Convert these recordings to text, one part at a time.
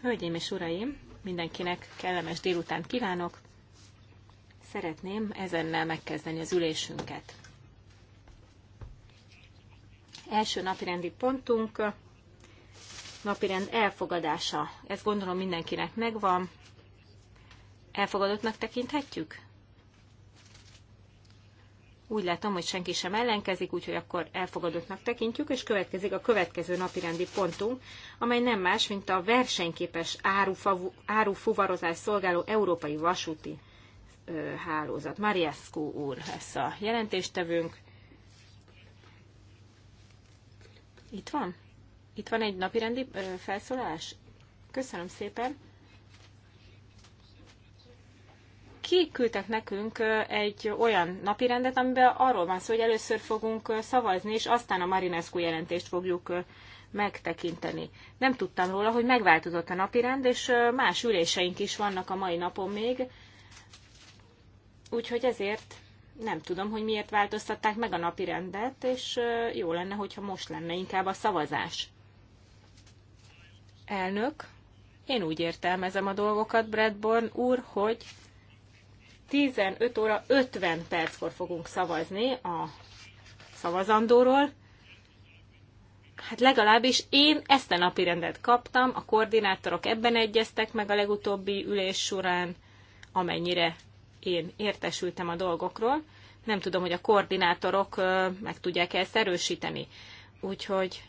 Hölgyeim és uraim, mindenkinek kellemes délután kívánok. Szeretném ezennel megkezdeni az ülésünket. Első napirendi pontunk napirend elfogadása. Ez gondolom mindenkinek megvan. Elfogadottnak tekinthetjük? Úgy látom, hogy senki sem ellenkezik, úgyhogy akkor elfogadottnak tekintjük, és következik a következő napirendi pontunk, amely nem más, mint a versenyképes árufuvarozás szolgáló európai vasúti ö, hálózat. Mariaszkó úr lesz a jelentéstevőnk. Itt van? Itt van egy napirendi ö, felszólás? Köszönöm szépen. kiküldtek nekünk egy olyan napirendet, amiben arról van szó, hogy először fogunk szavazni, és aztán a Marinescu jelentést fogjuk megtekinteni. Nem tudtam róla, hogy megváltozott a napirend, és más üléseink is vannak a mai napon még, úgyhogy ezért nem tudom, hogy miért változtatták meg a napirendet, és jó lenne, hogyha most lenne inkább a szavazás. Elnök, én úgy értelmezem a dolgokat, Bradborn úr, hogy 15 óra 50 perckor fogunk szavazni a szavazandóról. Hát legalábbis én ezt a napi rendet kaptam, a koordinátorok ebben egyeztek meg a legutóbbi ülés során, amennyire én értesültem a dolgokról. Nem tudom, hogy a koordinátorok meg tudják -e ezt erősíteni. Úgyhogy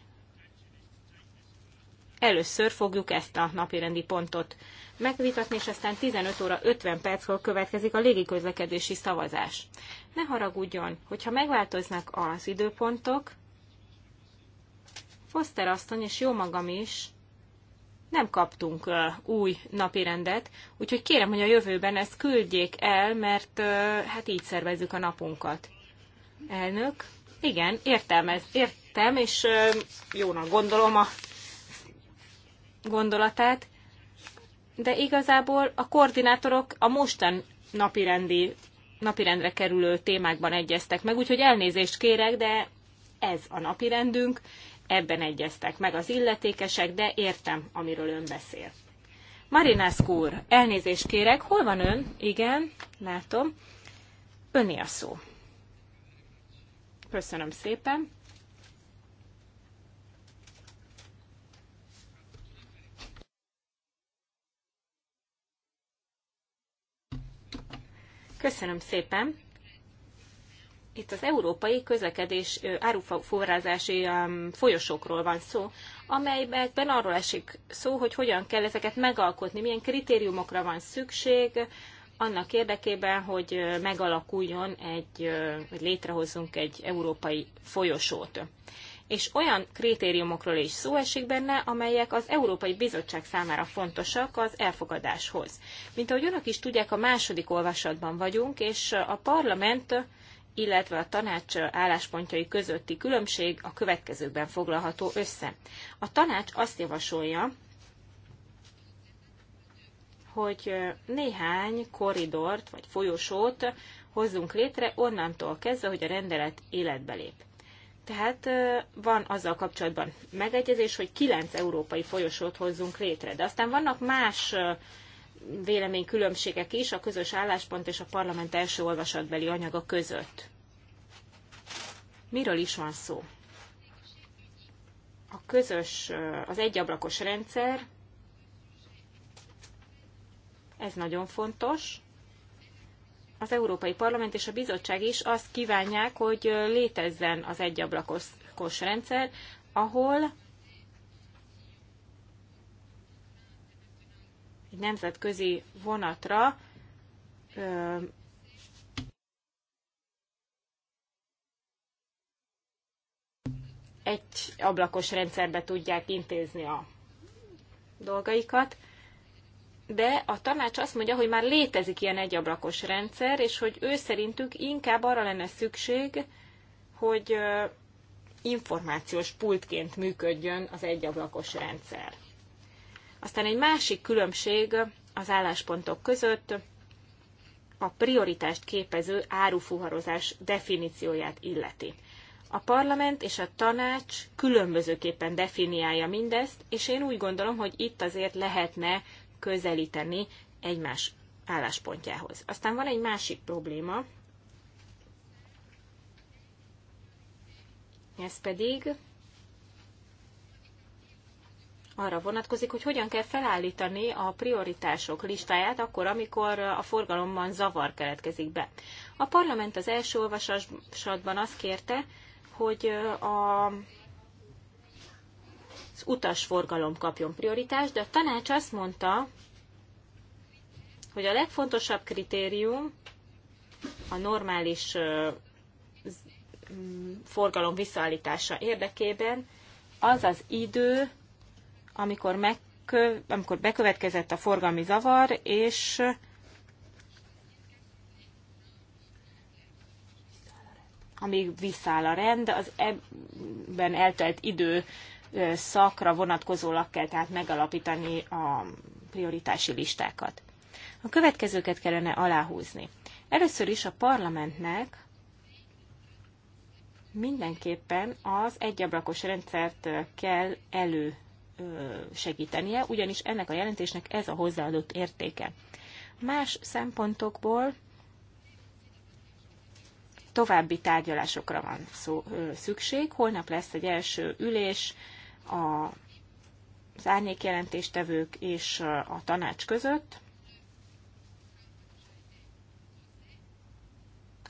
először fogjuk ezt a napirendi pontot megvitatni, és aztán 15 óra 50 perckor következik a légiközlekedési szavazás. Ne haragudjon, hogyha megváltoznak az időpontok, Foster asszony és jó magam is nem kaptunk uh, új napirendet, úgyhogy kérem, hogy a jövőben ezt küldjék el, mert uh, hát így szervezzük a napunkat. Elnök, igen, értem, értem és uh, jónak gondolom a gondolatát, de igazából a koordinátorok a mostan napirendi, napirendre kerülő témákban egyeztek meg, úgyhogy elnézést kérek, de ez a napirendünk, ebben egyeztek meg az illetékesek, de értem, amiről ön beszél. Marinászk úr, elnézést kérek, hol van ön? Igen, látom. Öné a szó. Köszönöm szépen. Köszönöm szépen! Itt az európai közlekedés áruforrázási um, folyosókról van szó, amelyben arról esik szó, hogy hogyan kell ezeket megalkotni, milyen kritériumokra van szükség, annak érdekében, hogy megalakuljon egy, hogy létrehozzunk egy európai folyosót és olyan kritériumokról is szó esik benne, amelyek az Európai Bizottság számára fontosak az elfogadáshoz. Mint ahogy önök is tudják, a második olvasatban vagyunk, és a parlament illetve a tanács álláspontjai közötti különbség a következőkben foglalható össze. A tanács azt javasolja, hogy néhány koridort vagy folyosót hozzunk létre onnantól kezdve, hogy a rendelet életbe lép. Tehát van azzal kapcsolatban megegyezés, hogy kilenc európai folyosót hozzunk létre. De aztán vannak más véleménykülönbségek is a közös álláspont és a parlament első olvasatbeli anyaga között. Miről is van szó? A közös, az egyablakos rendszer, ez nagyon fontos, az Európai Parlament és a Bizottság is azt kívánják, hogy létezzen az egyablakos rendszer, ahol egy nemzetközi vonatra egy ablakos rendszerbe tudják intézni a dolgaikat de a tanács azt mondja, hogy már létezik ilyen egyablakos rendszer, és hogy ő szerintük inkább arra lenne szükség, hogy információs pultként működjön az egyablakos rendszer. Aztán egy másik különbség az álláspontok között a prioritást képező árufuharozás definícióját illeti. A parlament és a tanács különbözőképpen definiálja mindezt, és én úgy gondolom, hogy itt azért lehetne közelíteni egymás álláspontjához. Aztán van egy másik probléma, ez pedig arra vonatkozik, hogy hogyan kell felállítani a prioritások listáját akkor, amikor a forgalomban zavar keletkezik be. A parlament az első olvasatban azt kérte, hogy a utasforgalom kapjon prioritást, de a tanács azt mondta, hogy a legfontosabb kritérium a normális forgalom visszaállítása érdekében az az idő, amikor, megkö, amikor bekövetkezett a forgalmi zavar, és amíg visszáll a rend, az ebben eltelt idő szakra vonatkozólag kell tehát megalapítani a prioritási listákat. A következőket kellene aláhúzni. Először is a parlamentnek mindenképpen az egyablakos rendszert kell elő segítenie, ugyanis ennek a jelentésnek ez a hozzáadott értéke. Más szempontokból további tárgyalásokra van szó, szükség. Holnap lesz egy első ülés a az árnyékjelentéstevők és a tanács között.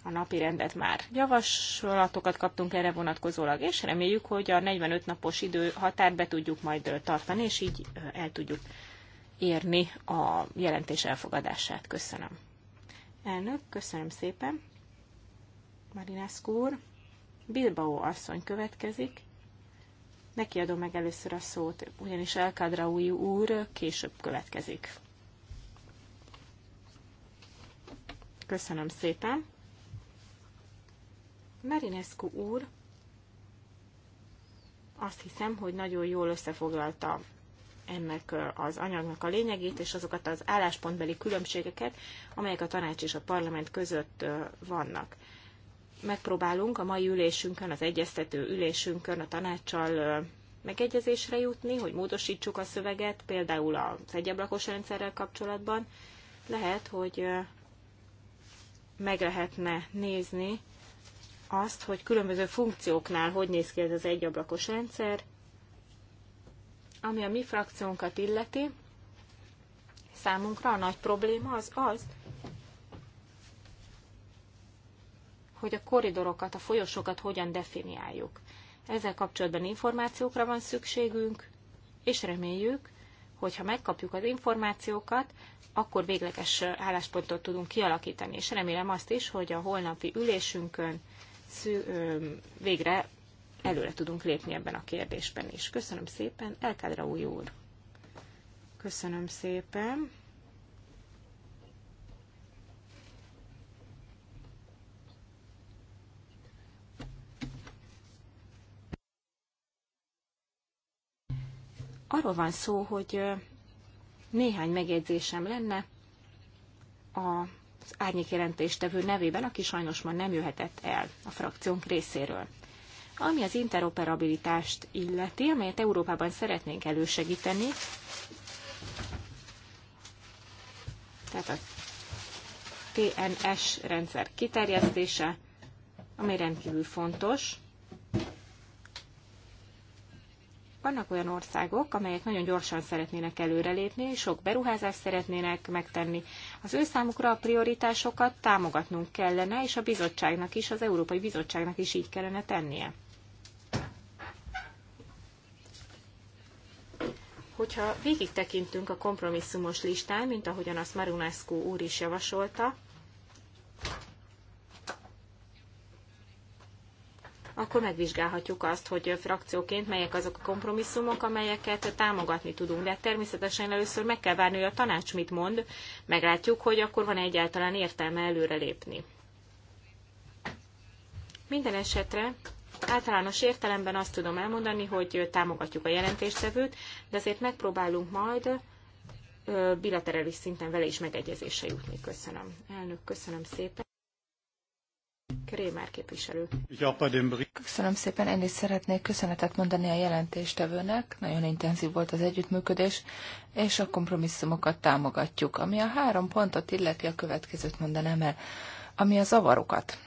A napi rendet már javaslatokat kaptunk erre vonatkozólag, és reméljük, hogy a 45 napos idő határ be tudjuk majd tartani, és így el tudjuk érni a jelentés elfogadását. Köszönöm. Elnök, köszönöm szépen. Marinász úr. Bilbao asszony következik Neki adom meg először a szót, ugyanis új úr később következik. Köszönöm szépen. Marinescu úr azt hiszem, hogy nagyon jól összefoglalta ennek az anyagnak a lényegét, és azokat az álláspontbeli különbségeket, amelyek a tanács és a parlament között vannak megpróbálunk a mai ülésünkön, az egyeztető ülésünkön a tanácssal megegyezésre jutni, hogy módosítsuk a szöveget, például az egyablakos rendszerrel kapcsolatban. Lehet, hogy meg lehetne nézni azt, hogy különböző funkcióknál hogy néz ki ez az egyablakos rendszer, ami a mi frakciónkat illeti, számunkra a nagy probléma az az, hogy a koridorokat, a folyosókat hogyan definiáljuk. Ezzel kapcsolatban információkra van szükségünk, és reméljük, hogy ha megkapjuk az információkat, akkor végleges álláspontot tudunk kialakítani, és remélem azt is, hogy a holnapi ülésünkön végre előre tudunk lépni ebben a kérdésben is. Köszönöm szépen, Elkádra új úr! Köszönöm szépen! Arról van szó, hogy néhány megjegyzésem lenne az jelentéstevő nevében, aki sajnos már nem jöhetett el a frakciónk részéről. Ami az interoperabilitást illeti, amelyet Európában szeretnénk elősegíteni, tehát a TNS rendszer kiterjesztése, ami rendkívül fontos, Vannak olyan országok, amelyek nagyon gyorsan szeretnének előrelépni, sok beruházást szeretnének megtenni. Az ő számukra a prioritásokat támogatnunk kellene, és a bizottságnak is, az Európai Bizottságnak is így kellene tennie. Hogyha végig tekintünk a kompromisszumos listán, mint ahogyan azt Marunescu úr is javasolta, akkor megvizsgálhatjuk azt, hogy frakcióként melyek azok a kompromisszumok, amelyeket támogatni tudunk. De hát természetesen először meg kell várni, hogy a tanács mit mond, meglátjuk, hogy akkor van -e egyáltalán értelme előrelépni. Minden esetre általános értelemben azt tudom elmondani, hogy támogatjuk a jelentéstevőt, de azért megpróbálunk majd bilaterális szinten vele is megegyezésre jutni. Köszönöm. Elnök, köszönöm szépen. Krémer képviselő. Köszönöm szépen, én is szeretnék köszönetet mondani a jelentéstevőnek, nagyon intenzív volt az együttműködés, és a kompromisszumokat támogatjuk. Ami a három pontot illeti, a következőt mondanám el, ami a zavarokat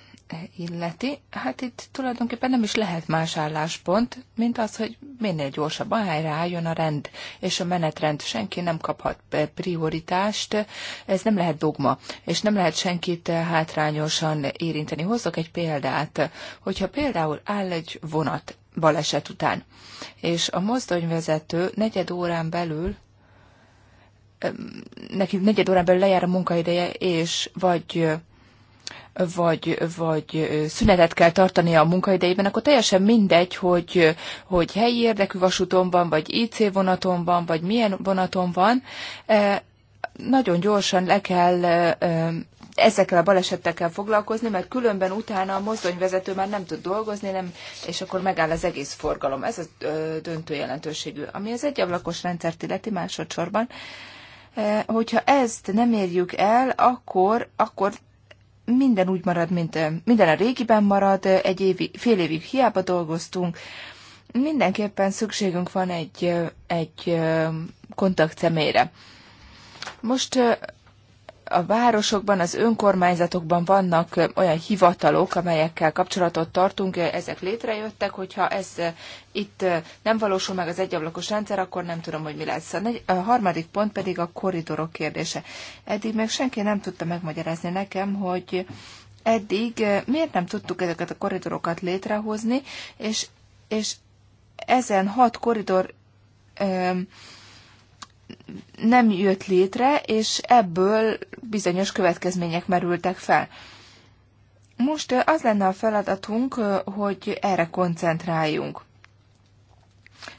illeti, hát itt tulajdonképpen nem is lehet más álláspont, mint az, hogy minél gyorsabban helyre álljon a rend, és a menetrend senki nem kaphat prioritást, ez nem lehet dogma, és nem lehet senkit hátrányosan érinteni. Hozzak egy példát, hogyha például áll egy vonat baleset után, és a mozdonyvezető negyed órán belül neki negyed órán belül lejár a munkaideje, és vagy vagy, vagy szünetet kell tartani a munkaidejében, akkor teljesen mindegy, hogy, hogy helyi érdekű vasúton van, vagy IC vonaton van, vagy milyen vonaton van, e, nagyon gyorsan le kell ezekkel a balesetekkel foglalkozni, mert különben utána a mozdonyvezető már nem tud dolgozni, nem, és akkor megáll az egész forgalom. Ez a döntő jelentőségű. Ami az egyablakos rendszert illeti másodszorban, e, hogyha ezt nem érjük el, akkor, akkor minden úgy marad, mint minden a régiben marad, egy évi, fél évig hiába dolgoztunk. Mindenképpen szükségünk van egy, egy személyre. Most a városokban, az önkormányzatokban vannak olyan hivatalok, amelyekkel kapcsolatot tartunk, ezek létrejöttek, hogyha ez itt nem valósul meg az egyablakos rendszer, akkor nem tudom, hogy mi lesz. A harmadik pont pedig a korridorok kérdése. Eddig még senki nem tudta megmagyarázni nekem, hogy eddig miért nem tudtuk ezeket a korridorokat létrehozni, és, és ezen hat korridor nem jött létre, és ebből bizonyos következmények merültek fel. Most az lenne a feladatunk, hogy erre koncentráljunk.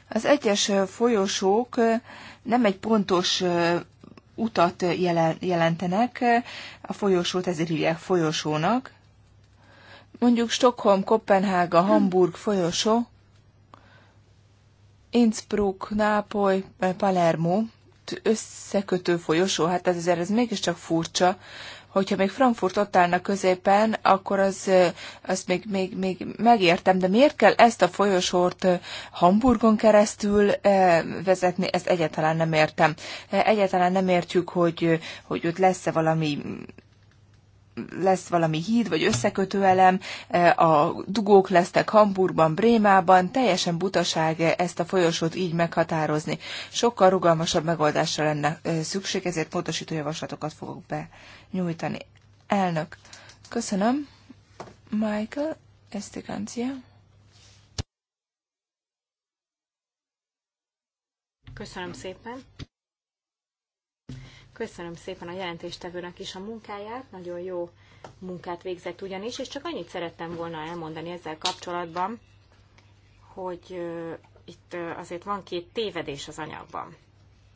Az egyes folyosók nem egy pontos utat jelentenek, a folyosót ezért hívják folyosónak. Mondjuk Stockholm, Kopenhága, hm. Hamburg folyosó, Innsbruck, Nápoly, Palermo összekötő folyosó, hát ez azért ez mégiscsak furcsa, hogyha még Frankfurt ott állna középen, akkor az, azt még, még, még megértem, de miért kell ezt a folyosort eh, Hamburgon keresztül eh, vezetni, ezt egyáltalán nem értem. Eh, egyáltalán nem értjük, hogy, hogy ott lesz-e valami lesz valami híd vagy összekötőelem, e, a dugók lesztek Hamburgban, Brémában, teljesen butaság e, ezt a folyosót így meghatározni. Sokkal rugalmasabb megoldásra lenne e, szükség, ezért módosító javaslatokat fogok benyújtani. Elnök, köszönöm. Michael Estigancia. Köszönöm szépen. Köszönöm szépen a jelentéstevőnek is a munkáját, nagyon jó munkát végzett ugyanis, és csak annyit szerettem volna elmondani ezzel kapcsolatban, hogy itt azért van két tévedés az anyagban.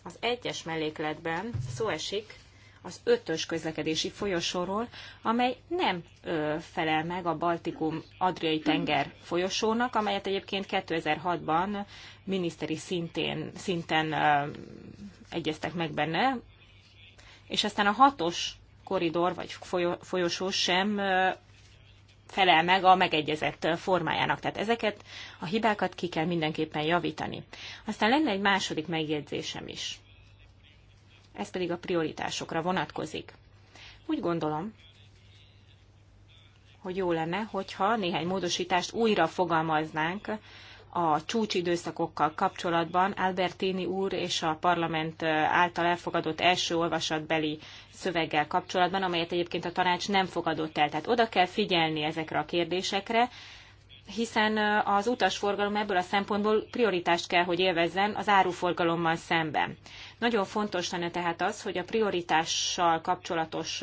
Az egyes mellékletben szó esik az ötös közlekedési folyosóról, amely nem ö, felel meg a Baltikum-Adriai tenger folyosónak, amelyet egyébként 2006-ban miniszteri szintén, szinten ö, egyeztek meg benne, és aztán a hatos koridor vagy folyosó sem felel meg a megegyezett formájának. Tehát ezeket a hibákat ki kell mindenképpen javítani. Aztán lenne egy második megjegyzésem is. Ez pedig a prioritásokra vonatkozik. Úgy gondolom, hogy jó lenne, hogyha néhány módosítást újra fogalmaznánk a csúcsidőszakokkal kapcsolatban Albertini úr és a parlament által elfogadott első olvasatbeli szöveggel kapcsolatban, amelyet egyébként a tanács nem fogadott el. Tehát oda kell figyelni ezekre a kérdésekre, hiszen az utasforgalom ebből a szempontból prioritást kell, hogy élvezzen az áruforgalommal szemben. Nagyon fontos lenne tehát az, hogy a prioritással kapcsolatos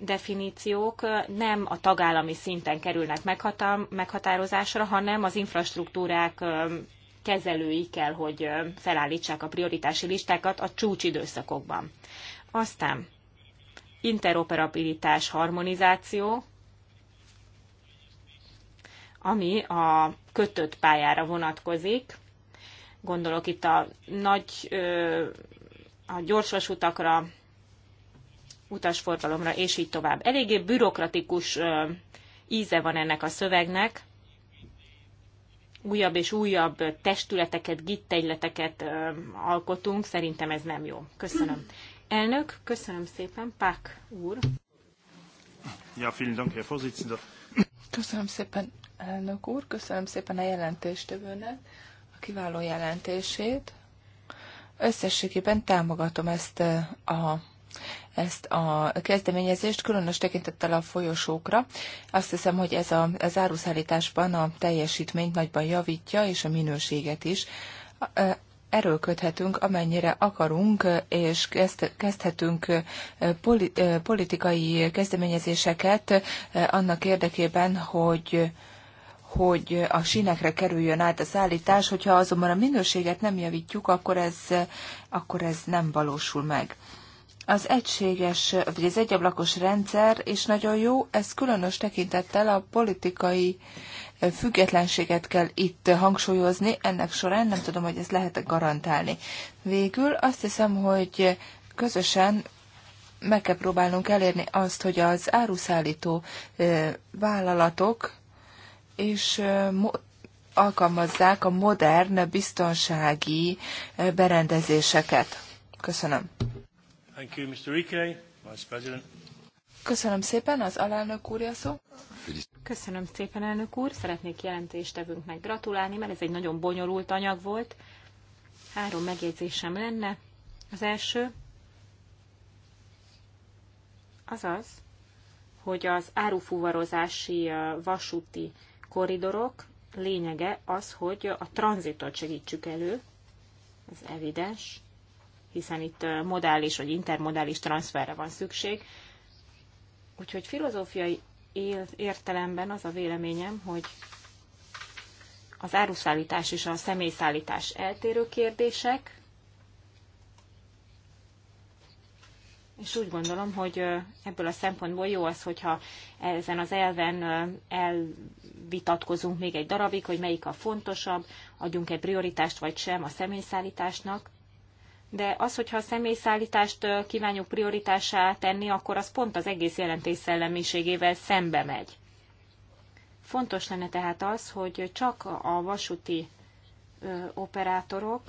definíciók nem a tagállami szinten kerülnek meghatározásra, hanem az infrastruktúrák kezelői kell, hogy felállítsák a prioritási listákat a csúcsidőszakokban. Aztán interoperabilitás, harmonizáció, ami a kötött pályára vonatkozik. Gondolok itt a nagy a gyorsvasutakra, utasforgalomra, és így tovább. Eléggé bürokratikus íze van ennek a szövegnek, újabb és újabb testületeket, gittegyleteket alkotunk, szerintem ez nem jó. Köszönöm. Elnök, köszönöm szépen, Pák úr. Ja, vielen Dank, Herr Vorsitzender. Köszönöm szépen, elnök úr, köszönöm szépen a jelentéstevőnek a kiváló jelentését. Összességében támogatom ezt a ezt a kezdeményezést, különös tekintettel a folyosókra. Azt hiszem, hogy ez a, az áruszállításban a teljesítményt nagyban javítja, és a minőséget is. Erről köthetünk, amennyire akarunk, és kezdhetünk e, e, politikai kezdeményezéseket e, annak érdekében, hogy hogy a sínekre kerüljön át a szállítás, hogyha azonban a minőséget nem javítjuk, akkor ez, akkor ez nem valósul meg. Az egységes, vagy az egyablakos rendszer is nagyon jó, ez különös tekintettel a politikai eh, függetlenséget kell itt hangsúlyozni, ennek során nem tudom, hogy ezt lehet -e garantálni. Végül azt hiszem, hogy közösen meg kell próbálnunk elérni azt, hogy az áruszállító eh, vállalatok és eh, alkalmazzák a modern biztonsági berendezéseket. Köszönöm. Thank you, Mr. Vice President. Köszönöm szépen, az alelnök úr szó. Köszönöm szépen, elnök úr. Szeretnék jelentéstevőnknek gratulálni, mert ez egy nagyon bonyolult anyag volt. Három megjegyzésem lenne. Az első az az, hogy az árufuvarozási vasúti koridorok lényege az, hogy a tranzitot segítsük elő, ez evidens hiszen itt modális vagy intermodális transferre van szükség. Úgyhogy filozófiai értelemben az a véleményem, hogy az áruszállítás és a személyszállítás eltérő kérdések, és úgy gondolom, hogy ebből a szempontból jó az, hogyha ezen az elven elvitatkozunk még egy darabig, hogy melyik a fontosabb, adjunk-e prioritást vagy sem a személyszállításnak, de az, hogyha a személyszállítást kívánjuk prioritássá tenni, akkor az pont az egész jelentés szellemiségével szembe megy. Fontos lenne tehát az, hogy csak a vasúti operátorok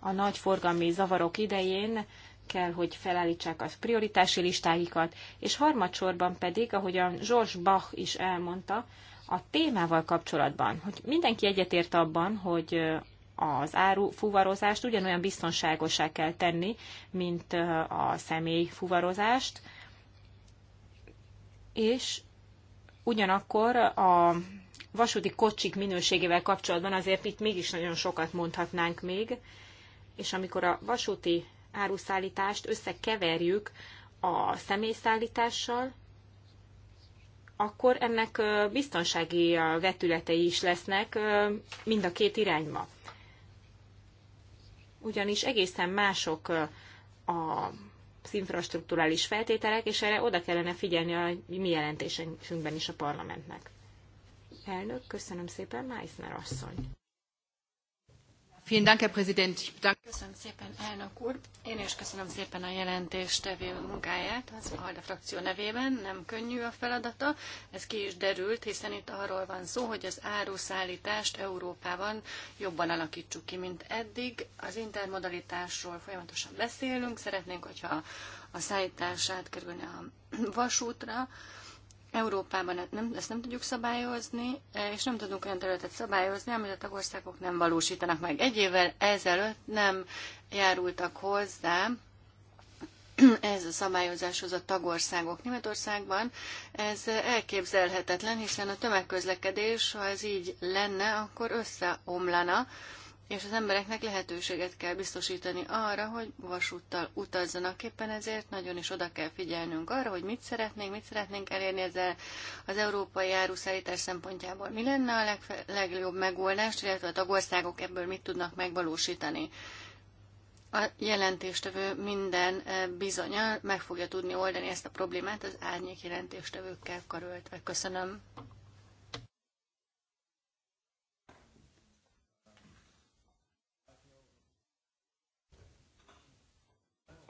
a nagy forgalmi zavarok idején kell, hogy felállítsák a prioritási listáikat, és harmadsorban pedig, ahogyan Zsors Bach is elmondta, a témával kapcsolatban, hogy mindenki egyetért abban, hogy az áru fuvarozást ugyanolyan biztonságosá kell tenni, mint a személy fuvarozást, és ugyanakkor a vasúti kocsik minőségével kapcsolatban azért itt mégis nagyon sokat mondhatnánk még, és amikor a vasúti áruszállítást összekeverjük a személyszállítással, akkor ennek biztonsági vetületei is lesznek mind a két irányba. Ugyanis egészen mások a infrastruktúrális feltételek, és erre oda kellene figyelni a mi jelentésünkben is a parlamentnek. Elnök, köszönöm szépen, Meissner asszony. Vielen Dank, Herr Präsident. Ich bedanke köszönöm szépen, elnök úr. Én is köszönöm szépen a jelentéstevő munkáját az ALDE frakció nevében. Nem könnyű a feladata, ez ki is derült, hiszen itt arról van szó, hogy az áruszállítást Európában jobban alakítsuk ki, mint eddig. Az intermodalitásról folyamatosan beszélünk, szeretnénk, hogyha a szállítás átkerülne a vasútra, Európában hát nem, ezt nem tudjuk szabályozni, és nem tudunk olyan területet szabályozni, amit a tagországok nem valósítanak meg. Egy évvel ezelőtt nem járultak hozzá ez a szabályozáshoz a tagországok. Németországban ez elképzelhetetlen, hiszen a tömegközlekedés, ha ez így lenne, akkor összeomlana, és az embereknek lehetőséget kell biztosítani arra, hogy vasúttal utazzanak. Éppen ezért nagyon is oda kell figyelnünk arra, hogy mit szeretnénk, mit szeretnénk elérni ezzel az európai áruszállítás szempontjából. Mi lenne a legfe- legjobb megoldást, illetve a tagországok ebből mit tudnak megvalósítani. A jelentéstevő minden eh, bizonyal meg fogja tudni oldani ezt a problémát az árnyék jelentéstevőkkel karöltve. Köszönöm.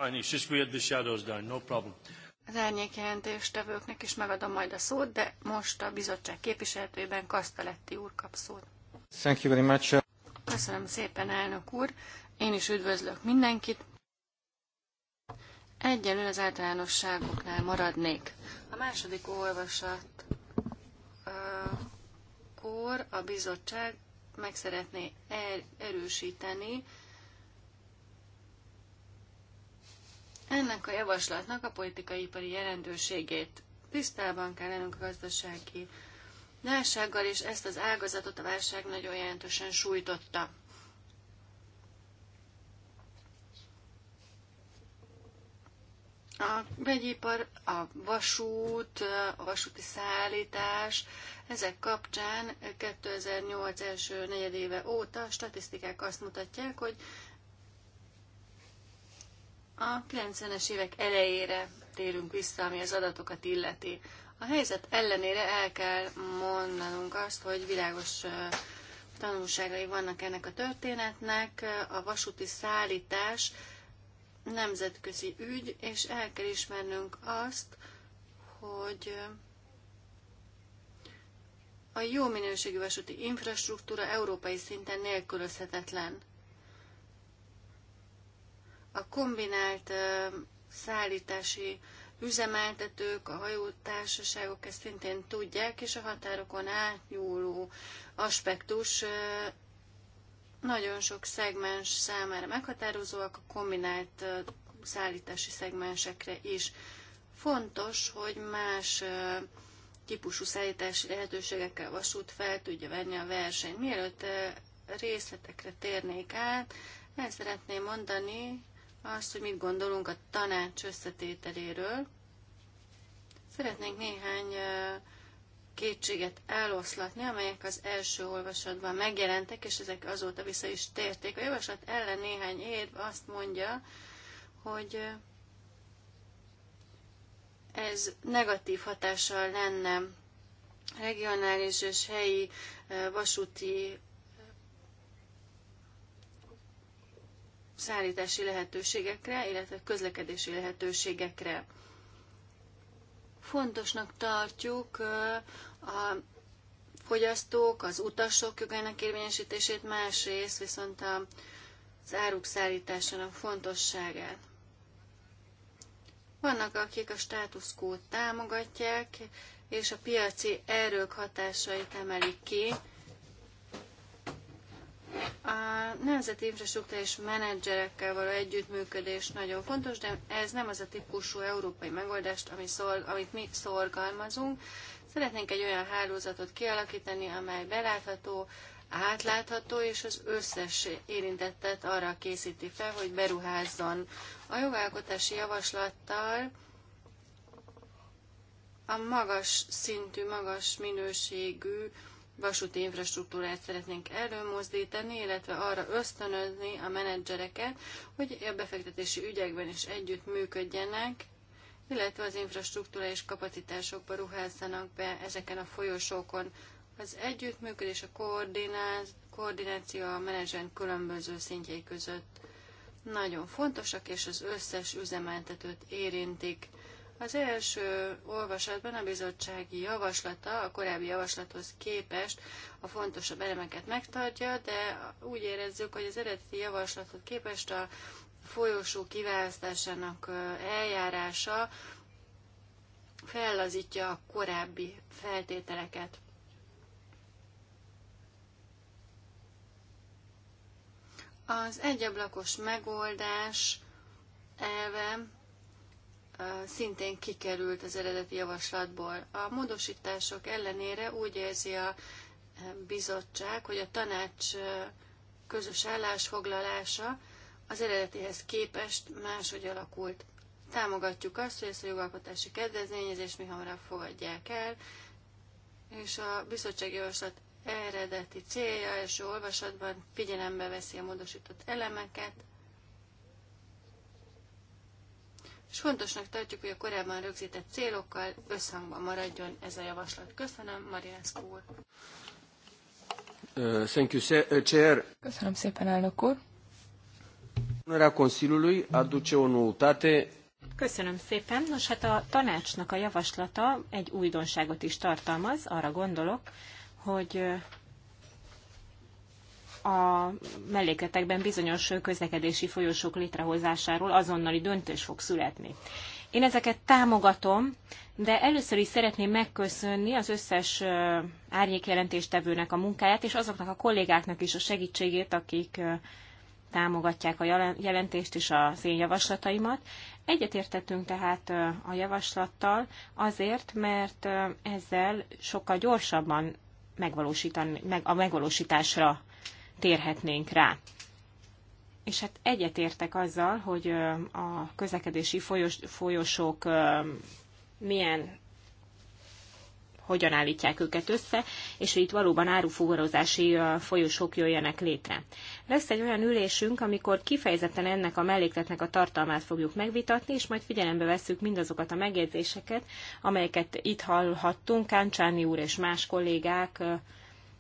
Fine, it's just we the shadows down, no problem. Az árnyékjelentéstevőknek is megadom majd a szót, de most a bizottság képviseletőben Kasztaletti úr kap szót. Thank you very much. Köszönöm szépen, elnök úr. Én is üdvözlök mindenkit. Egyelőre az általánosságoknál maradnék. A második olvasat kor a bizottság meg szeretné er-, erősíteni ennek a javaslatnak a politikai-ipari jelentőségét. Tisztában kell lennünk a gazdasági válsággal, és ezt az ágazatot a válság nagyon jelentősen sújtotta. A vegyipar, a vasút, a vasúti szállítás, ezek kapcsán 2008 első negyedéve óta statisztikák azt mutatják, hogy a 90-es évek elejére térünk vissza, ami az adatokat illeti. A helyzet ellenére el kell mondanunk azt, hogy világos tanulságai vannak ennek a történetnek. A vasúti szállítás nemzetközi ügy, és el kell ismernünk azt, hogy a jó minőségű vasúti infrastruktúra európai szinten nélkülözhetetlen a kombinált szállítási üzemeltetők, a hajótársaságok ezt szintén tudják, és a határokon átnyúló aspektus nagyon sok szegmens számára meghatározóak, a kombinált szállítási szegmensekre is. Fontos, hogy más típusú szállítási lehetőségekkel vasút fel tudja venni a versenyt. Mielőtt részletekre térnék át, el szeretném mondani, azt, hogy mit gondolunk a tanács összetételéről. Szeretnénk néhány kétséget eloszlatni, amelyek az első olvasatban megjelentek, és ezek azóta vissza is térték. A javaslat ellen néhány év azt mondja, hogy ez negatív hatással lenne regionális és helyi vasúti szállítási lehetőségekre, illetve közlekedési lehetőségekre. Fontosnak tartjuk a fogyasztók, az utasok jogának érvényesítését, másrészt viszont az áruk szállításának fontosságát. Vannak, akik a státuszkót támogatják, és a piaci erők hatásait emelik ki, a nemzeti infrastruktúrás menedzserekkel való együttműködés nagyon fontos, de ez nem az a típusú európai megoldást, ami szol, amit mi szorgalmazunk. Szeretnénk egy olyan hálózatot kialakítani, amely belátható, átlátható, és az összes érintettet arra készíti fel, hogy beruházzon. A jogalkotási javaslattal a magas szintű, magas minőségű vasúti infrastruktúrát szeretnénk előmozdítani, illetve arra ösztönözni a menedzsereket, hogy a befektetési ügyekben is együtt működjenek, illetve az infrastruktúra és kapacitásokba ruházzanak be ezeken a folyosókon. Az együttműködés, a koordináció a menedzsment különböző szintjei között nagyon fontosak, és az összes üzemeltetőt érintik. Az első olvasatban a bizottsági javaslata a korábbi javaslathoz képest a fontosabb elemeket megtartja, de úgy érezzük, hogy az eredeti javaslathoz képest a folyosó kiválasztásának eljárása fellazítja a korábbi feltételeket. Az egyablakos megoldás elve szintén kikerült az eredeti javaslatból. A módosítások ellenére úgy érzi a e, bizottság, hogy a tanács e, közös állásfoglalása az eredetihez képest máshogy alakult. Támogatjuk azt, hogy ezt a jogalkotási kedvezményezést mi hamarabb fogadják el, és a bizottsági javaslat eredeti célja első olvasatban figyelembe veszi a módosított elemeket, és fontosnak tartjuk, hogy a korábban rögzített célokkal összhangban maradjon ez a javaslat. Köszönöm, Mariász úr. Uh, thank you, uh, Chair. Köszönöm szépen, elnök úr. aduce o noutate Köszönöm szépen. Nos, hát a tanácsnak a javaslata egy újdonságot is tartalmaz. Arra gondolok, hogy uh, a mellékletekben bizonyos közlekedési folyosók létrehozásáról azonnali döntés fog születni. Én ezeket támogatom, de először is szeretném megköszönni az összes árnyékjelentéstevőnek a munkáját, és azoknak a kollégáknak is a segítségét, akik támogatják a jelentést és az én javaslataimat. Egyetértettünk tehát a javaslattal azért, mert ezzel sokkal gyorsabban megvalósítani, meg, a megvalósításra térhetnénk rá. És hát egyetértek azzal, hogy a közlekedési folyos, folyosók milyen hogyan állítják őket össze, és hogy itt valóban árufugarozási folyosók jöjjenek létre. Lesz egy olyan ülésünk, amikor kifejezetten ennek a mellékletnek a tartalmát fogjuk megvitatni, és majd figyelembe vesszük mindazokat a megjegyzéseket, amelyeket itt hallhattunk, Káncsáni úr és más kollégák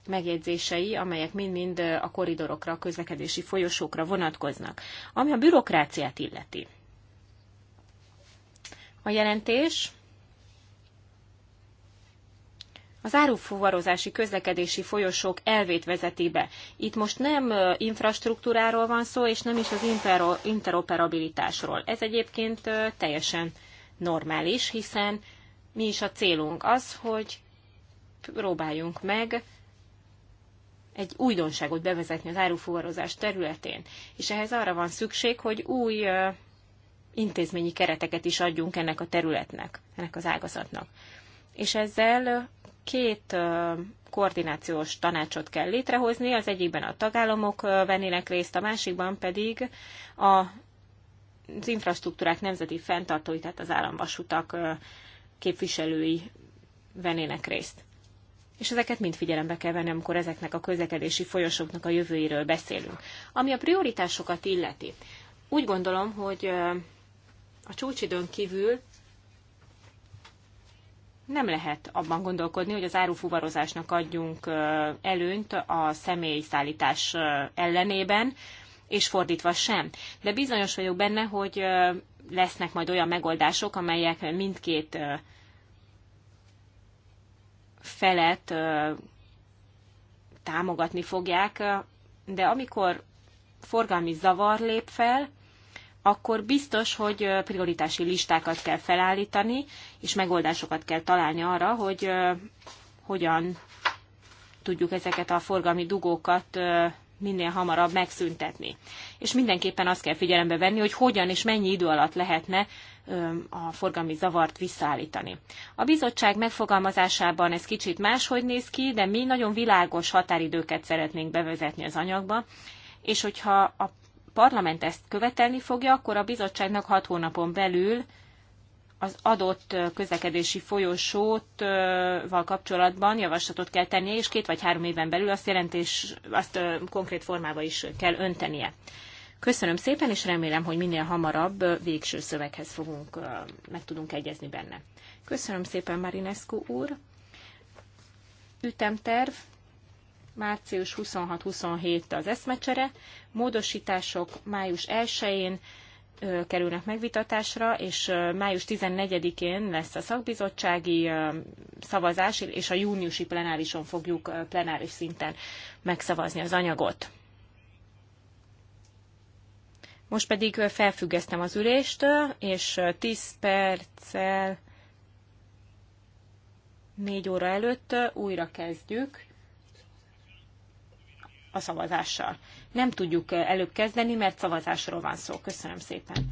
megjegyzései, amelyek mind-mind a koridorokra, a közlekedési folyosókra vonatkoznak. Ami a bürokráciát illeti. A jelentés az árufuvarozási közlekedési folyosók elvét vezeti be. Itt most nem infrastruktúráról van szó, és nem is az interoperabilitásról. Ez egyébként teljesen normális, hiszen mi is a célunk az, hogy próbáljunk meg egy újdonságot bevezetni az árufuvarozás területén. És ehhez arra van szükség, hogy új intézményi kereteket is adjunk ennek a területnek, ennek az ágazatnak. És ezzel két koordinációs tanácsot kell létrehozni, az egyikben a tagállamok vennének részt, a másikban pedig a, az infrastruktúrák nemzeti fenntartói, tehát az államvasutak képviselői vennének részt és ezeket mind figyelembe kell venni, amikor ezeknek a közlekedési folyosóknak a jövőiről beszélünk. Ami a prioritásokat illeti, úgy gondolom, hogy a csúcsidőn kívül nem lehet abban gondolkodni, hogy az árufuvarozásnak adjunk előnyt a személyszállítás ellenében, és fordítva sem. De bizonyos vagyok benne, hogy lesznek majd olyan megoldások, amelyek mindkét felet támogatni fogják, de amikor forgalmi zavar lép fel, akkor biztos, hogy prioritási listákat kell felállítani, és megoldásokat kell találni arra, hogy hogyan tudjuk ezeket a forgalmi dugókat minél hamarabb megszüntetni. És mindenképpen azt kell figyelembe venni, hogy hogyan és mennyi idő alatt lehetne a forgalmi zavart visszaállítani. A bizottság megfogalmazásában ez kicsit máshogy néz ki, de mi nagyon világos határidőket szeretnénk bevezetni az anyagba, és hogyha a parlament ezt követelni fogja, akkor a bizottságnak hat hónapon belül az adott közlekedési val kapcsolatban javaslatot kell tennie, és két vagy három éven belül azt, jelentés, azt konkrét formába is kell öntenie. Köszönöm szépen, és remélem, hogy minél hamarabb végső szöveghez fogunk, meg tudunk egyezni benne. Köszönöm szépen, Marinescu úr. Ütemterv március 26-27 az eszmecsere, módosítások május 1-én kerülnek megvitatásra, és május 14-én lesz a szakbizottsági szavazás, és a júniusi plenárison fogjuk plenáris szinten megszavazni az anyagot. Most pedig felfüggesztem az ülést, és 10 perccel 4 óra előtt újra kezdjük a szavazással. Nem tudjuk előbb kezdeni, mert szavazásról van szó. Köszönöm szépen!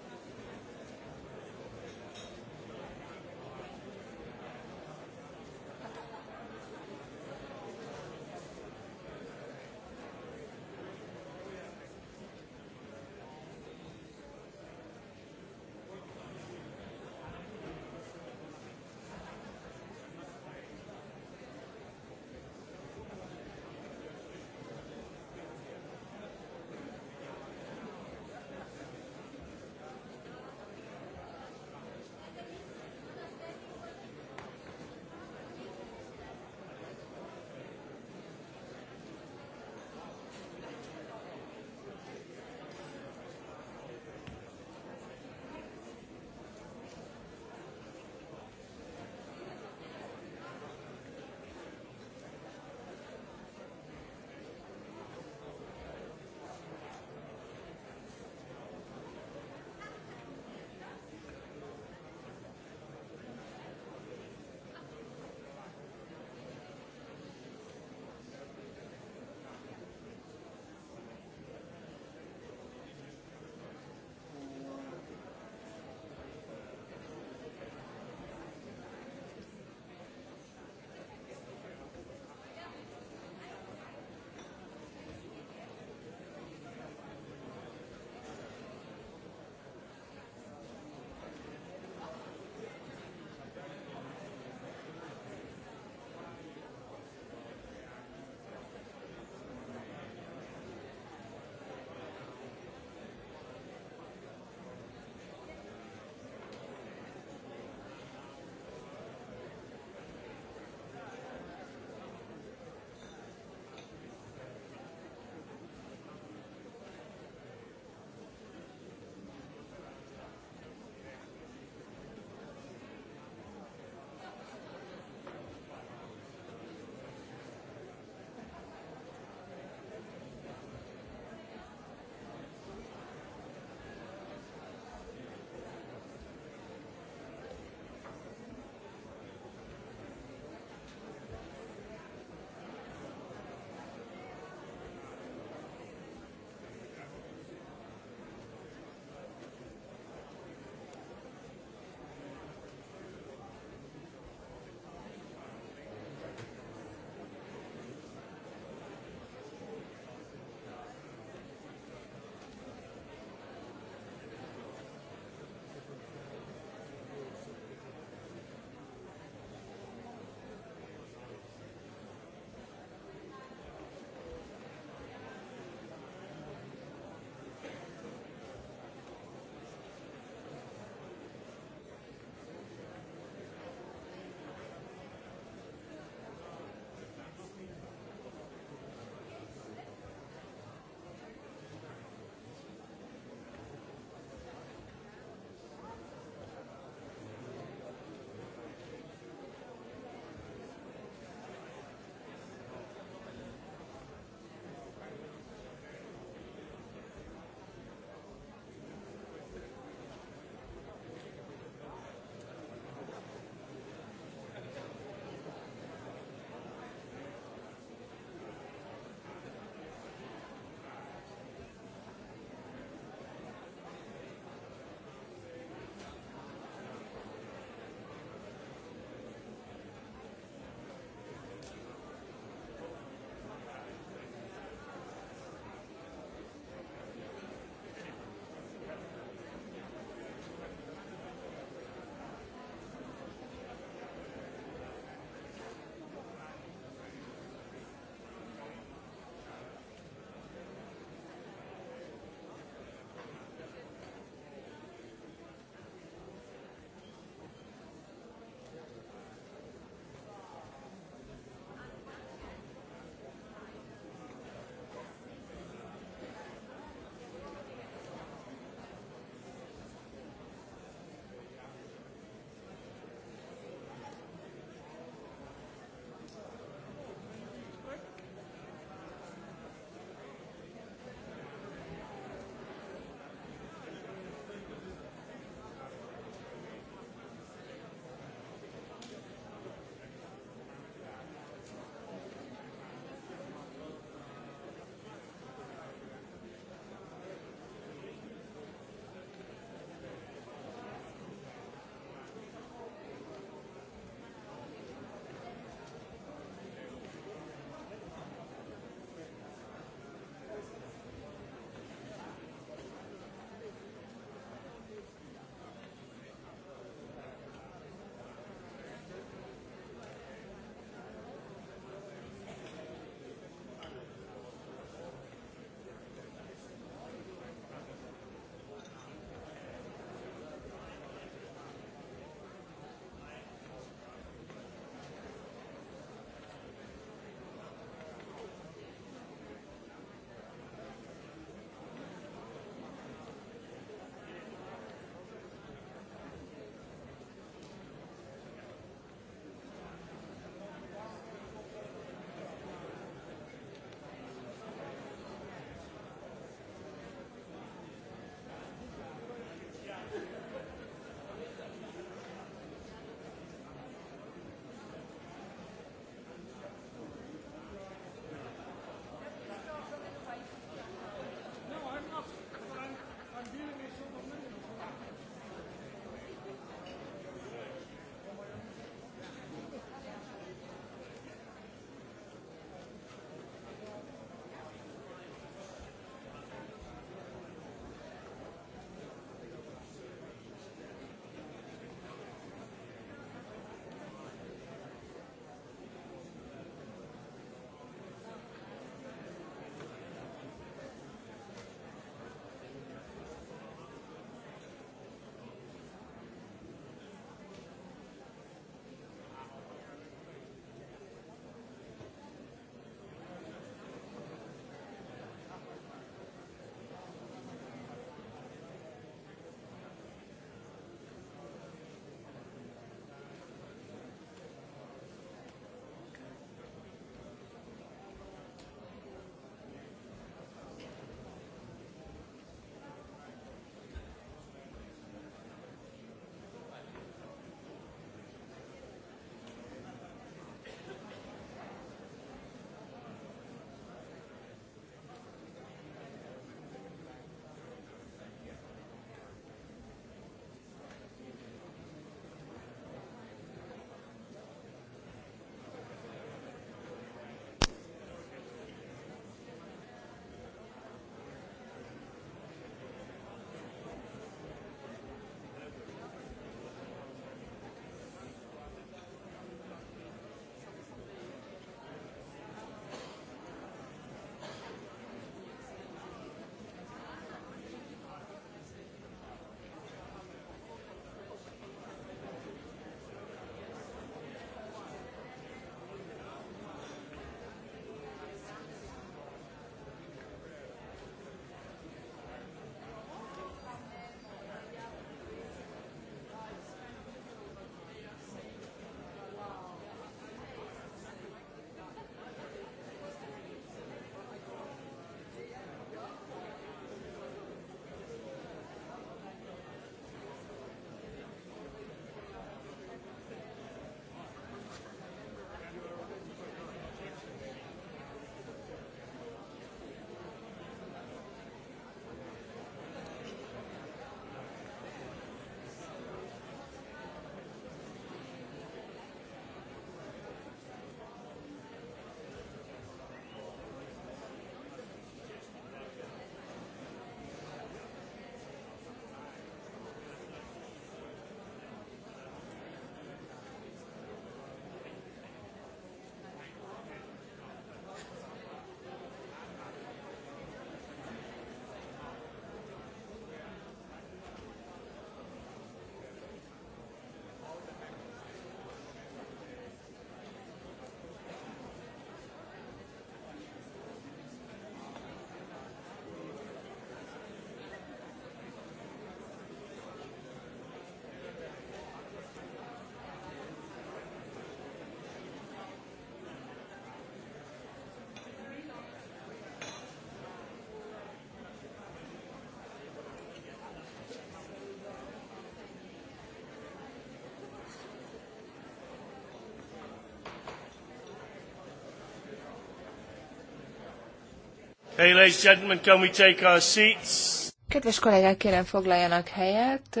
Hey, ladies and gentlemen, can we take our seats? Kedves kollégák, kérem foglaljanak helyet.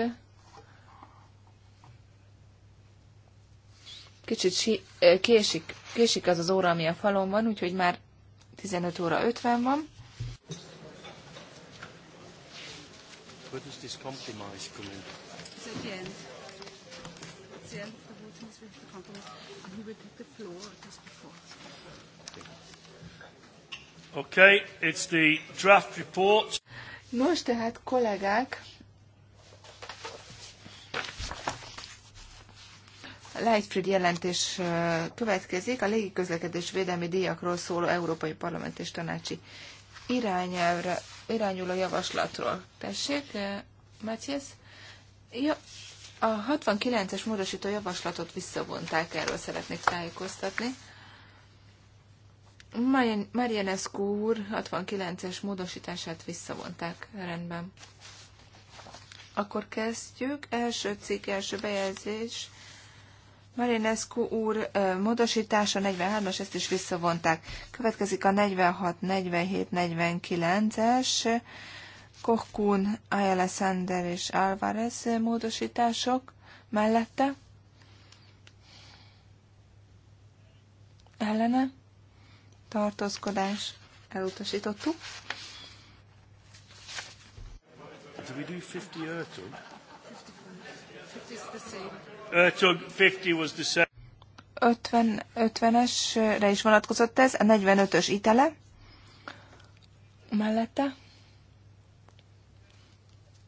Kicsit si- késik, késik az az óra, ami a falon van, úgyhogy már 15 óra 50 van. Where does this compromise come in? It's at the end. It's the end of the voting is with the compromise. And will take the floor just before. Okay, it's the draft report. Nos, tehát kollégák, Lightfried jelentés következik, a közlekedés védelmi díjakról szóló Európai Parlament és Tanácsi irányelvre, irányuló javaslatról. Tessék, Matthias? Ja, a 69-es módosító javaslatot visszavonták, erről szeretnék tájékoztatni. Marianescu úr 69-es módosítását visszavonták. Rendben. Akkor kezdjük. Első cikk, első bejegyzés. Marinescu úr módosítása 43-as, ezt is visszavonták. Következik a 46, 47, 49-es. Kohkun, Ayala Sander és Alvarez módosítások mellette. Ellene tartózkodás elutasítottuk. Do we do 50 Ertug? 50 50 was the same. 50, 50-esre is vonatkozott ez, a 45-ös itele mellette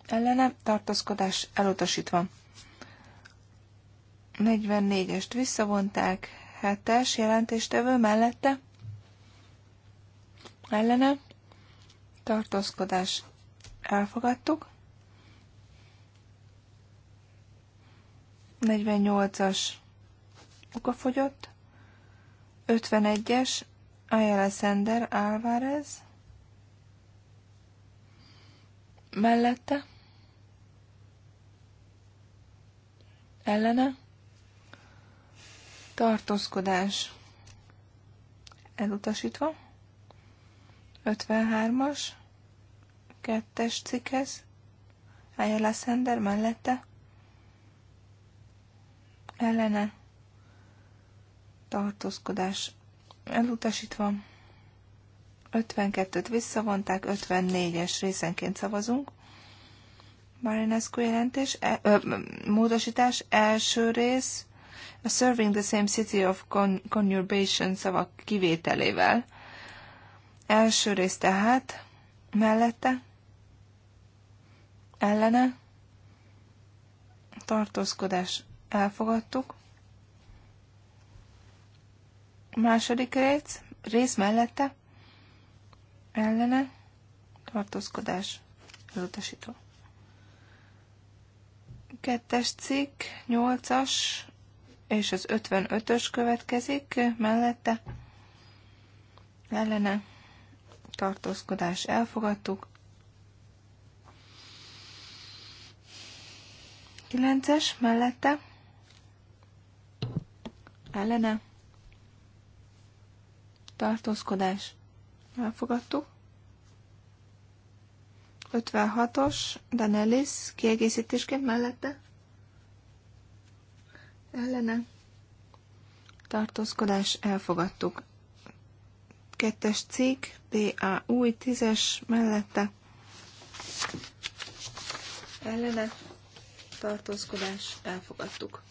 ellene tartózkodás elutasítva. 44-est visszavonták, 7-es jelentéstevő mellette ellene, tartózkodás elfogadtuk. 48-as okafogyott, 51-es Ayala Sender Álvarez, mellette, ellene, tartózkodás elutasítva, 53-as, kettes cikkhez, Ayala Sender mellette, ellene tartózkodás elutasítva, 52-t visszavonták, 54-es részenként szavazunk. Marinescu jelentés, e, ö, módosítás, első rész, a Serving the Same City of con- Conurbation szavak kivételével. Első rész tehát, mellette, ellene, tartózkodás elfogadtuk. Második rész, rész mellette, ellene, tartózkodás elutasító. Kettes cikk, nyolcas, és az 55-ös következik mellette, ellene, tartózkodás elfogadtuk. 9-es mellette ellene tartózkodás elfogadtuk. 56-os Danelis kiegészítésként mellette ellene tartózkodás elfogadtuk. 12-es cikk, DA új 10-es mellette ellene tartózkodás elfogadtuk.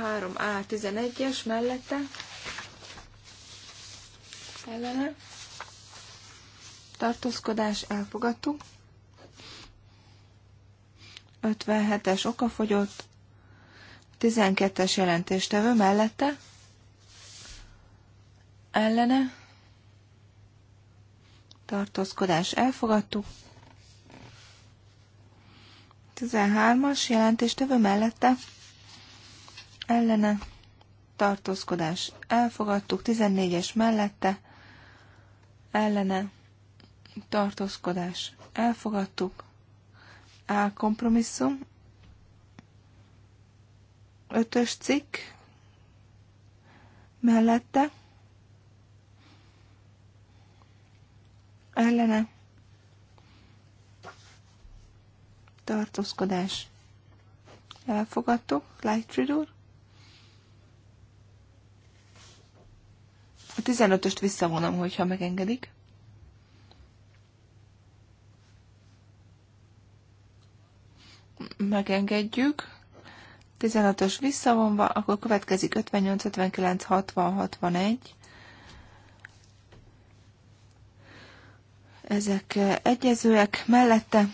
3A 11-es mellette ellene tartózkodás elfogadtuk. 57-es okafogyott, 12-es jelentéstevő mellette ellene tartózkodás elfogadtuk. 13-as jelentéstevő mellette ellene tartózkodás elfogadtuk. 14-es mellette ellene tartózkodás elfogadtuk. A kompromisszum. 5-ös cikk mellette ellene tartózkodás. Elfogadtuk, Light úr. A 15-öst visszavonom, hogyha megengedik. Megengedjük. 15-ös visszavonva, akkor következik 58, 59, 60, 61. ezek egyezőek mellette.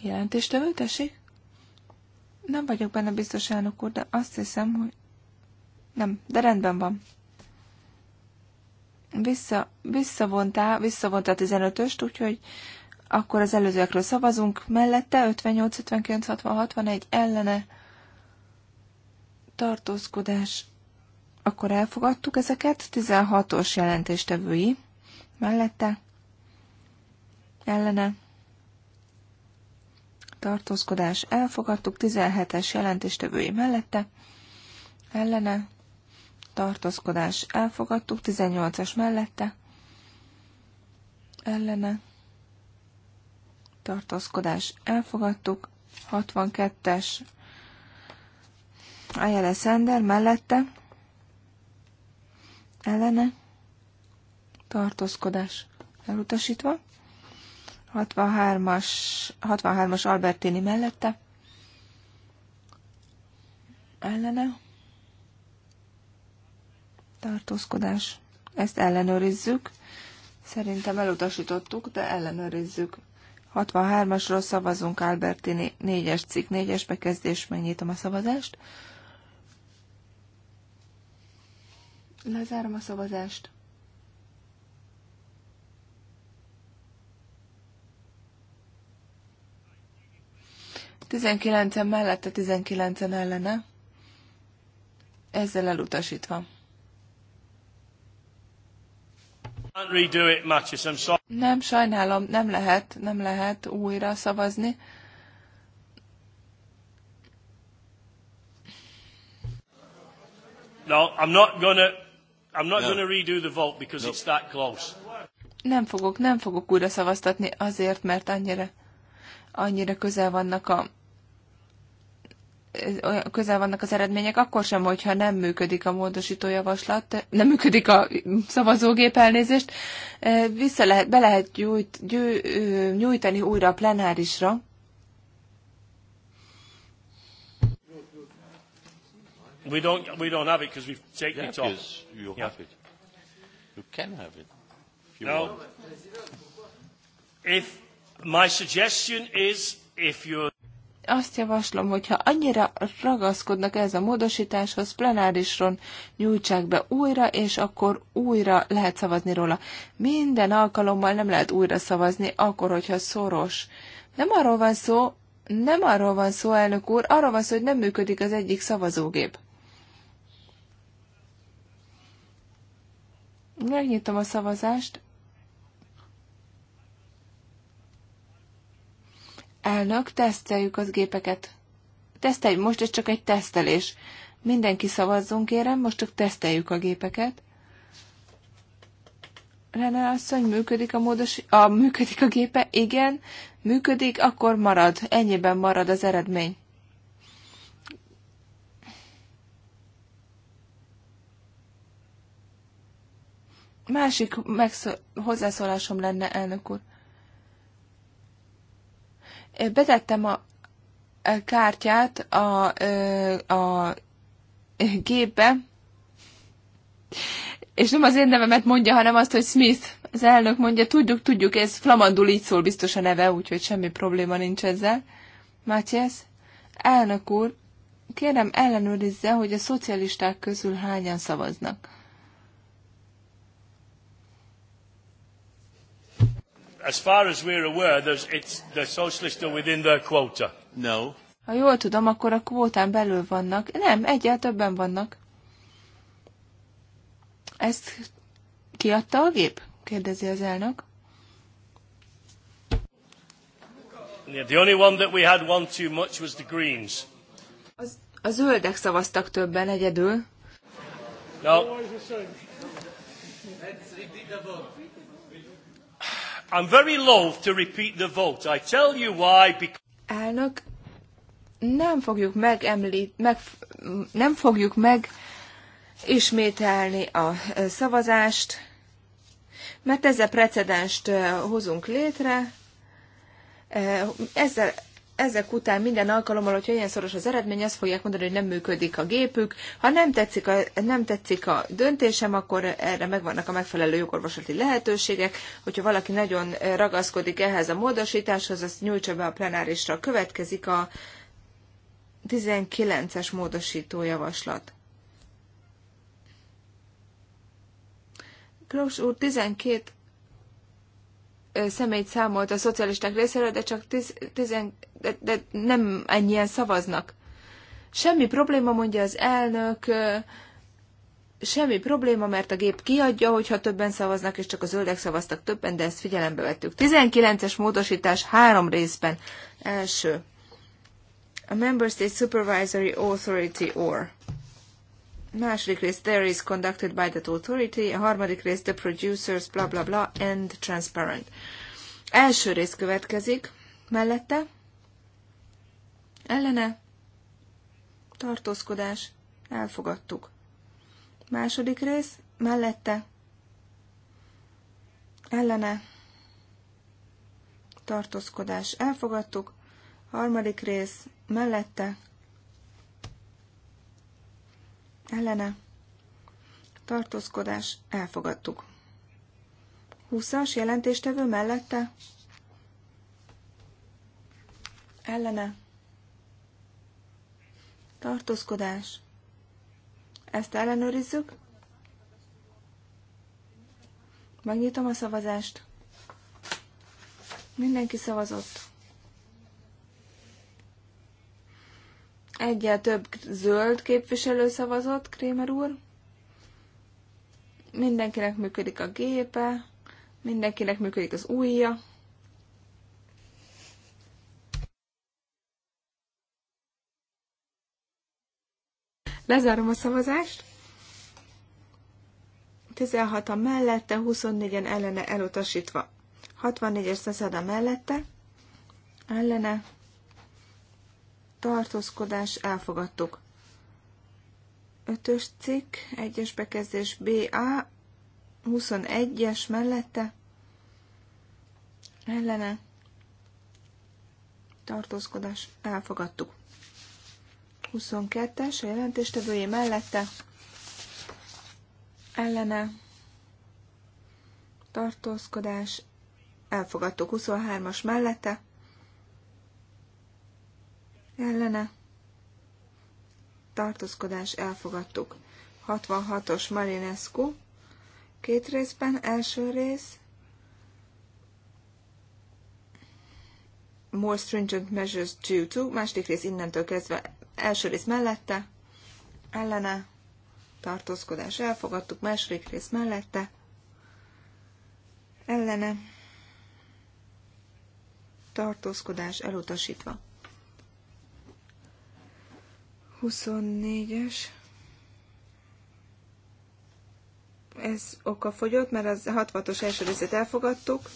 Jelentéstevő, tessék? Nem vagyok benne biztos, elnök úr, de azt hiszem, hogy... Nem, de rendben van. Vissza, visszavontá, visszavontá 15-öst, úgyhogy akkor az előzőekről szavazunk. Mellette 58, 59, 60, 61 ellene tartózkodás akkor elfogadtuk ezeket. 16-os jelentéstevői mellette ellene tartózkodás elfogadtuk, 17-es jelentéstevői mellette, ellene, tartózkodás elfogadtuk, 18-as mellette, ellene, tartózkodás elfogadtuk, 62-es Ayala Sender mellette, ellene, tartózkodás elutasítva, 63-as, 63 Albertini mellette, ellene, tartózkodás, ezt ellenőrizzük, szerintem elutasítottuk, de ellenőrizzük. 63-asról szavazunk Albertini 4-es cikk 4-es bekezdés, megnyitom a szavazást. Lezárom a szavazást. Tizenkilencen mellette, tizenkilencen ellene. Ezzel elutasítva. Nem, sajnálom, nem lehet, nem lehet újra szavazni. No, I'm not gonna I'm not no. going to redo the vote because no. it's that close. Nem fogok, nem fogok újra szavaztatni azért, mert annyira, annyira közel vannak a közel vannak az eredmények, akkor sem, hogyha nem működik a módosító javaslat, nem működik a szavazógép elnézést, vissza lehet, be lehet gyújt, gyű, nyújtani újra a plenárisra, We don't, we don't have it because we've taken yeah, it off. Yes, You yeah. have it. You can have it. If you no. Want. If my suggestion is, if you're azt javaslom, hogyha annyira ragaszkodnak ez a módosításhoz, plenárisron nyújtsák be újra, és akkor újra lehet szavazni róla. Minden alkalommal nem lehet újra szavazni, akkor, hogyha szoros. Nem arról van szó, nem arról van szó, elnök úr, arról van szó, hogy nem működik az egyik szavazógép. Megnyitom a szavazást. Elnök, teszteljük az gépeket. Tesztelj, most ez csak egy tesztelés. Mindenki szavazzon, kérem, most csak teszteljük a gépeket. René asszony, működik a módos... A, működik a gépe? Igen, működik, akkor marad. Ennyiben marad az eredmény. Másik hozzászólásom lenne, elnök úr. Betettem a e, kártyát a, e, a gépbe, és nem az én nevemet mondja, hanem azt, hogy Smith, az elnök mondja, tudjuk, tudjuk, ez flamandul így szól biztos a neve, úgyhogy semmi probléma nincs ezzel. Mátyász, elnök úr, kérem ellenőrizze, hogy a szocialisták közül hányan szavaznak. as far as we're aware, there's, it's, the socialists are within their quota. No. Ha jól tudom, akkor a kvótán belül vannak. Nem, egyel többen vannak. Ezt kiadta a gép? kérdezi az elnök. Yeah, the only one that we had one too much was the Greens. Az, a zöldek szavaztak többen egyedül. No. That's I'm very loath to repeat the vote. I tell you why. Because... Elnök, nem fogjuk megemlít, meg, nem fogjuk meg ismételni a szavazást, mert ezzel precedenst hozunk létre, ezzel ezek után minden alkalommal, hogyha ilyen szoros az eredmény, azt fogják mondani, hogy nem működik a gépük. Ha nem tetszik a, nem tetszik a döntésem, akkor erre megvannak a megfelelő jogorvoslati lehetőségek. Hogyha valaki nagyon ragaszkodik ehhez a módosításhoz, azt nyújtsa be a plenárisra. Következik a 19-es módosító javaslat. Klaus úr 12 személyt számolt a szocialisták részéről, de csak 10, 10, de, de nem ennyien szavaznak. Semmi probléma, mondja az elnök, semmi probléma, mert a gép kiadja, hogyha többen szavaznak, és csak a zöldek szavaztak többen, de ezt figyelembe vettük. 19-es módosítás három részben. Első. A Member State Supervisory Authority or. Második rész, there is conducted by that authority. A harmadik rész, the producers, bla bla bla, and transparent. Első rész következik. Mellette ellene, tartózkodás, elfogadtuk. Második rész, mellette, ellene, tartózkodás, elfogadtuk. Harmadik rész, mellette, ellene, tartózkodás, elfogadtuk. Húszas jelentéstevő mellette, ellene, tartózkodás. Ezt ellenőrizzük. Megnyitom a szavazást. Mindenki szavazott. Egyel több zöld képviselő szavazott, Krémer úr. Mindenkinek működik a gépe, mindenkinek működik az ujja. Lezárom a szavazást. 16 a mellette, 24-en ellene elutasítva. 64-es szeszed a mellette, ellene, tartózkodás, elfogadtuk. 5-ös cikk, 1-es bekezdés BA, 21-es mellette, ellene, tartózkodás, elfogadtuk. 22-es a jelentéstevője mellette ellene tartózkodás, elfogadtuk 23-as mellette ellene tartózkodás, elfogadtuk 66-os Marinescu két részben, első rész more stringent measures due to, második rész innentől kezdve első rész mellette, ellene, tartózkodás elfogadtuk, második rész mellette, ellene, tartózkodás elutasítva. 24-es. Ez oka fogyott, mert az 66-os első részét elfogadtuk.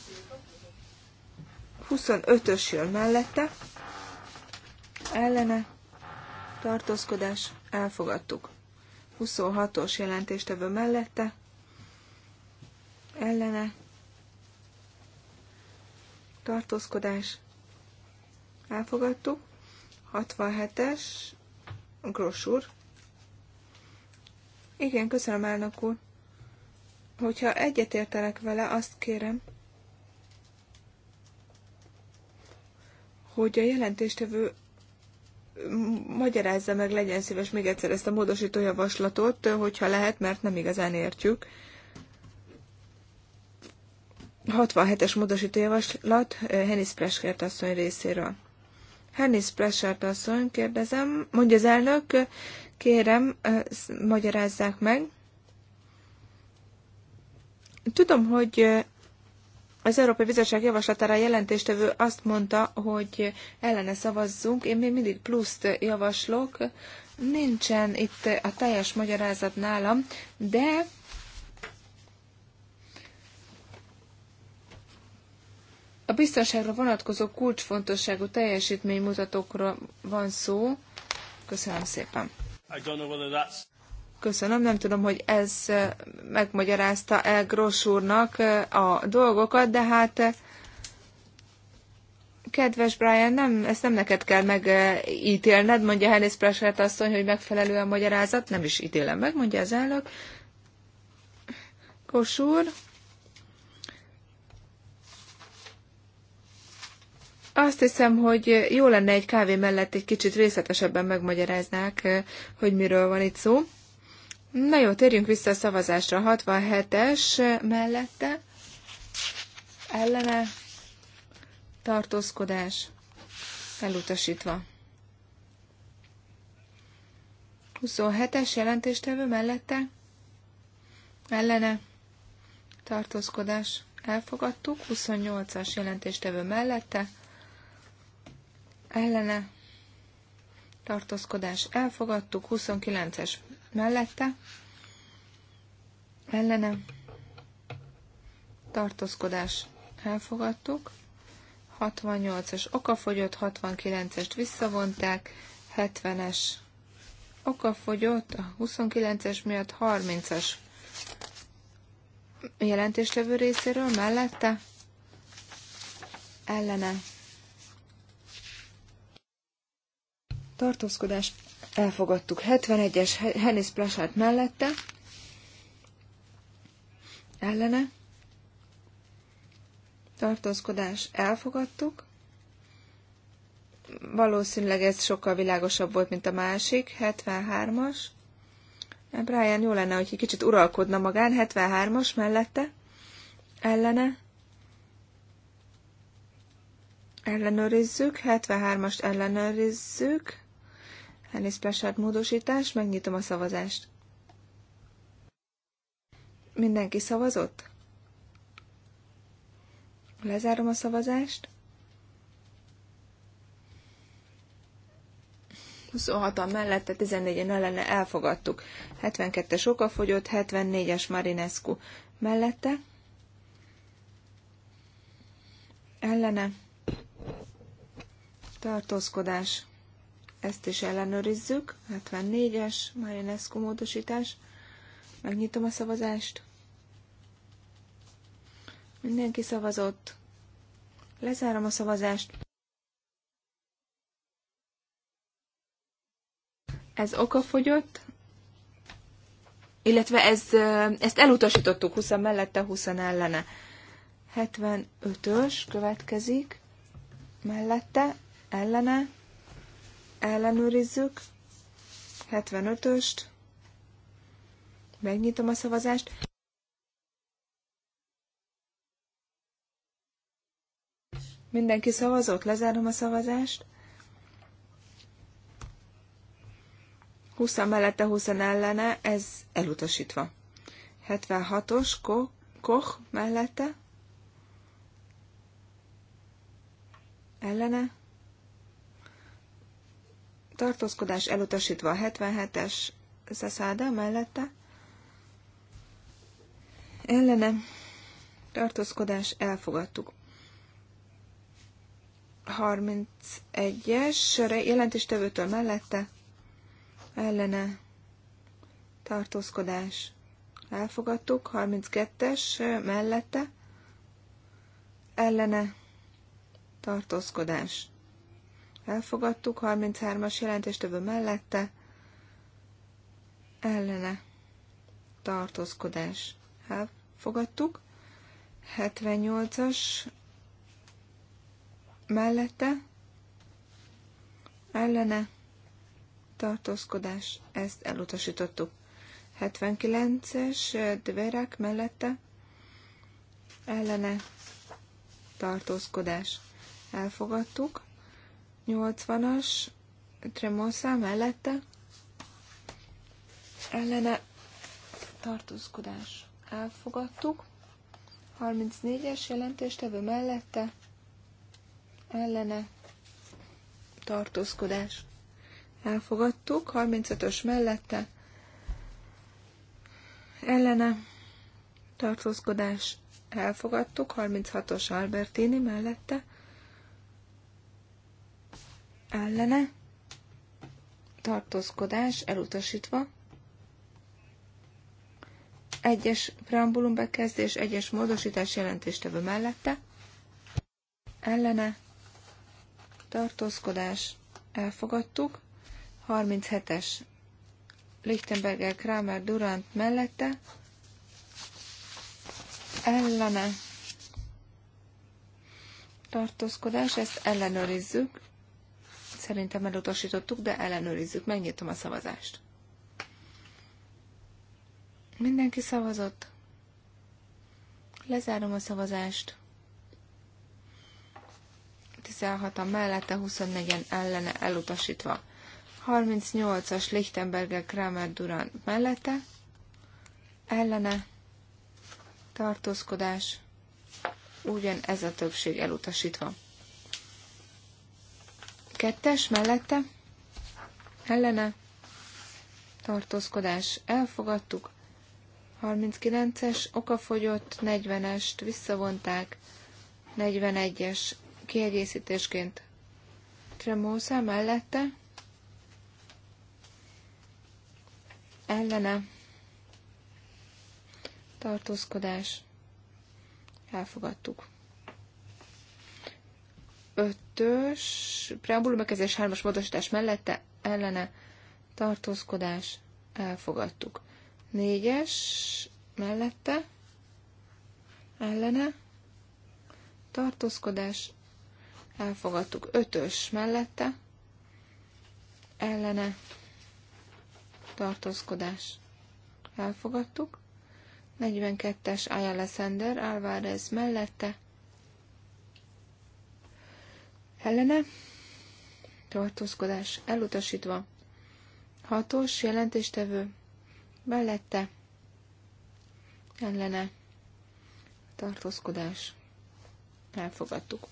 25-ös jön mellette. Ellene tartózkodás, elfogadtuk. 26-os jelentéstevő mellette, ellene, tartózkodás, elfogadtuk. 67-es, grosúr. Igen, köszönöm, elnök úr. Hogyha egyetértelek vele, azt kérem, hogy a jelentéstevő magyarázza meg, legyen szíves még egyszer ezt a módosító javaslatot, hogyha lehet, mert nem igazán értjük. 67-es módosító javaslat Hennis Preskert asszony részéről. Hennis Preskert asszony, kérdezem, mondja az elnök, kérem, magyarázzák meg. Tudom, hogy az Európai Bizottság javaslatára a jelentéstevő azt mondta, hogy ellene szavazzunk, én még mindig pluszt javaslok, nincsen itt a teljes magyarázat nálam, de a biztonságra vonatkozó kulcsfontosságú teljesítménymutatókra van szó. Köszönöm szépen. Köszönöm, nem tudom, hogy ez eh, megmagyarázta el Gross úrnak eh, a dolgokat, de hát eh, kedves Brian, nem, ezt nem neked kell megítélned, mondja Hennis Presselt asszony, hogy megfelelő a magyarázat, nem is ítélem meg, mondja az elnök. úr, Azt hiszem, hogy jó lenne egy kávé mellett egy kicsit részletesebben megmagyaráznák, hogy miről van itt szó. Na jó, térjünk vissza a szavazásra. 67-es mellette ellene tartózkodás elutasítva. 27-es jelentéstevő mellette ellene tartózkodás elfogadtuk. 28-as jelentéstevő mellette ellene tartózkodás elfogadtuk. 29-es mellette, ellene, tartózkodás elfogadtuk, 68-as okafogyott, 69-est visszavonták, 70-es okafogyott, a 29-es miatt 30-as jelentéstevő részéről mellette, ellene, tartózkodás elfogadtuk 71-es Hennis Plasát mellette, ellene, tartózkodás elfogadtuk, valószínűleg ez sokkal világosabb volt, mint a másik, 73-as, eh, Brian jó lenne, hogy kicsit uralkodna magán, 73-as mellette, ellene, ellenőrizzük, 73-ast ellenőrizzük, Elnéz Plessard módosítás, megnyitom a szavazást. Mindenki szavazott? Lezárom a szavazást. 26-an mellette, 14-en ellene elfogadtuk. 72-es okafogyott, 74-es Marinescu mellette. Ellene. Tartózkodás ezt is ellenőrizzük. 74-es Marinescu módosítás. Megnyitom a szavazást. Mindenki szavazott. Lezárom a szavazást. Ez okafogyott, illetve ez, ezt elutasítottuk 20 mellette, 20 ellene. 75-ös következik mellette, ellene, ellenőrizzük. 75-öst. Megnyitom a szavazást. Mindenki szavazott, lezárom a szavazást. 20 mellette, 20 ellene, ez elutasítva. 76-os Ko Koch mellette. Ellene tartózkodás elutasítva a 77-es Szeszáda mellette, ellene tartózkodás elfogadtuk. 31-es jelentéstevőtől mellette ellene tartózkodás elfogadtuk, 32-es mellette ellene tartózkodás elfogadtuk, 33-as jelentéstövő mellette, ellene tartózkodás elfogadtuk, 78-as mellette, ellene tartózkodás, ezt elutasítottuk. 79-es dverek mellette, ellene tartózkodás elfogadtuk, 80-as Tremosa mellette ellene tartózkodás elfogadtuk. 34-es jelentéstevő mellette ellene tartózkodás elfogadtuk. 35-ös mellette ellene tartózkodás elfogadtuk. 36-os Albertini mellette ellene, tartózkodás elutasítva, egyes preambulum bekezdés, egyes módosítás jelentéstevő mellette, ellene, tartózkodás elfogadtuk, 37-es Lichtenberger Kramer Durant mellette, ellene tartózkodás, ezt ellenőrizzük. Szerintem elutasítottuk, de ellenőrizzük. Megnyitom a szavazást. Mindenki szavazott. Lezárom a szavazást. 16 a mellette, 24-en ellene elutasítva. 38-as Lichtenberger Kramer Duran mellette, ellene, tartózkodás, ugyan ez a többség elutasítva. Kettes mellette ellene tartózkodás elfogadtuk. 39-es okafogyott, 40-est visszavonták, 41-es kiegészítésként Tremóza mellette ellene tartózkodás elfogadtuk. 5 2-es preambulum bekezdés 3-as módosítás mellette ellene tartózkodás elfogadtuk. 4-es mellette ellene tartózkodás elfogadtuk. 5-ös mellette ellene tartózkodás elfogadtuk. 42-es Ayala Sender Alvarez mellette ellene, tartózkodás elutasítva, hatos jelentéstevő mellette, ellene, tartózkodás elfogadtuk.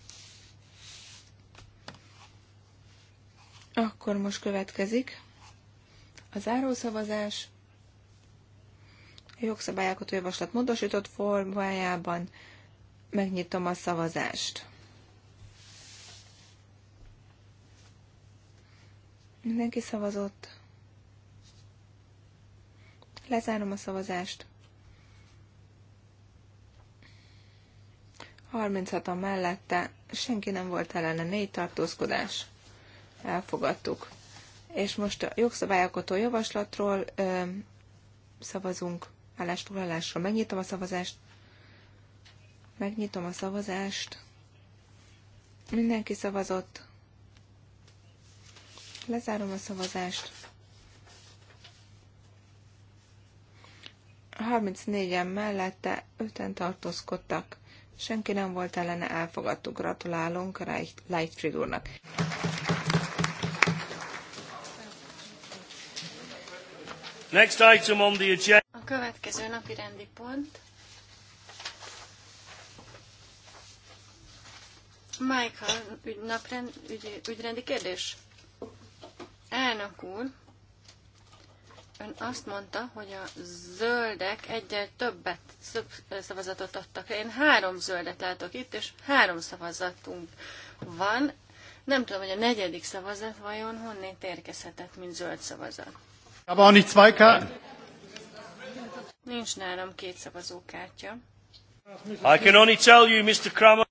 Akkor most következik a zárószavazás. A jogszabályalkotó javaslat módosított formájában megnyitom a szavazást. Mindenki szavazott. Lezárom a szavazást. 36 a mellette senki nem volt ellene, négy tartózkodás. Elfogadtuk. És most a jogszabályalkotó javaslatról ö, szavazunk állásfoglalásra. Megnyitom a szavazást. Megnyitom a szavazást. Mindenki szavazott. Lezárom a szavazást. 34-en mellette, 5-en tartózkodtak. Senki nem volt ellene, elfogadtuk. Gratulálunk Lightfried úrnak. Next item on the agenda. A következő napi rendi pont. Michael ügy, naprend, ügy, ügyrendi kérdés. Elnök úr, ön azt mondta, hogy a zöldek egyel többet szavazatot adtak. Én három zöldet látok itt, és három szavazatunk van. Nem tudom, hogy a negyedik szavazat vajon honnét érkezhetett, mint zöld szavazat. nicht zwei Nincs nálam két szavazókártya. I can only tell you, Mr. Kramer.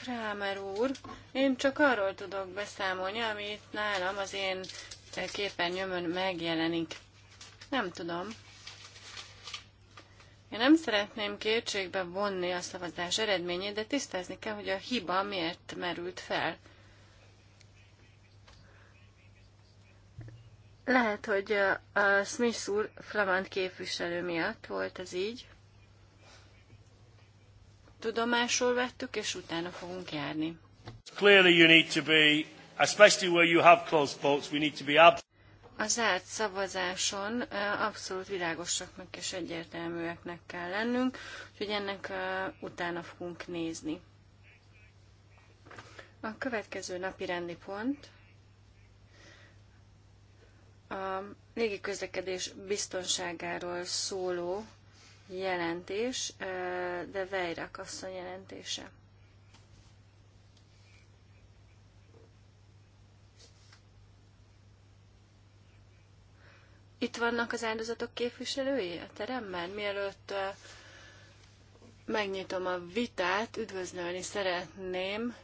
Krámer úr, én csak arról tudok beszámolni, amit nálam az én képernyőmön megjelenik. Nem tudom. Én nem szeretném kétségbe vonni a szavazás eredményét, de tisztázni kell, hogy a hiba miért merült fel. Lehet, hogy a Smith úr flamand képviselő miatt volt ez így tudomásul vettük, és utána fogunk járni. Clearly you need to be, especially where you have close votes, we need to be ab- a zárt szavazáson abszolút világosaknak és egyértelműeknek kell lennünk, úgyhogy ennek utána fogunk nézni. A következő napi rendi pont a légiközlekedés biztonságáról szóló jelentés, de Vejrak asszony jelentése. Itt vannak az áldozatok képviselői a teremben? Mielőtt megnyitom a vitát, üdvözlölni szeretném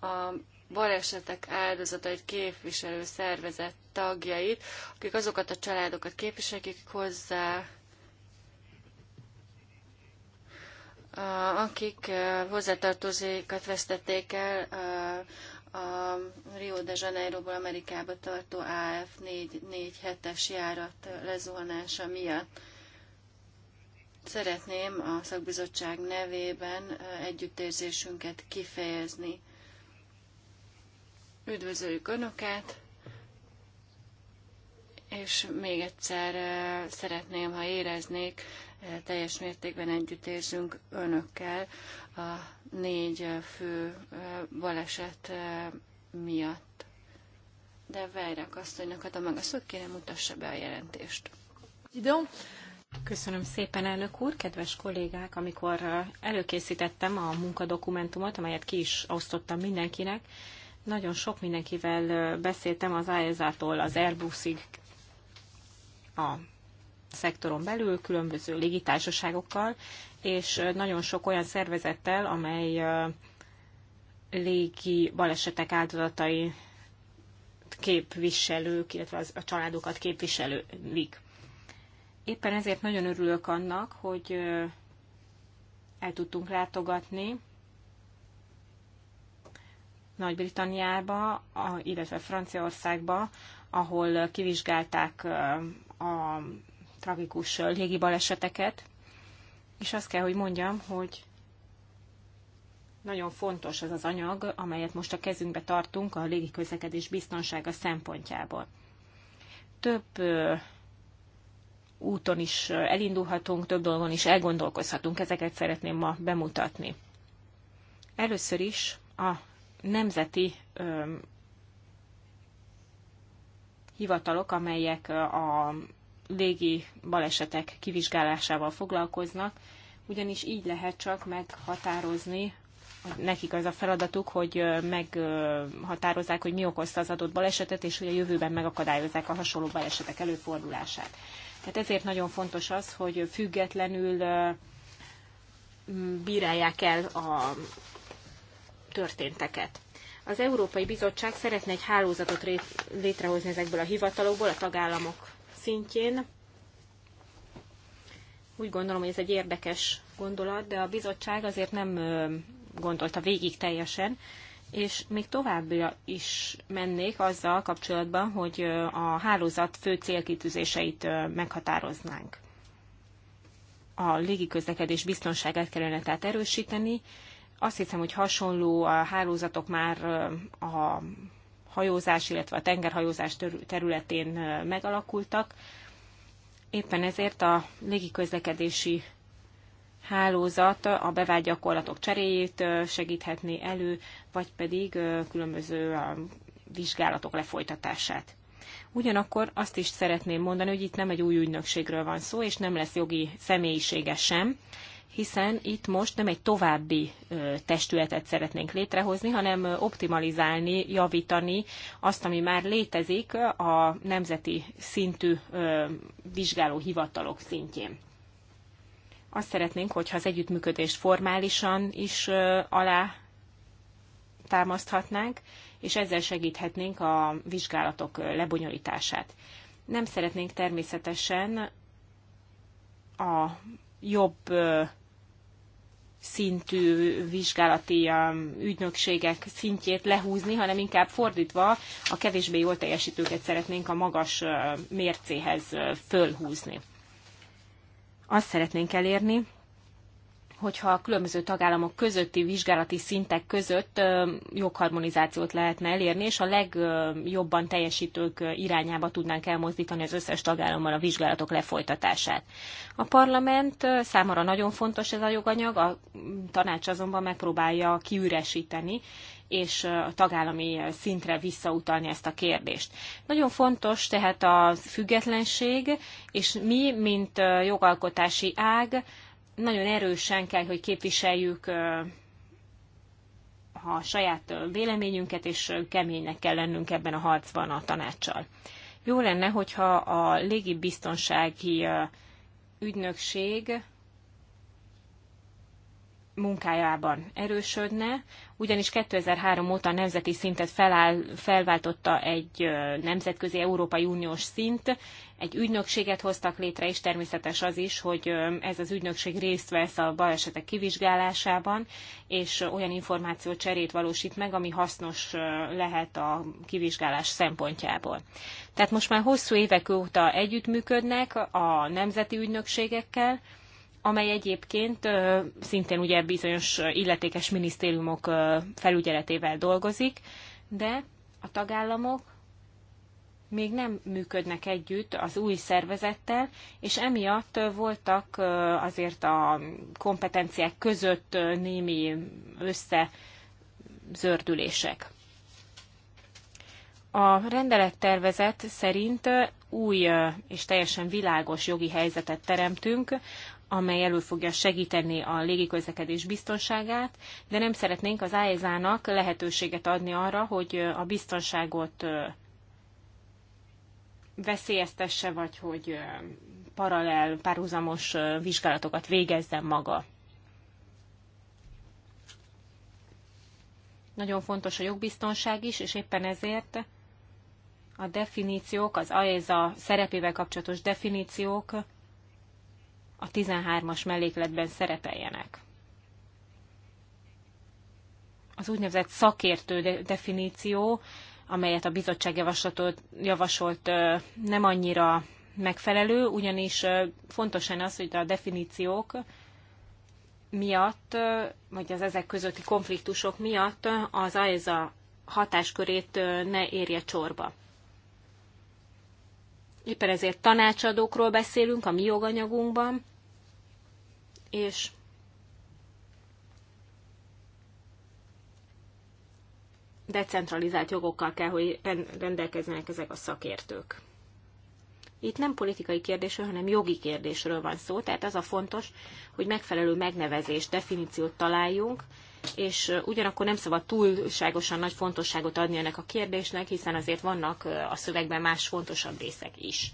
a balesetek áldozatait képviselő szervezet tagjait, akik azokat a családokat képviselik, akik hozzá akik hozzátartozékat vesztették el a Rio de Janeiroból Amerikába tartó AF 447-es járat lezuhanása miatt. Szeretném a szakbizottság nevében együttérzésünket kifejezni. Üdvözöljük Önöket, és még egyszer szeretném, ha éreznék, teljes mértékben érzünk Önökkel a négy fő baleset miatt. De Vejrák asszonynak adom meg a szót, kérem mutassa be a jelentést. Köszönöm szépen, elnök úr, kedves kollégák! Amikor előkészítettem a munkadokumentumot, amelyet ki is osztottam mindenkinek, nagyon sok mindenkivel beszéltem az AESA-tól az Airbusig a szektoron belül, különböző légitársaságokkal, és nagyon sok olyan szervezettel, amely légi balesetek áldozatai képviselők, illetve az, a családokat képviselőlik. Éppen ezért nagyon örülök annak, hogy el tudtunk látogatni nagy-Britanniába, illetve Franciaországba, ahol kivizsgálták a tragikus légi baleseteket, és azt kell, hogy mondjam, hogy nagyon fontos az az anyag, amelyet most a kezünkbe tartunk a közlekedés biztonsága szempontjából. Több úton is elindulhatunk, több dolgon is elgondolkozhatunk, ezeket szeretném ma bemutatni. Először is a nemzeti hivatalok, amelyek a légi balesetek kivizsgálásával foglalkoznak, ugyanis így lehet csak meghatározni, nekik az a feladatuk, hogy meghatározzák, hogy mi okozta az adott balesetet, és hogy a jövőben megakadályozzák a hasonló balesetek előfordulását. Tehát ezért nagyon fontos az, hogy függetlenül bírálják el a történteket. Az Európai Bizottság szeretne egy hálózatot létrehozni ezekből a hivatalokból a tagállamok szintjén. Úgy gondolom, hogy ez egy érdekes gondolat, de a bizottság azért nem gondolta végig teljesen, és még továbbra is mennék azzal kapcsolatban, hogy a hálózat fő célkitűzéseit meghatároznánk. A légiközlekedés biztonságát kellene tehát erősíteni, azt hiszem, hogy hasonló a hálózatok már a hajózás, illetve a tengerhajózás területén megalakultak. Éppen ezért a légiközlekedési hálózat a bevált gyakorlatok cseréjét segíthetné elő, vagy pedig különböző vizsgálatok lefolytatását. Ugyanakkor azt is szeretném mondani, hogy itt nem egy új ügynökségről van szó, és nem lesz jogi személyisége sem, hiszen itt most nem egy további testületet szeretnénk létrehozni, hanem optimalizálni, javítani azt, ami már létezik a nemzeti szintű vizsgáló hivatalok szintjén. Azt szeretnénk, hogyha az együttműködést formálisan is alá támaszthatnánk, és ezzel segíthetnénk a vizsgálatok lebonyolítását. Nem szeretnénk természetesen a jobb szintű vizsgálati um, ügynökségek szintjét lehúzni, hanem inkább fordítva a kevésbé jól teljesítőket szeretnénk a magas uh, mércéhez uh, fölhúzni. Azt szeretnénk elérni, hogyha a különböző tagállamok közötti vizsgálati szintek között jogharmonizációt lehetne elérni, és a legjobban teljesítők irányába tudnánk elmozdítani az összes tagállammal a vizsgálatok lefolytatását. A parlament számára nagyon fontos ez a joganyag, a tanács azonban megpróbálja kiüresíteni, és a tagállami szintre visszautalni ezt a kérdést. Nagyon fontos tehát a függetlenség, és mi, mint jogalkotási ág, nagyon erősen kell, hogy képviseljük a saját véleményünket, és keménynek kell lennünk ebben a harcban a tanácssal. Jó lenne, hogyha a légibiztonsági ügynökség munkájában erősödne, ugyanis 2003 óta a nemzeti szintet feláll, felváltotta egy nemzetközi Európai Uniós szint, egy ügynökséget hoztak létre, és természetes az is, hogy ez az ügynökség részt vesz a balesetek kivizsgálásában, és olyan információ cserét valósít meg, ami hasznos lehet a kivizsgálás szempontjából. Tehát most már hosszú évek óta együttműködnek a nemzeti ügynökségekkel, amely egyébként szintén ugye bizonyos illetékes minisztériumok felügyeletével dolgozik, de a tagállamok még nem működnek együtt az új szervezettel, és emiatt voltak azért a kompetenciák között némi összezördülések. A rendelettervezet szerint új és teljesen világos jogi helyzetet teremtünk amely elő fogja segíteni a légiközlekedés biztonságát, de nem szeretnénk az AESA-nak lehetőséget adni arra, hogy a biztonságot veszélyeztesse, vagy hogy paralel, párhuzamos vizsgálatokat végezzen maga. Nagyon fontos a jogbiztonság is, és éppen ezért a definíciók, az AESA szerepével kapcsolatos definíciók a 13-as mellékletben szerepeljenek. Az úgynevezett szakértő definíció, amelyet a bizottság javaslatot, javasolt nem annyira megfelelő, ugyanis fontos az, hogy a definíciók miatt, vagy az ezek közötti konfliktusok miatt az AESA hatáskörét ne érje csorba. Éppen ezért tanácsadókról beszélünk a mi joganyagunkban, és decentralizált jogokkal kell, hogy rendelkezzenek ezek a szakértők. Itt nem politikai kérdésről, hanem jogi kérdésről van szó, tehát az a fontos, hogy megfelelő megnevezést, definíciót találjunk, és ugyanakkor nem szabad túlságosan nagy fontosságot adni ennek a kérdésnek, hiszen azért vannak a szövegben más fontosabb részek is.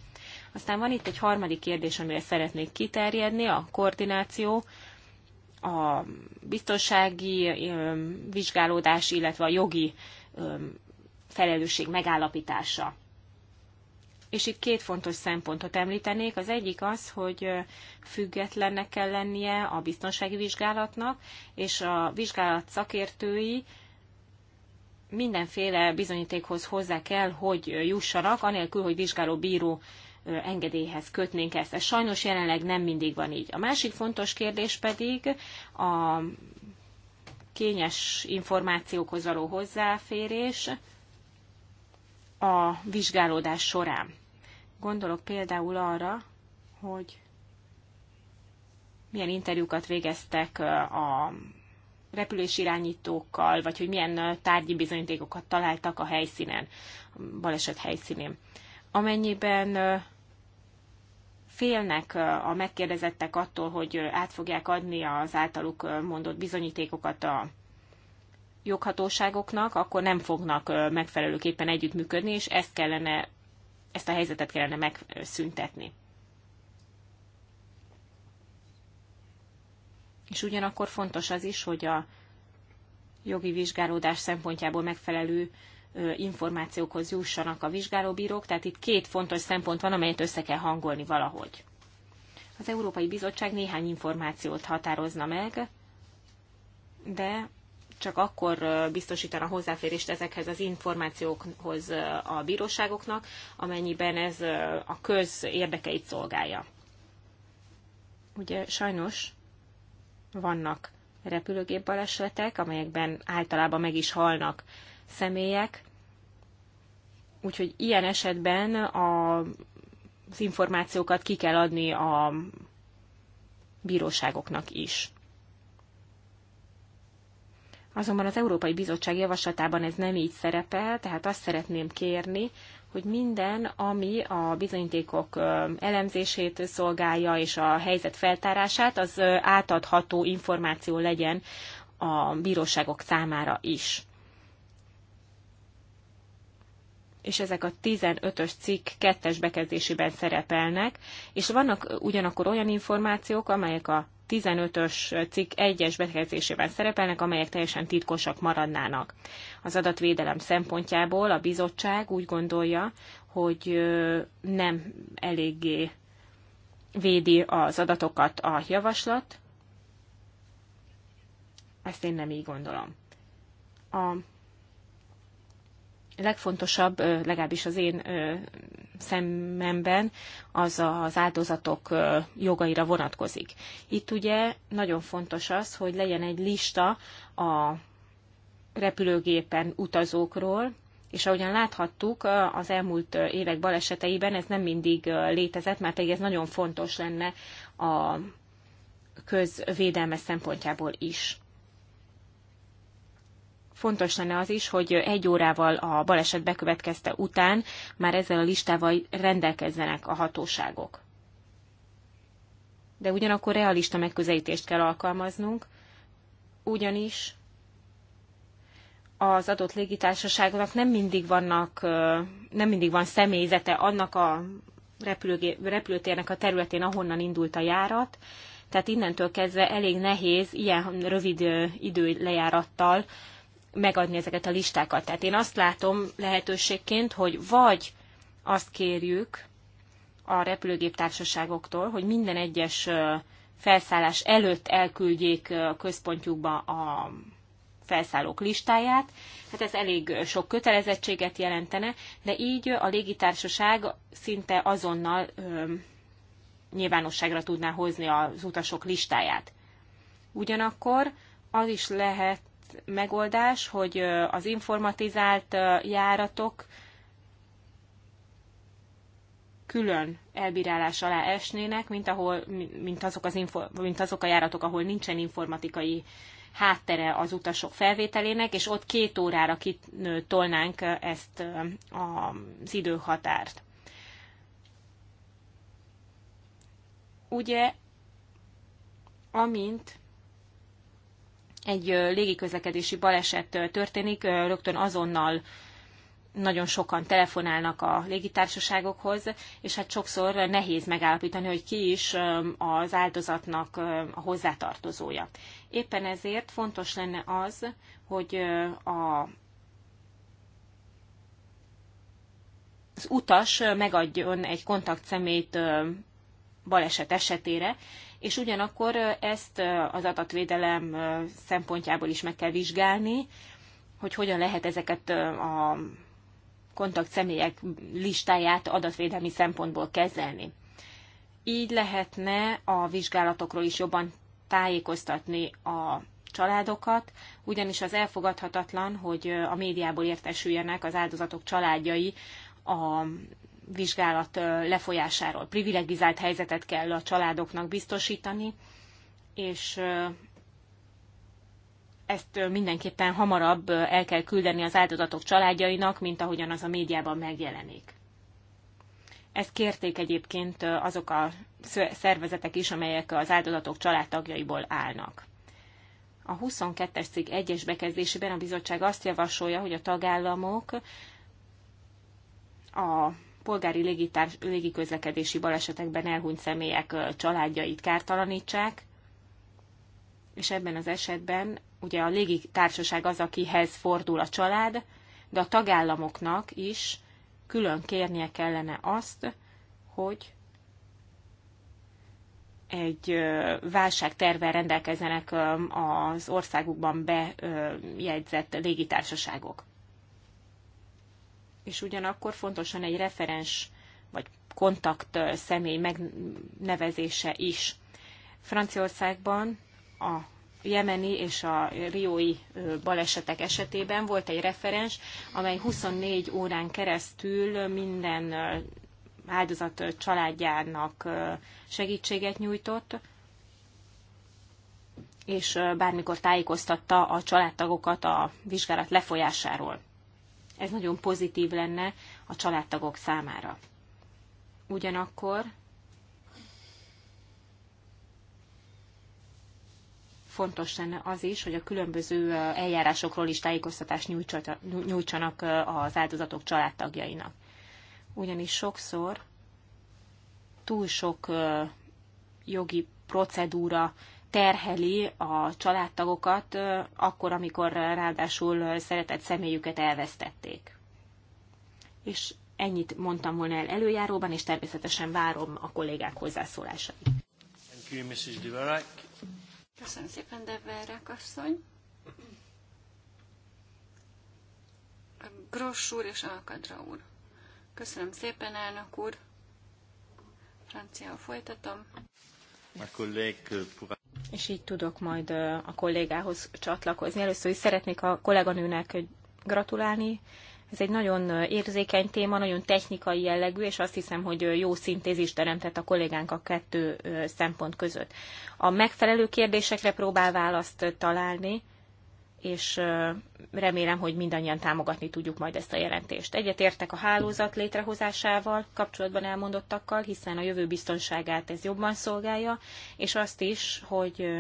Aztán van itt egy harmadik kérdés, amire szeretnék kiterjedni, a koordináció, a biztonsági vizsgálódás, illetve a jogi felelősség megállapítása. És itt két fontos szempontot említenék. Az egyik az, hogy függetlennek kell lennie a biztonsági vizsgálatnak, és a vizsgálat szakértői mindenféle bizonyítékhoz hozzá kell, hogy jussanak, anélkül, hogy vizsgáló bíró engedélyhez kötnénk ezt. Ez sajnos jelenleg nem mindig van így. A másik fontos kérdés pedig a kényes információkhoz való hozzáférés a vizsgálódás során. Gondolok például arra, hogy milyen interjúkat végeztek a irányítókkal, vagy hogy milyen tárgyi bizonyítékokat találtak a helyszínen, baleset helyszínén amennyiben félnek a megkérdezettek attól, hogy át fogják adni az általuk mondott bizonyítékokat a joghatóságoknak, akkor nem fognak megfelelőképpen együttműködni, és ezt kellene, ezt a helyzetet kellene megszüntetni. És ugyanakkor fontos az is, hogy a jogi vizsgálódás szempontjából megfelelő információkhoz jussanak a vizsgálóbírók, tehát itt két fontos szempont van, amelyet össze kell hangolni valahogy. Az Európai Bizottság néhány információt határozna meg, de csak akkor biztosítana hozzáférést ezekhez az információkhoz a bíróságoknak, amennyiben ez a köz érdekeit szolgálja. Ugye sajnos vannak repülőgép balesetek, amelyekben általában meg is halnak személyek, úgyhogy ilyen esetben a, az információkat ki kell adni a bíróságoknak is. Azonban az Európai Bizottság javaslatában ez nem így szerepel, tehát azt szeretném kérni, hogy minden, ami a bizonyítékok elemzését szolgálja és a helyzet feltárását, az átadható információ legyen a bíróságok számára is. és ezek a 15-ös cikk kettes bekezdésében szerepelnek, és vannak ugyanakkor olyan információk, amelyek a 15-ös cikk 1-es bekezdésében szerepelnek, amelyek teljesen titkosak maradnának. Az adatvédelem szempontjából a bizottság úgy gondolja, hogy nem eléggé védi az adatokat a javaslat. Ezt én nem így gondolom. A legfontosabb, legalábbis az én szememben, az az áldozatok jogaira vonatkozik. Itt ugye nagyon fontos az, hogy legyen egy lista a repülőgépen utazókról, és ahogyan láthattuk, az elmúlt évek baleseteiben ez nem mindig létezett, mert pedig ez nagyon fontos lenne a közvédelme szempontjából is fontos lenne az is, hogy egy órával a baleset bekövetkezte után már ezzel a listával rendelkezzenek a hatóságok. De ugyanakkor realista megközelítést kell alkalmaznunk, ugyanis az adott légitársaságnak nem mindig, vannak, nem mindig van személyzete annak a repülőtérnek a területén, ahonnan indult a járat, tehát innentől kezdve elég nehéz ilyen rövid lejárattal megadni ezeket a listákat. Tehát én azt látom lehetőségként, hogy vagy azt kérjük a repülőgép társaságoktól, hogy minden egyes felszállás előtt elküldjék a központjukba a felszállók listáját. Hát ez elég sok kötelezettséget jelentene, de így a légitársaság szinte azonnal ö, nyilvánosságra tudná hozni az utasok listáját. Ugyanakkor az is lehet megoldás, hogy az informatizált járatok külön elbírálás alá esnének, mint, ahol, mint, azok, az info, mint azok a járatok, ahol nincsen informatikai háttere az utasok felvételének, és ott két órára kitolnánk ezt az időhatárt. Ugye, amint egy légiközlekedési baleset történik, rögtön azonnal nagyon sokan telefonálnak a légitársaságokhoz, és hát sokszor nehéz megállapítani, hogy ki is az áldozatnak a hozzátartozója. Éppen ezért fontos lenne az, hogy a az utas megadjon egy kontaktszemét baleset esetére, és ugyanakkor ezt az adatvédelem szempontjából is meg kell vizsgálni, hogy hogyan lehet ezeket a kontakt személyek listáját adatvédelmi szempontból kezelni. Így lehetne a vizsgálatokról is jobban tájékoztatni a családokat, ugyanis az elfogadhatatlan, hogy a médiából értesüljenek az áldozatok családjai a vizsgálat lefolyásáról. Privilegizált helyzetet kell a családoknak biztosítani, és ezt mindenképpen hamarabb el kell küldeni az áldozatok családjainak, mint ahogyan az a médiában megjelenik. Ezt kérték egyébként azok a szervezetek is, amelyek az áldozatok családtagjaiból állnak. A 22-es cikk 1-es bekezdésében a bizottság azt javasolja, hogy a tagállamok a polgári légitárs, légiközlekedési balesetekben elhunyt személyek családjait kártalanítsák, és ebben az esetben ugye a légitársaság az, akihez fordul a család, de a tagállamoknak is külön kérnie kellene azt, hogy egy válságtervel rendelkezzenek az országukban bejegyzett légitársaságok és ugyanakkor fontosan egy referens vagy kontakt személy megnevezése is. Franciaországban a jemeni és a riói balesetek esetében volt egy referens, amely 24 órán keresztül minden áldozat családjának segítséget nyújtott, és bármikor tájékoztatta a családtagokat a vizsgálat lefolyásáról. Ez nagyon pozitív lenne a családtagok számára. Ugyanakkor fontos lenne az is, hogy a különböző eljárásokról is tájékoztatást nyújtsanak az áldozatok családtagjainak. Ugyanis sokszor túl sok jogi procedúra terheli a családtagokat akkor, amikor ráadásul szeretett személyüket elvesztették. És ennyit mondtam volna el előjáróban, és természetesen várom a kollégák hozzászólásait. Köszönöm szépen, Deverák asszony. A Gross úr és Alkadra úr. Köszönöm szépen, elnök úr. Franciául folytatom. Ma és így tudok majd a kollégához csatlakozni. Először is szeretnék a kolléganőnek gratulálni. Ez egy nagyon érzékeny téma, nagyon technikai jellegű, és azt hiszem, hogy jó szintézis teremtett a kollégánk a kettő szempont között. A megfelelő kérdésekre próbál választ találni, és remélem, hogy mindannyian támogatni tudjuk majd ezt a jelentést. értek a hálózat létrehozásával kapcsolatban elmondottakkal, hiszen a jövő biztonságát ez jobban szolgálja, és azt is, hogy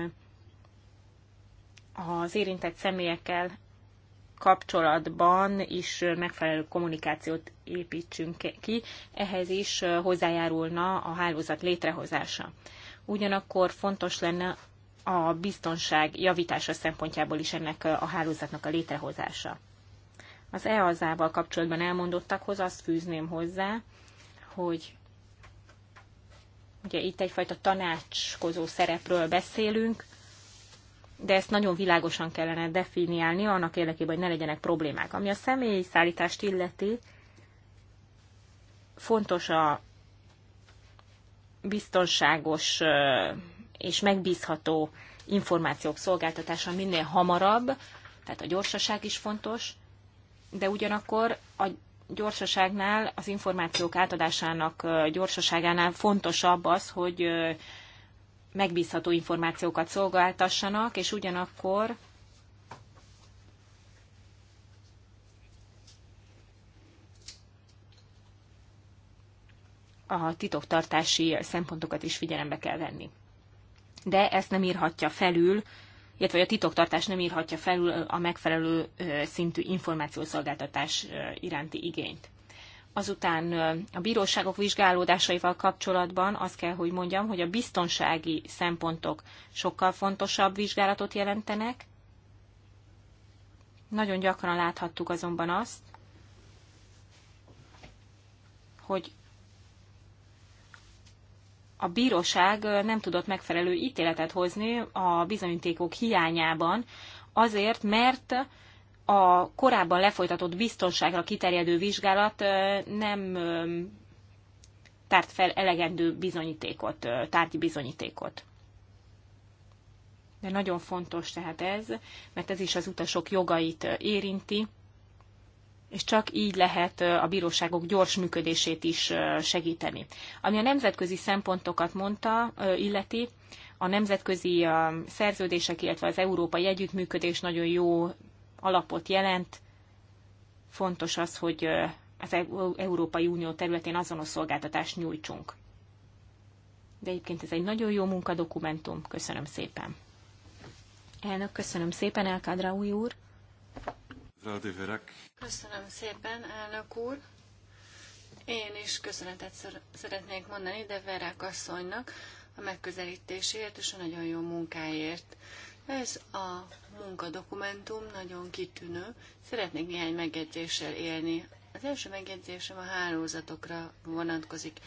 az érintett személyekkel kapcsolatban is megfelelő kommunikációt építsünk ki, ehhez is hozzájárulna a hálózat létrehozása. Ugyanakkor fontos lenne a biztonság javítása szempontjából is ennek a hálózatnak a létrehozása. Az EASA-val kapcsolatban elmondottakhoz azt fűzném hozzá, hogy ugye itt egyfajta tanácskozó szerepről beszélünk, de ezt nagyon világosan kellene definiálni annak érdekében, hogy ne legyenek problémák. Ami a személyi szállítást illeti, fontos a biztonságos és megbízható információk szolgáltatása minél hamarabb, tehát a gyorsaság is fontos, de ugyanakkor a gyorsaságnál, az információk átadásának gyorsaságánál fontosabb az, hogy megbízható információkat szolgáltassanak, és ugyanakkor a titoktartási szempontokat is figyelembe kell venni de ezt nem írhatja felül, illetve a titoktartás nem írhatja felül a megfelelő szintű információszolgáltatás iránti igényt. Azután a bíróságok vizsgálódásaival kapcsolatban azt kell, hogy mondjam, hogy a biztonsági szempontok sokkal fontosabb vizsgálatot jelentenek. Nagyon gyakran láthattuk azonban azt, hogy a bíróság nem tudott megfelelő ítéletet hozni a bizonyítékok hiányában, azért, mert a korábban lefolytatott biztonságra kiterjedő vizsgálat nem tárt fel elegendő bizonyítékot, tárgyi bizonyítékot. De nagyon fontos tehát ez, mert ez is az utasok jogait érinti, és csak így lehet a bíróságok gyors működését is segíteni. Ami a nemzetközi szempontokat mondta, illeti, a nemzetközi szerződések, illetve az európai együttműködés nagyon jó alapot jelent. Fontos az, hogy az e-, Európai Unió területén azonos szolgáltatást nyújtsunk. De egyébként ez egy nagyon jó munkadokumentum. Köszönöm szépen. Elnök, köszönöm szépen, új úr. Köszönöm szépen, elnök úr. Én is köszönetet szeretnék mondani de Verák asszonynak a megközelítéséért, és a nagyon jó munkáért. Ez a munkadokumentum nagyon kitűnő. Szeretnék néhány megjegyzéssel élni. Az első megjegyzésem a hálózatokra vonatkozik.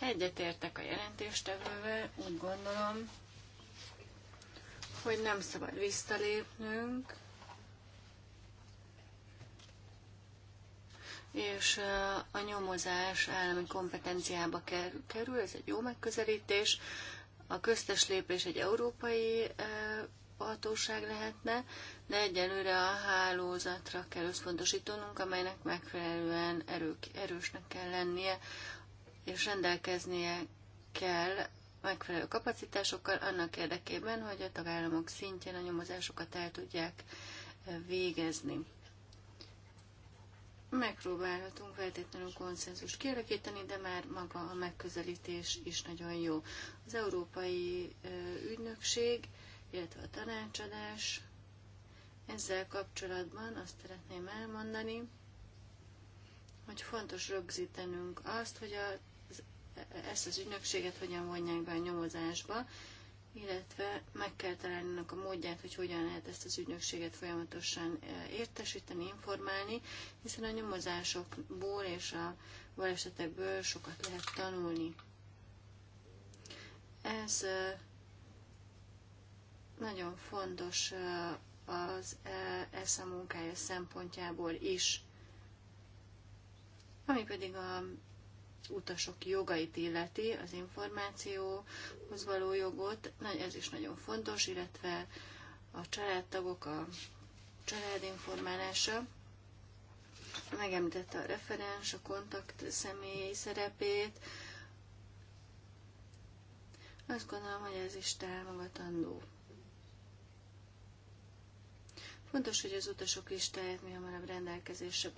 Egyetértek a jelentéstevővel, úgy gondolom, hogy nem szabad visszalépnünk, és a nyomozás állami kompetenciába kerül, ez egy jó megközelítés. A köztes lépés egy európai hatóság lehetne, de egyelőre a hálózatra kell összpontosítanunk, amelynek megfelelően erők, erősnek kell lennie, és rendelkeznie kell megfelelő kapacitásokkal annak érdekében, hogy a tagállamok szintjén a nyomozásokat el tudják végezni megpróbálhatunk feltétlenül konszenzus kialakítani, de már maga a megközelítés is nagyon jó. Az Európai Ügynökség, illetve a tanácsadás, ezzel kapcsolatban azt szeretném elmondani, hogy fontos rögzítenünk azt, hogy a, ezt az ügynökséget hogyan vonják be a nyomozásba, illetve meg kell találni annak a módját, hogy hogyan lehet ezt az ügynökséget folyamatosan e, értesíteni, informálni, hiszen a nyomozásokból és a balesetekből sokat lehet tanulni. Ez e, nagyon fontos e, az ESZA munkája szempontjából is. Ami pedig a utasok jogait illeti, az információhoz való jogot, ez is nagyon fontos, illetve a családtagok, a család informálása. Megemlítette a referens, a kontakt személyi szerepét. Azt gondolom, hogy ez is támogatandó. Fontos, hogy az utasok listáját mi hamarabb rendelkezésre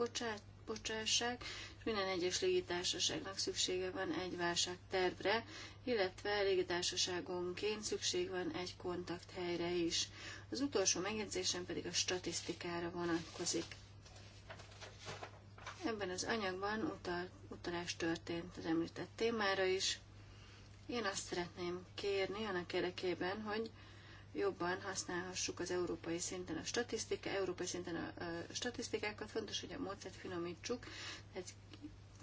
bocsássák, minden egyes légitársaságnak szüksége van egy válságtervre, illetve légitársaságonként szükség van egy kontakthelyre is. Az utolsó megjegyzésem pedig a statisztikára vonatkozik. Ebben az anyagban utal, utalás történt az említett témára is. Én azt szeretném kérni annak érdekében, hogy jobban használhassuk az európai szinten a statisztika, európai szinten a, statisztikákat. Fontos, hogy a módszert finomítsuk, egy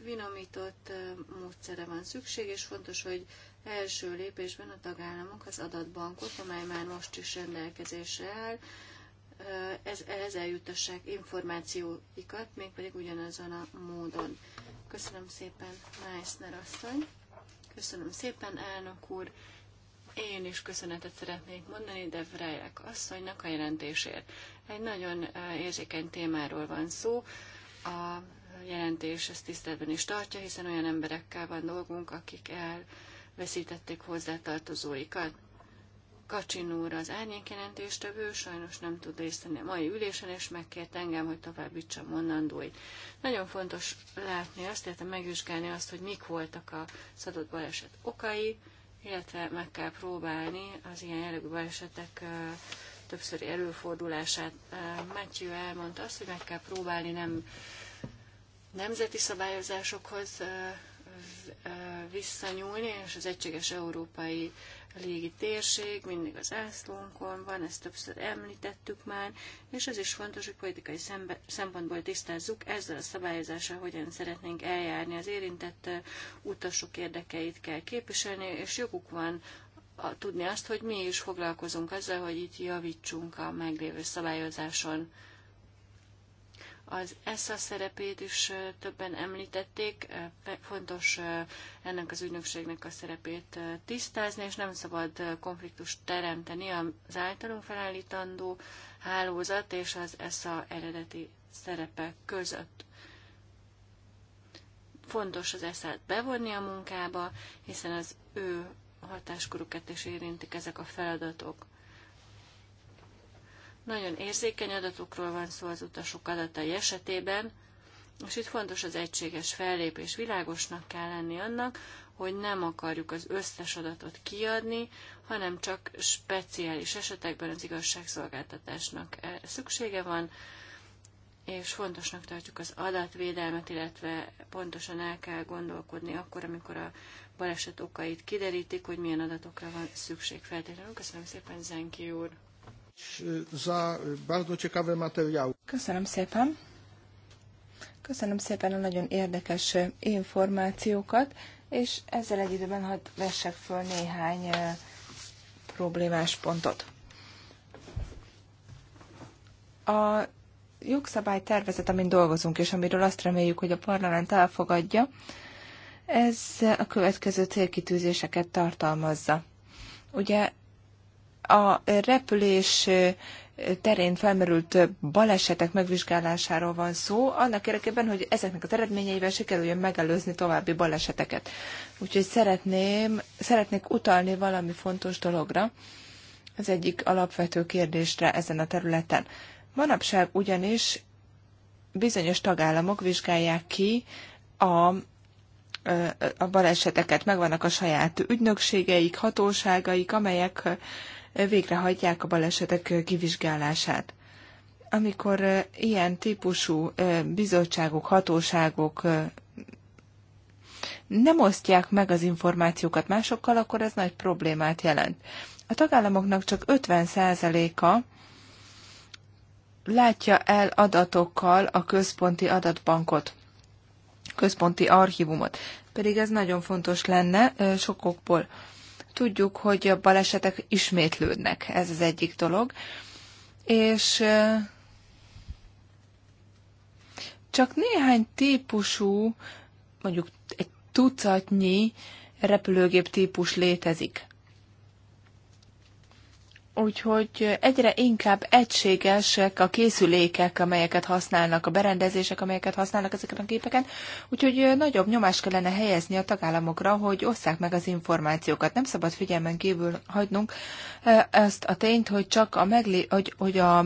finomított módszere van szükség, és fontos, hogy első lépésben a tagállamok az adatbankot, amely már most is rendelkezésre áll, ez, ehhez eljutassák információikat, mégpedig ugyanazon a módon. Köszönöm szépen, Meissner asszony. Köszönöm szépen, elnök úr. Én is köszönetet szeretnék mondani de Vrejek asszonynak a jelentésért. Egy nagyon érzékeny témáról van szó. A jelentés ezt tiszteletben is tartja, hiszen olyan emberekkel van dolgunk, akik elveszítették hozzátartozóikat. Kacsin úr az árnyék jelentéstevő, sajnos nem tud részt venni a mai ülésen, és megkért engem, hogy továbbítsam mondandóit. Nagyon fontos látni azt, illetve megvizsgálni azt, hogy mik voltak a szadott baleset okai, illetve meg kell próbálni az ilyen jellegű balesetek többszöri előfordulását. Matthew elmondta azt, hogy meg kell próbálni nem nemzeti szabályozásokhoz visszanyúlni, és az egységes európai légi térség mindig az ászlónkon van, ezt többször említettük már, és ez is fontos, hogy politikai szembe, szempontból tisztázzuk ezzel a szabályozással, hogyan szeretnénk eljárni. Az érintett utasok érdekeit kell képviselni, és joguk van a, tudni azt, hogy mi is foglalkozunk azzal, hogy itt javítsunk a meglévő szabályozáson. Az essa szerepét is többen említették, fontos ennek az ügynökségnek a szerepét tisztázni, és nem szabad konfliktust teremteni az általunk felállítandó hálózat és az essa eredeti szerepe között. Fontos az ESZA-t bevonni a munkába, hiszen az ő hatáskurukat is érintik ezek a feladatok. Nagyon érzékeny adatokról van szó az utasok adatai esetében, és itt fontos az egységes fellépés. Világosnak kell lenni annak, hogy nem akarjuk az összes adatot kiadni, hanem csak speciális esetekben az igazságszolgáltatásnak eh, szüksége van, és fontosnak tartjuk az adatvédelmet, illetve pontosan el kell gondolkodni akkor, amikor a baleset okait kiderítik, hogy milyen adatokra van szükség feltétlenül. Köszönöm szépen, Zenki úr! za bardzo ciekawe materiały. Köszönöm szépen. Köszönöm szépen a nagyon érdekes információkat, és ezzel egy időben hadd vessek föl néhány problémás pontot. A jogszabály tervezet, amin dolgozunk, és amiről azt reméljük, hogy a parlament elfogadja, ez a következő célkitűzéseket tartalmazza. Ugye a repülés terén felmerült balesetek megvizsgálásáról van szó, annak érdekében, hogy ezeknek az eredményeivel sikerüljön megelőzni további baleseteket. Úgyhogy szeretném, szeretnék utalni valami fontos dologra, az egyik alapvető kérdésre ezen a területen. Manapság ugyanis bizonyos tagállamok vizsgálják ki a a baleseteket, megvannak a saját ügynökségeik, hatóságaik, amelyek végrehajtják a balesetek kivizsgálását. Amikor ilyen típusú bizottságok, hatóságok nem osztják meg az információkat másokkal, akkor ez nagy problémát jelent. A tagállamoknak csak 50%-a látja el adatokkal a központi adatbankot, központi archívumot. Pedig ez nagyon fontos lenne sokokból. Tudjuk, hogy a balesetek ismétlődnek, ez az egyik dolog. És csak néhány típusú, mondjuk egy tucatnyi repülőgép típus létezik. Úgyhogy egyre inkább egységesek a készülékek, amelyeket használnak, a berendezések, amelyeket használnak ezeken a gépeken, úgyhogy nagyobb nyomást kellene helyezni a tagállamokra, hogy osszák meg az információkat. Nem szabad figyelmen kívül hagynunk eh, ezt a tényt, hogy csak a, meglé- hogy, hogy a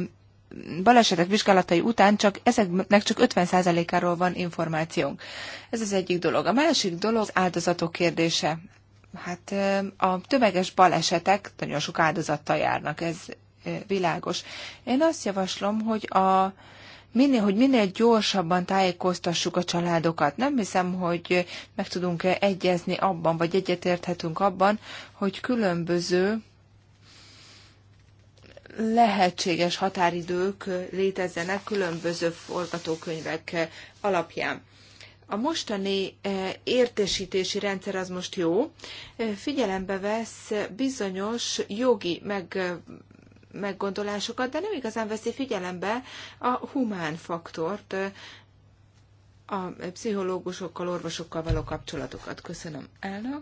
balesetek vizsgálatai után csak ezeknek csak 50%-áról van információnk. Ez az egyik dolog. A másik dolog az áldozatok kérdése hát a tömeges balesetek nagyon sok áldozattal járnak, ez világos. Én azt javaslom, hogy a Minél, hogy minél gyorsabban tájékoztassuk a családokat. Nem hiszem, hogy meg tudunk -e egyezni abban, vagy egyetérthetünk abban, hogy különböző lehetséges határidők létezzenek különböző forgatókönyvek alapján. A mostani e, értesítési rendszer az most jó, e, figyelembe vesz bizonyos jogi meg e, meggondolásokat, de nem igazán veszi figyelembe a humán faktort, a pszichológusokkal, orvosokkal való kapcsolatokat. Köszönöm, elnök.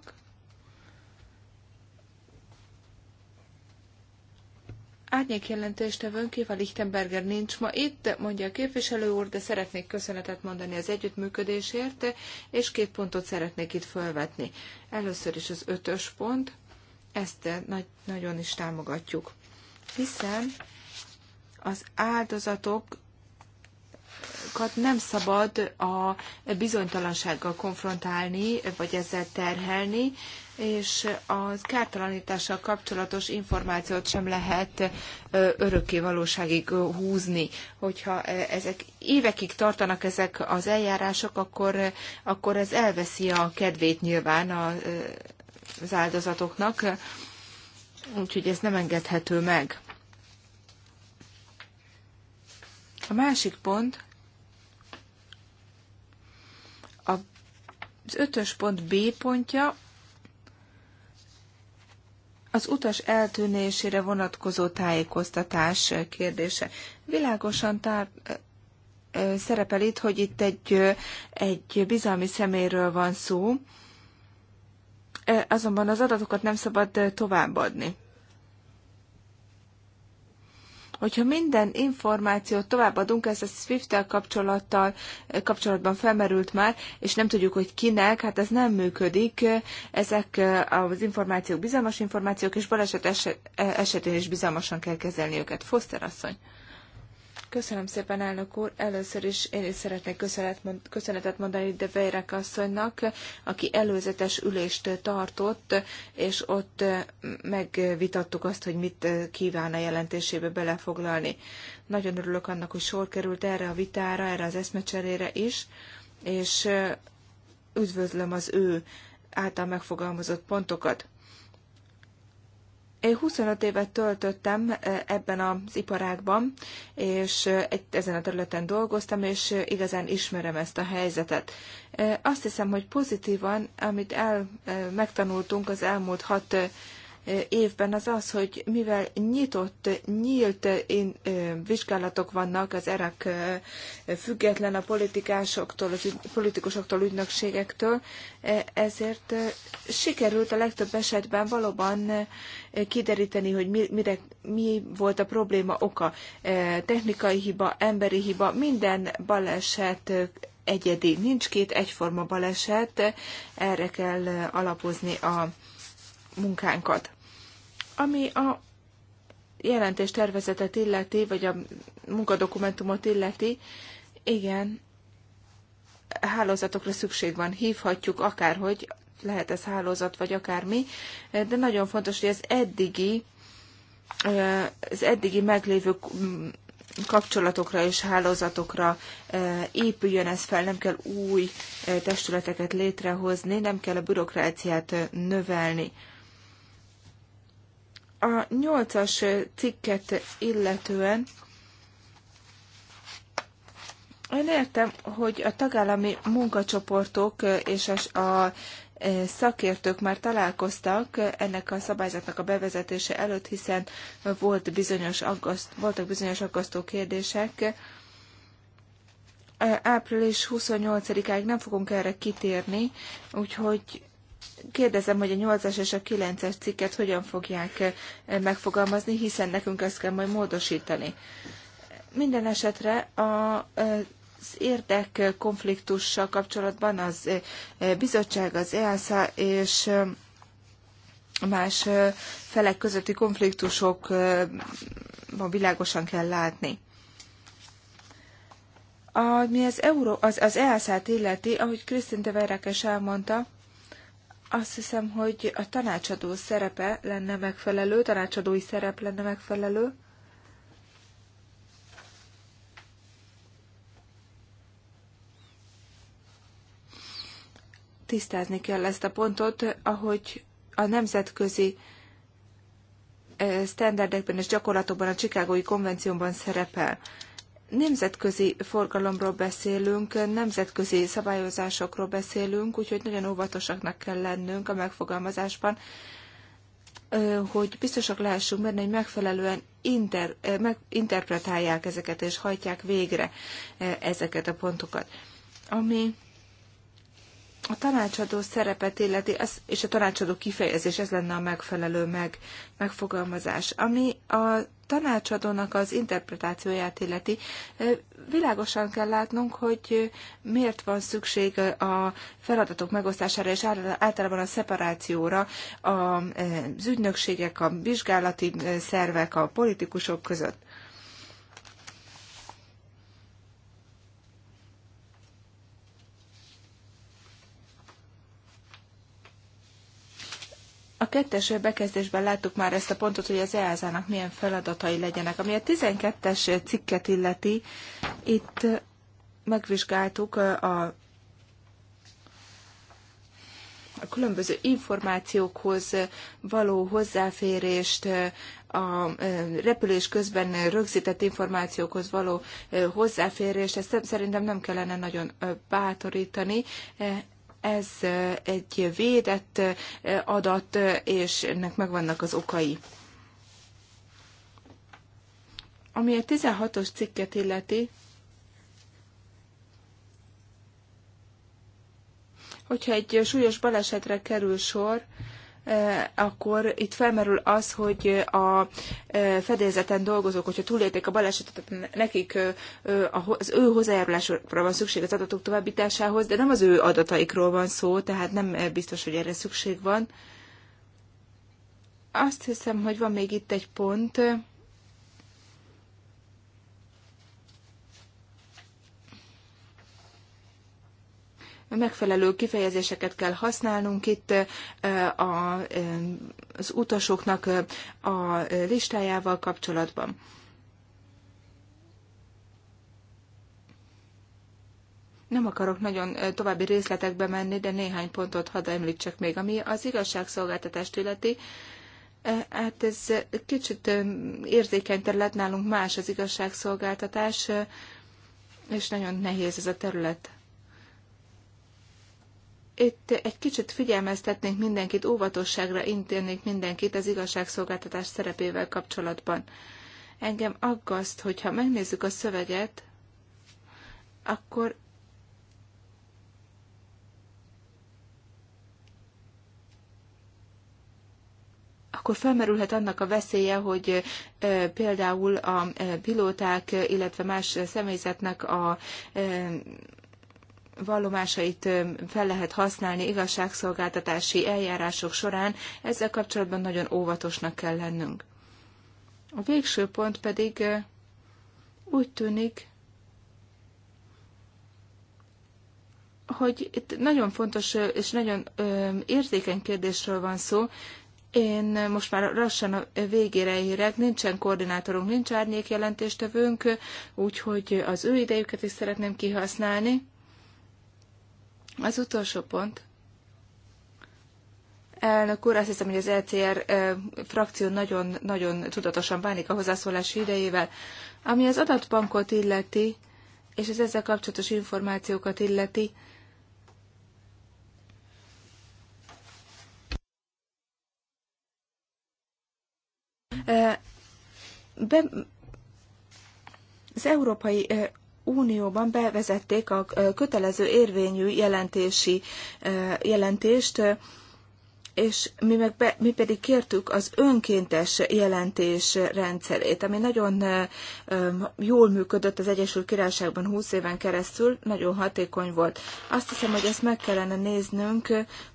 Árnyék jelentéstevőn kívül Lichtenberger nincs ma itt, mondja a képviselő úr, de szeretnék köszönetet mondani az együttműködésért, és két pontot szeretnék itt felvetni. Először is az ötös pont, ezt nagy, nagyon is támogatjuk, hiszen az áldozatokat nem szabad a bizonytalansággal konfrontálni, vagy ezzel terhelni, és az kártalanítással kapcsolatos információt sem lehet örökké valóságig húzni. Hogyha ezek évekig tartanak ezek az eljárások, akkor, akkor ez elveszi a kedvét nyilván az áldozatoknak, úgyhogy ez nem engedhető meg. A másik pont az ötös pont B pontja az utas eltűnésére vonatkozó tájékoztatás kérdése. Világosan tár, szerepel itt, hogy itt egy, egy bizalmi szeméről van szó, azonban az adatokat nem szabad továbbadni. Hogyha minden információt továbbadunk, ez a SWIFT-tel kapcsolattal, eh, kapcsolatban felmerült már, és nem tudjuk, hogy kinek, hát ez nem működik. Ezek eh, az információk bizalmas információk, és baleset eh, esetén is bizalmasan kell kezelni őket. Foster asszony. Köszönöm szépen, elnök úr. Először is én is szeretnék köszönetet mondani De Veyrek asszonynak, aki előzetes ülést tartott, és ott megvitattuk azt, hogy mit kíván a jelentésébe belefoglalni. Nagyon örülök annak, hogy sor került erre a vitára, erre az eszmecserére is, és üdvözlöm az ő által megfogalmazott pontokat. Én 25 évet töltöttem e, ebben az iparágban, és e, ezen a területen dolgoztam, és e, igazán ismerem ezt a helyzetet. Azt hiszem, hogy pozitívan, amit el, megtanultunk az elmúlt hat évben az az, hogy mivel nyitott, nyílt vizsgálatok vannak, az erek független a politikásoktól, az ügy, politikusoktól, ügynökségektől, e, ezért sikerült a legtöbb esetben valóban kideríteni, hogy mi, mire, mi volt a probléma oka. E, technikai hiba, emberi hiba, minden baleset egyedi. Nincs két egyforma baleset, erre kell alapozni a munkánkat. Ami a jelentés tervezetet illeti, vagy a munkadokumentumot illeti, igen, hálózatokra szükség van. Hívhatjuk akárhogy, lehet ez hálózat, vagy akármi, de nagyon fontos, hogy az eddigi, az eddigi meglévő kapcsolatokra és hálózatokra épüljön ez fel, nem kell új testületeket létrehozni, nem kell a bürokráciát növelni. A nyolcas cikket illetően én értem, hogy a tagállami munkacsoportok és a e, szakértők már találkoztak ennek a szabályzatnak a bevezetése előtt, hiszen volt bizonyos aggaszt, voltak bizonyos aggasztó kérdések. E, április 28-áig nem fogunk erre kitérni, úgyhogy kérdezem, hogy a 8-as és a 9-es cikket hogyan fogják eh, megfogalmazni, hiszen nekünk ezt kell majd módosítani. Minden esetre a, eh, az érdek konfliktussal kapcsolatban az eh, bizottság, az EASA és más felek közötti konfliktusokban világosan kell látni. Ami az, Euró, az, az EASZ-t illeti, ahogy Krisztin Teverekes elmondta, azt hiszem, hogy a tanácsadó szerepe lenne megfelelő, tanácsadói szerep lenne megfelelő. Tisztázni kell ezt a pontot, ahogy a nemzetközi eh, standardekben és gyakorlatokban a Csikágói konvencióban szerepel nemzetközi forgalomról beszélünk, nemzetközi szabályozásokról beszélünk, úgyhogy nagyon óvatosaknak kell lennünk a megfogalmazásban, hogy biztosak lehessünk benne, hogy megfelelően inter, meg, interpretálják ezeket és hajtják végre ezeket a pontokat. Ami a tanácsadó szerepet illeti, ez, és a tanácsadó kifejezés, ez lenne a megfelelő meg, megfogalmazás. Ami a tanácsadónak az interpretációját illeti, világosan kell látnunk, hogy miért van szükség a feladatok megosztására és általában a szeparációra az ügynökségek, a vizsgálati szervek, a politikusok között. A kettes bekezdésben láttuk már ezt a pontot, hogy az EASA-nak milyen feladatai legyenek. Ami a 12-es cikket illeti, itt megvizsgáltuk a a különböző információkhoz való hozzáférést, a repülés közben rögzített információkhoz való hozzáférést, ezt szerintem nem kellene nagyon bátorítani ez egy védett adat, és ennek megvannak az okai. Ami a 16-os cikket illeti, hogyha egy súlyos balesetre kerül sor, Eh, akkor itt felmerül az, hogy a eh, fedélzeten dolgozók, hogyha túlélték a balesetet, nekik eh, az ő hozzájárulásra van szükség az adatok továbbításához, de nem az ő adataikról van szó, tehát nem biztos, hogy erre szükség van. Azt hiszem, hogy van még itt egy pont, megfelelő kifejezéseket kell használnunk itt az utasoknak a listájával kapcsolatban. Nem akarok nagyon további részletekbe menni, de néhány pontot hadd említsek még, ami az igazságszolgáltatást illeti. Hát ez kicsit érzékeny terület, nálunk más az igazságszolgáltatás, és nagyon nehéz ez a terület itt egy kicsit figyelmeztetnénk mindenkit, óvatosságra inténnék mindenkit az igazságszolgáltatás szerepével kapcsolatban. Engem aggaszt, hogyha megnézzük a szöveget, akkor akkor felmerülhet annak a veszélye, hogy például a pilóták, illetve más személyzetnek a vallomásait fel lehet használni igazságszolgáltatási eljárások során, ezzel kapcsolatban nagyon óvatosnak kell lennünk. A végső pont pedig úgy tűnik, hogy itt nagyon fontos és nagyon érzékeny kérdésről van szó. Én most már lassan a végére érek, nincsen koordinátorunk, nincs árnyék jelentéstevőnk, úgyhogy az ő idejüket is szeretném kihasználni. Az utolsó pont. Elnök úr, azt hiszem, hogy az ECR frakció nagyon-nagyon tudatosan bánik a hozzászólási idejével. Ami az adatbankot illeti, és az ezzel kapcsolatos információkat illeti, Be, az európai Unióban bevezették a kötelező érvényű jelentési jelentést és mi, meg be, mi pedig kértük az önkéntes jelentés rendszerét, ami nagyon jól működött az Egyesült Királyságban 20 éven keresztül, nagyon hatékony volt. Azt hiszem, hogy ezt meg kellene néznünk,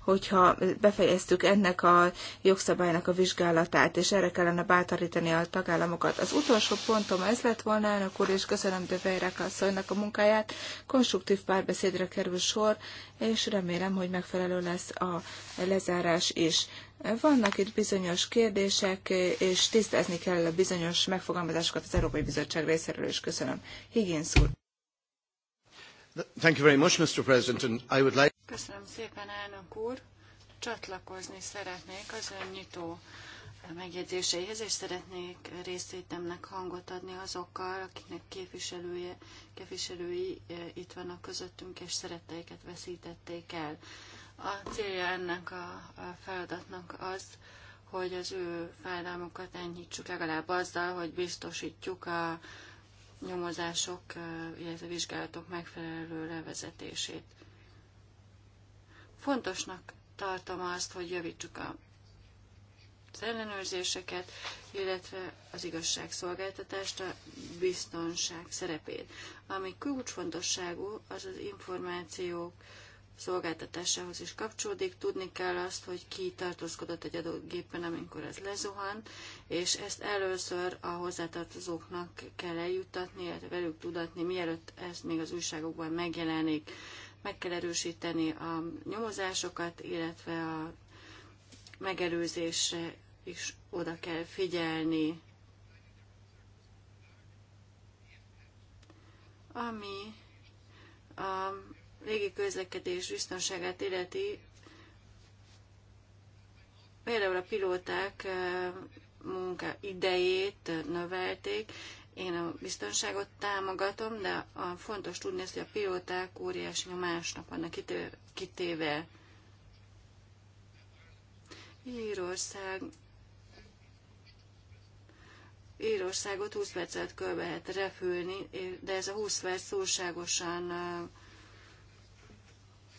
hogyha befejeztük ennek a jogszabálynak a vizsgálatát, és erre kellene bátorítani a tagállamokat. Az utolsó pontom ez lett volna, elnök úr, és köszönöm de Veirák asszonynak a munkáját. Konstruktív párbeszédre kerül sor, és remélem, hogy megfelelő lesz a lezárás kérdés is. Vannak itt bizonyos kérdések, és tisztázni kell a bizonyos megfogalmazásokat az Európai Bizottság részéről is. Köszönöm. Higgins úr. Thank you very much, Mr. President, and I would like... Köszönöm szépen, elnök úr. Csatlakozni szeretnék az nyitó megjegyzéseihez, és szeretnék részvétemnek hangot adni azokkal, akiknek képviselője, képviselői eh, itt vannak közöttünk, és szeretteiket veszítették el. A célja ennek a feladatnak az, hogy az ő fájdalmukat enyhítsük legalább azzal, hogy biztosítjuk a nyomozások, illetve vizsgálatok megfelelő levezetését. Fontosnak tartom azt, hogy javítsuk a az ellenőrzéseket, illetve az igazságszolgáltatást, a biztonság szerepét. Ami kulcsfontosságú, az az információk szolgáltatásához is kapcsolódik. Tudni kell azt, hogy ki tartózkodott egy adott gépen, amikor ez lezuhant, és ezt először a hozzátartozóknak kell eljuttatni, illetve velük tudatni, mielőtt ez még az újságokban megjelenik. Meg kell erősíteni a nyomozásokat, illetve a megelőzésre is oda kell figyelni. Ami a légi közlekedés biztonságát illeti, például a pilóták eh, munka idejét növelték, én a biztonságot támogatom, de a fontos tudni ezt, hogy a pilóták óriási nyomásnak vannak kitéve. Írország Írországot 20 percet körbe lehet refülni, de ez a 20 perc túlságosan eh,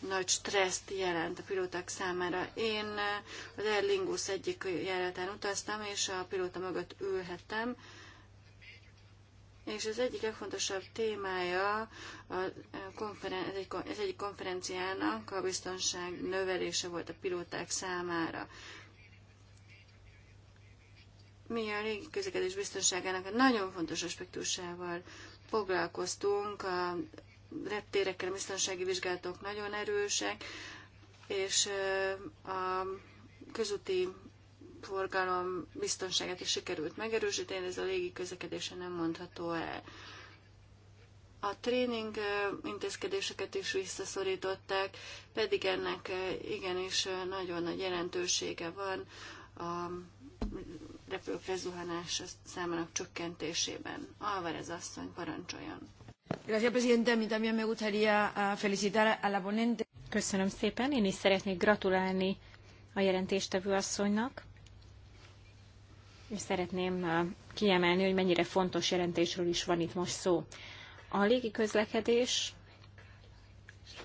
nagy stresszt jelent a pilóták számára. Én eh, az Air Lingus egyik járatán utaztam, és a pilóta mögött ülhettem, és az egyik legfontosabb témája a eh, konferen- ez, egy, ez egyik konferenciának a biztonság növelése volt a pilóták számára. Mi a régi közlekedés biztonságának a nagyon fontos aspektusával foglalkoztunk a reptérekkel, a biztonsági vizsgálatok nagyon erősek, és a közúti forgalom biztonságát is sikerült megerősíteni, ez a légi közlekedése nem mondható el. A tréning intézkedéseket is visszaszorították, pedig ennek igenis nagyon nagy jelentősége van a repülők lezuhanása számának csökkentésében. Alvarez asszony, parancsoljon! Gracias, A mí también me gustaría ah, felicitar a la ponente. Köszönöm szépen. Én is szeretnék gratulálni a jelentéstevő asszonynak. És szeretném ah, kiemelni, hogy mennyire fontos jelentésről is van itt most szó. A légi közlekedés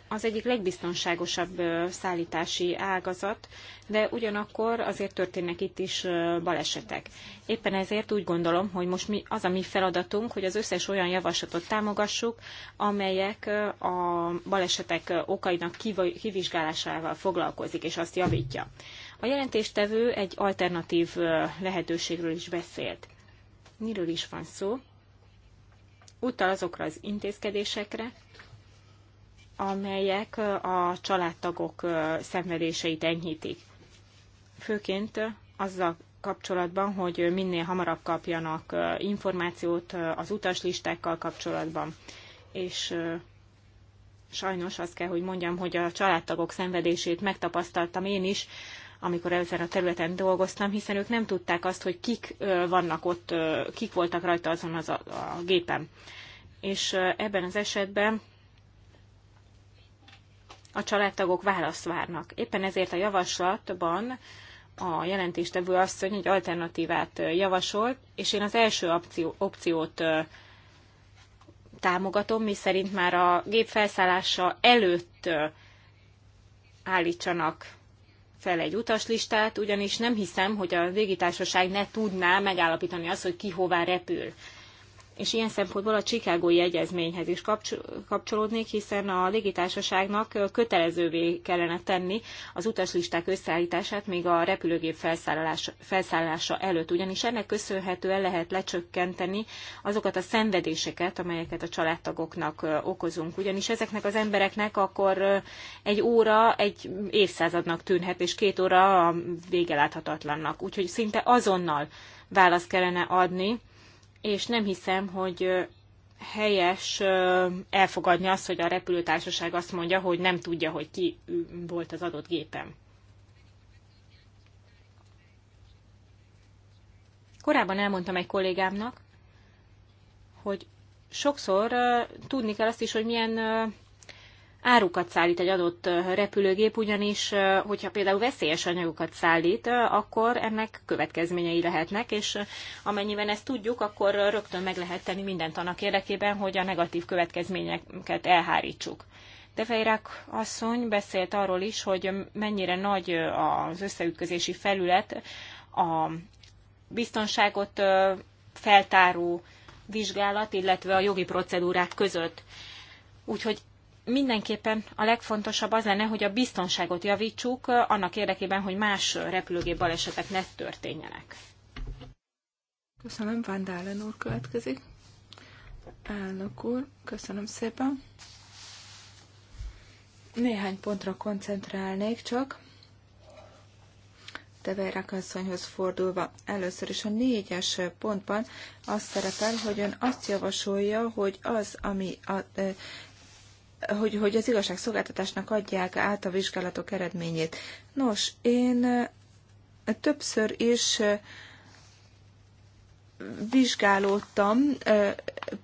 az egyik legbiztonságosabb szállítási ágazat, de ugyanakkor azért történnek itt is balesetek. Éppen ezért úgy gondolom, hogy most mi, az a mi feladatunk, hogy az összes olyan javaslatot támogassuk, amelyek a balesetek okainak kivizsgálásával foglalkozik, és azt javítja. A jelentéstevő egy alternatív lehetőségről is beszélt. Miről is van szó? Utal azokra az intézkedésekre, amelyek a családtagok szenvedéseit enyhítik. Főként azzal kapcsolatban, hogy minél hamarabb kapjanak információt az utaslistákkal kapcsolatban. És sajnos azt kell, hogy mondjam, hogy a családtagok szenvedését megtapasztaltam én is, amikor ezen a területen dolgoztam, hiszen ők nem tudták azt, hogy kik vannak ott, kik voltak rajta azon az a, a gépen. És ebben az esetben a családtagok választ várnak. Éppen ezért a javaslatban a jelentéstevő asszony egy alternatívát javasolt, és én az első opció, opciót támogatom, mi szerint már a gép felszállása előtt állítsanak fel egy utaslistát, ugyanis nem hiszem, hogy a légitársaság ne tudná megállapítani azt, hogy ki hová repül és ilyen szempontból a Csikágói Egyezményhez is kapcsolódnék, hiszen a légitársaságnak kötelezővé kellene tenni az utaslisták összeállítását még a repülőgép felszállás, felszállása előtt, ugyanis ennek köszönhetően lehet lecsökkenteni azokat a szenvedéseket, amelyeket a családtagoknak okozunk. Ugyanis ezeknek az embereknek akkor egy óra egy évszázadnak tűnhet, és két óra vége láthatatlannak. Úgyhogy szinte azonnal választ kellene adni, és nem hiszem, hogy helyes elfogadni azt, hogy a repülőtársaság azt mondja, hogy nem tudja, hogy ki volt az adott gépen. Korábban elmondtam egy kollégámnak, hogy sokszor tudni kell azt is, hogy milyen árukat szállít egy adott repülőgép, ugyanis hogyha például veszélyes anyagokat szállít, akkor ennek következményei lehetnek, és amennyiben ezt tudjuk, akkor rögtön meg lehet tenni mindent annak érdekében, hogy a negatív következményeket elhárítsuk. De Fejrák asszony beszélt arról is, hogy mennyire nagy az összeütközési felület a biztonságot feltáró vizsgálat, illetve a jogi procedúrák között. Úgyhogy mindenképpen a legfontosabb az lenne, hogy a biztonságot javítsuk eh, annak érdekében, hogy más repülőgép balesetek ne történjenek. Köszönöm, Van Dálen úr következik. Elnök úr, köszönöm szépen. Néhány pontra koncentrálnék csak. Teverák asszonyhoz fordulva. Először is a négyes pontban az szerepel, hogy ön azt javasolja, hogy az, ami a eh, hogy, hogy az igazságszolgáltatásnak adják át a vizsgálatok eredményét. Nos, én többször is vizsgálódtam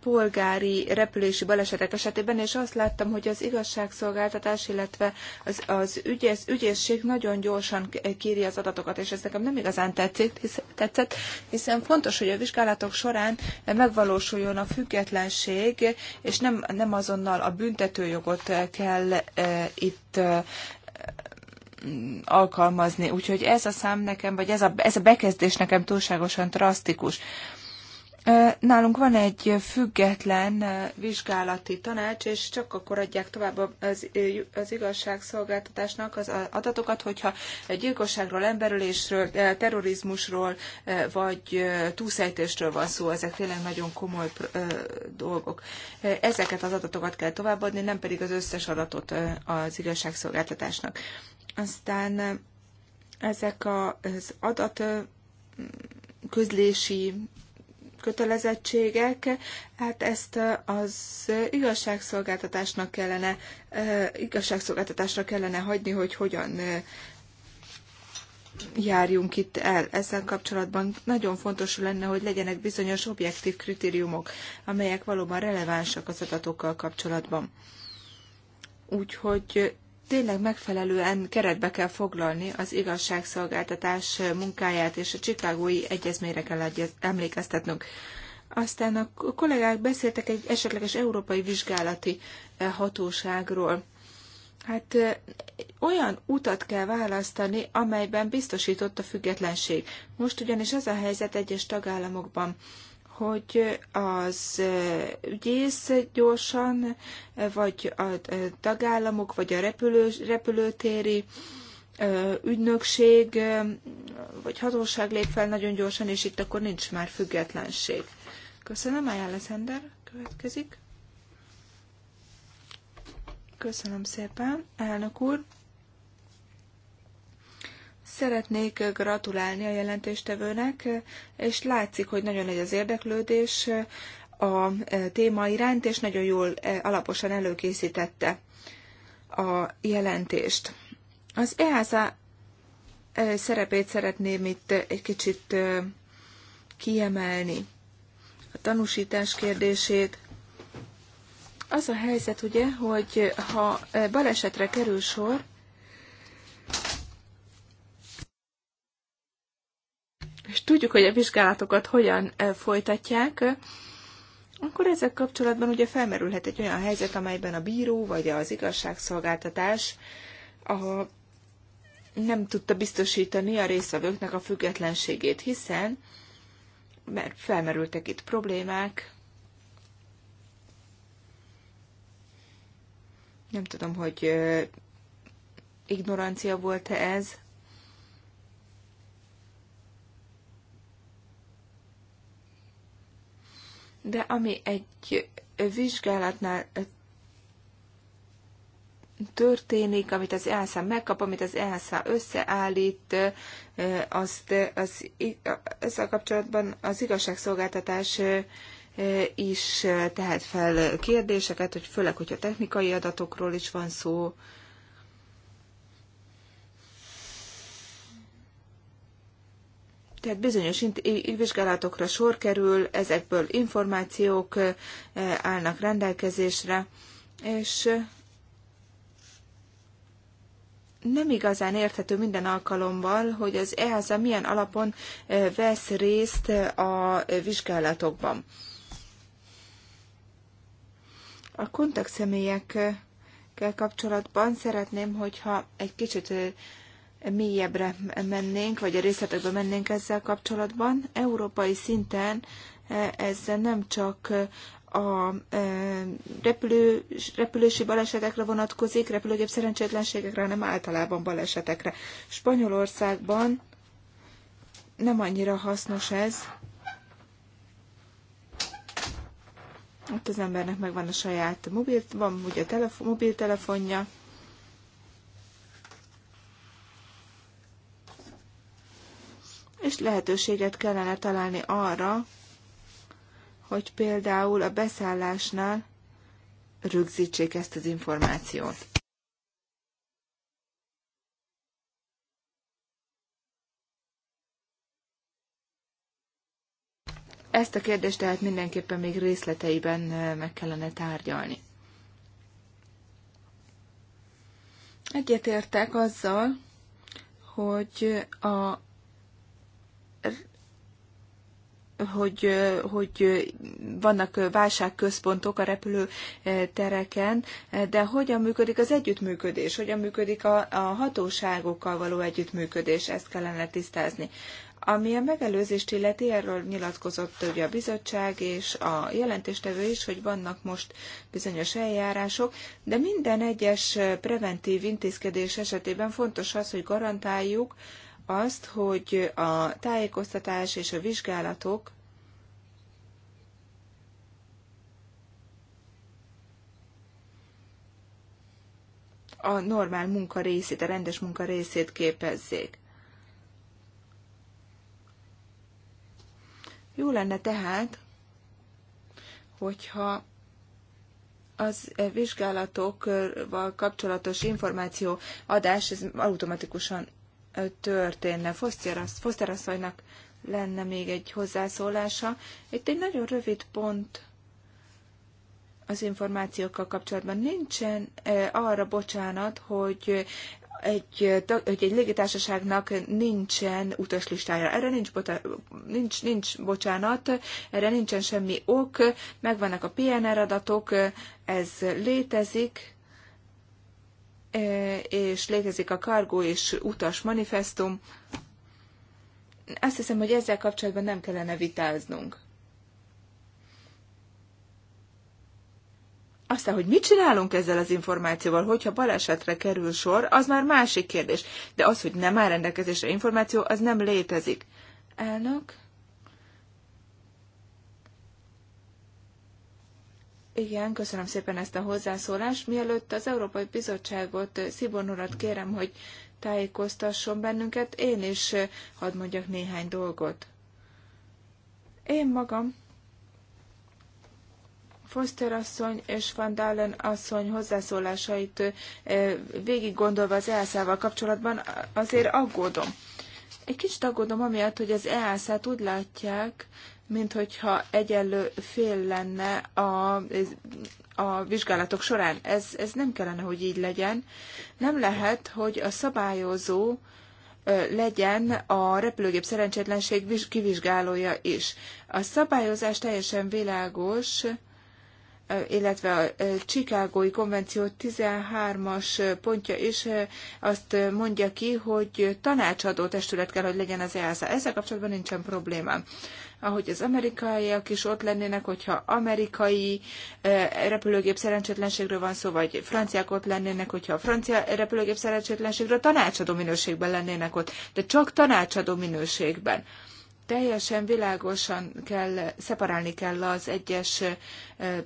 polgári repülési balesetek esetében, és azt láttam, hogy az igazságszolgáltatás, illetve az, az ügyész, ügyészség nagyon gyorsan kéri az adatokat, és ez nekem nem igazán tetszett, hisz, tetszett, hiszen fontos, hogy a vizsgálatok során megvalósuljon a függetlenség, és nem, nem azonnal a büntetőjogot kell e, itt alkalmazni. Úgyhogy ez a szám nekem, vagy ez a, ez a bekezdés nekem túlságosan drasztikus. Nálunk van egy független vizsgálati tanács, és csak akkor adják tovább az, az igazságszolgáltatásnak az adatokat, hogyha gyilkosságról, emberülésről, terrorizmusról vagy túlszejtésről van szó. Ezek tényleg nagyon komoly dolgok. Ezeket az adatokat kell továbbadni, nem pedig az összes adatot az igazságszolgáltatásnak. Aztán eh, ezek az adat eh, közlési kötelezettségek, hát ezt eh, az igazságszolgáltatásnak kellene, igazságszolgáltatásra kellene hagyni, hogy hogyan járjunk itt el ezzel kapcsolatban. Nagyon fontos lenne, hogy legyenek bizonyos objektív kritériumok, amelyek valóban relevánsak az adatokkal kapcsolatban. Úgyhogy tényleg megfelelően keretbe kell foglalni az igazságszolgáltatás munkáját, és a Csikágói egyezményre kell emlékeztetnünk. Aztán a kollégák beszéltek egy esetleges európai vizsgálati eh, hatóságról. Hát eh, olyan utat kell választani, amelyben biztosított a függetlenség. Most ugyanis az a helyzet egyes tagállamokban, hogy az ügyész gyorsan, vagy a tagállamok, vagy a repülő, repülőtéri ügynökség, vagy hatóság lép fel nagyon gyorsan, és itt akkor nincs már függetlenség. Köszönöm, Ayala Szender következik. Köszönöm szépen, elnök úr. Szeretnék gratulálni a jelentéstevőnek, és látszik, hogy nagyon nagy az érdeklődés a téma iránt, és nagyon jól eh, alaposan előkészítette a jelentést. Az EASA eh, szerepét szeretném itt eh, egy kicsit kiemelni. A tanúsítás kérdését. Az a helyzet ugye, hogy ha balesetre kerül sor, és tudjuk, hogy a vizsgálatokat hogyan folytatják, akkor ezzel kapcsolatban ugye felmerülhet egy olyan helyzet, amelyben a bíró vagy az igazságszolgáltatás a, nem tudta biztosítani a részvevőknek a függetlenségét, hiszen mert felmerültek itt problémák, nem tudom, hogy ignorancia volt-e ez, de ami egy vizsgálatnál történik, amit az ELSA megkap, amit az ELSA összeállít, azt az, ezzel kapcsolatban az igazságszolgáltatás is tehet fel kérdéseket, hogy főleg, hogyha technikai adatokról is van szó, Tehát bizonyos vizsgálatokra sor kerül, ezekből információk állnak rendelkezésre, és nem igazán érthető minden alkalommal, hogy az EASA milyen alapon vesz részt a vizsgálatokban. A kontaktszemélyekkel kapcsolatban szeretném, hogyha egy kicsit mélyebbre mennénk, vagy a részletekbe mennénk ezzel kapcsolatban. Európai szinten e, ez nem csak a e, repülő, repülési balesetekre vonatkozik, repülőgép szerencsétlenségekre, hanem általában balesetekre. Spanyolországban nem annyira hasznos ez. Ott az embernek megvan a saját mobil, van ugye a telefon, mobiltelefonja, és lehetőséget kellene találni arra, hogy például a beszállásnál rögzítsék ezt az információt. Ezt a kérdést tehát mindenképpen még részleteiben meg kellene tárgyalni. Egyetértek azzal, hogy a hogy, hogy vannak válságközpontok a repülőtereken, de hogyan működik az együttműködés, hogyan működik a, a hatóságokkal való együttműködés, ezt kellene tisztázni. Ami a megelőzést illeti, erről nyilatkozott ugye a bizottság és a jelentéstevő is, hogy vannak most bizonyos eljárások, de minden egyes preventív intézkedés esetében fontos az, hogy garantáljuk, azt, hogy a tájékoztatás és a vizsgálatok a normál munka részét, a rendes munka részét képezzék. Jó lenne tehát, hogyha az e vizsgálatokkal kapcsolatos információ adás ez automatikusan történne. Foster asszonynak lenne még egy hozzászólása. Itt egy nagyon rövid pont az információkkal kapcsolatban. Nincsen eh, arra bocsánat, hogy egy, hogy egy légitársaságnak nincsen utaslistája. Erre nincs, bota, nincs, nincs bocsánat, erre nincsen semmi ok, megvannak a PNR adatok, ez létezik, E, és létezik a kargó és utas manifestum. Azt hiszem, hogy ezzel kapcsolatban nem kellene vitáznunk. Aztán, hogy mit csinálunk ezzel az információval, hogyha balesetre kerül sor, az már másik kérdés. De az, hogy nem áll rendelkezésre információ, az nem létezik. Elnök? Igen, köszönöm szépen ezt a hozzászólást. Mielőtt az Európai Bizottságot, eh, Szibon urat kérem, hogy tájékoztasson bennünket, én is eh, hadd mondjak néhány dolgot. Én magam Foster asszony és Van Dalen asszony hozzászólásait eh, végig gondolva az EASZ-val kapcsolatban azért aggódom. Egy kicsit aggódom amiatt, hogy az EASZ-t úgy látják, mint hogyha egyenlő fél lenne a, a vizsgálatok során. Ez, ez nem kellene, hogy így legyen. Nem lehet, hogy a szabályozó legyen a repülőgép szerencsétlenség kivizsgálója is. A szabályozás teljesen világos, illetve a Csikágói Konvenció 13-as pontja is azt mondja ki, hogy tanácsadó testület kell, hogy legyen az EASA. Ezzel kapcsolatban nincsen probléma ahogy az amerikaiak is ott lennének, hogyha amerikai eh, repülőgép szerencsétlenségről van szó, vagy franciák ott lennének, hogyha a francia repülőgép szerencsétlenségről tanácsadó minőségben lennének ott, de csak tanácsadó minőségben teljesen világosan kell, szeparálni kell az egyes eh,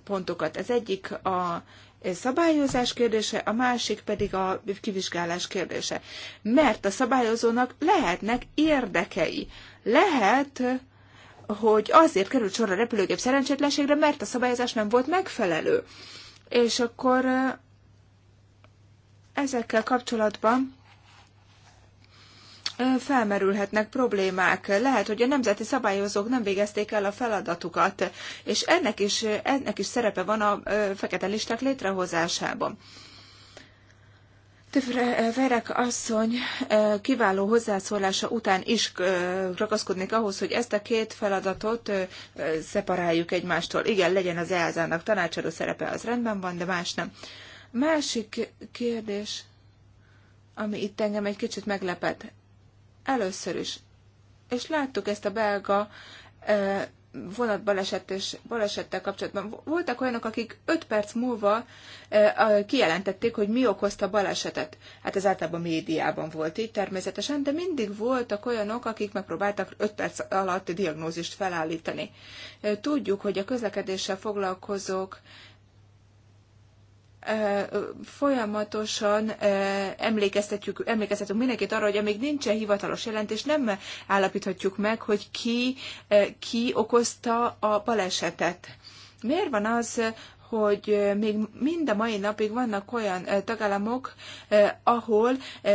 pontokat. Az egyik a eh, szabályozás kérdése, a másik pedig a kivizsgálás kérdése. Mert a szabályozónak lehetnek érdekei. Lehet, hogy azért került sor a repülőgép szerencsétlenségre, mert a szabályozás nem volt megfelelő. És akkor ezekkel kapcsolatban felmerülhetnek problémák. Lehet, hogy a nemzeti szabályozók nem végezték el a feladatukat, és ennek is, ennek is szerepe van a fekete listák létrehozásában. Eh, Verek asszony eh, kiváló hozzászólása után is eh, ragaszkodnék ahhoz, hogy ezt a két feladatot szeparáljuk egymástól. Igen, legyen az EASA-nak tanácsadó szerepe, az rendben van, de más nem. Másik kérdés, ami itt engem egy kicsit meglepet. Először is, és láttuk ezt a belga vonatbaleset és balesettel kapcsolatban voltak olyanok, akik 5 perc múlva eh, kijelentették, hogy mi okozta balesetet. Hát ez általában médiában volt így természetesen, de mindig voltak olyanok, akik megpróbáltak 5 perc alatt diagnózist felállítani. Eh, tudjuk, hogy a közlekedéssel foglalkozók folyamatosan emlékeztetjük, emlékeztetünk mindenkit arra, hogy amíg nincsen hivatalos jelentés, nem állapíthatjuk meg, hogy ki, ki okozta a balesetet. Miért van az, hogy még mind a mai napig vannak olyan tagállamok, ahol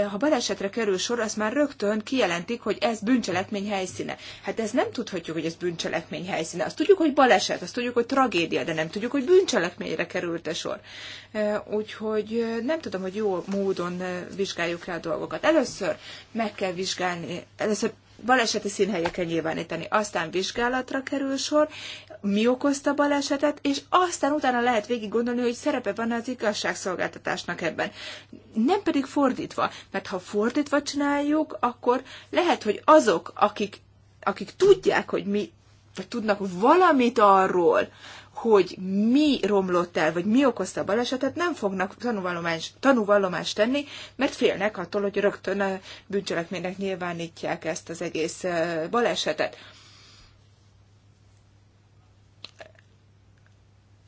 ha balesetre kerül sor, az már rögtön kijelentik, hogy ez bűncselekmény helyszíne. Hát ez nem tudhatjuk, hogy ez bűncselekmény helyszíne. Azt tudjuk, hogy baleset, azt tudjuk, hogy tragédia, de nem tudjuk, hogy bűncselekményre került a sor. Úgyhogy nem tudom, hogy jó módon vizsgáljuk rá a dolgokat. Először meg kell vizsgálni, először baleseti színhelyeken nyilvánítani. Aztán vizsgálatra kerül sor, mi okozta a balesetet, és aztán utána lehet végig gondolni, hogy szerepe van az igazságszolgáltatásnak ebben. Nem pedig fordítva, mert ha fordítva csináljuk, akkor lehet, hogy azok, akik, akik tudják, hogy mi, vagy tudnak valamit arról, hogy mi romlott el, vagy mi okozta a balesetet, nem fognak tanúvallomást, tanúvallomást tenni, mert félnek attól, hogy rögtön a bűncselekménynek nyilvánítják ezt az egész balesetet.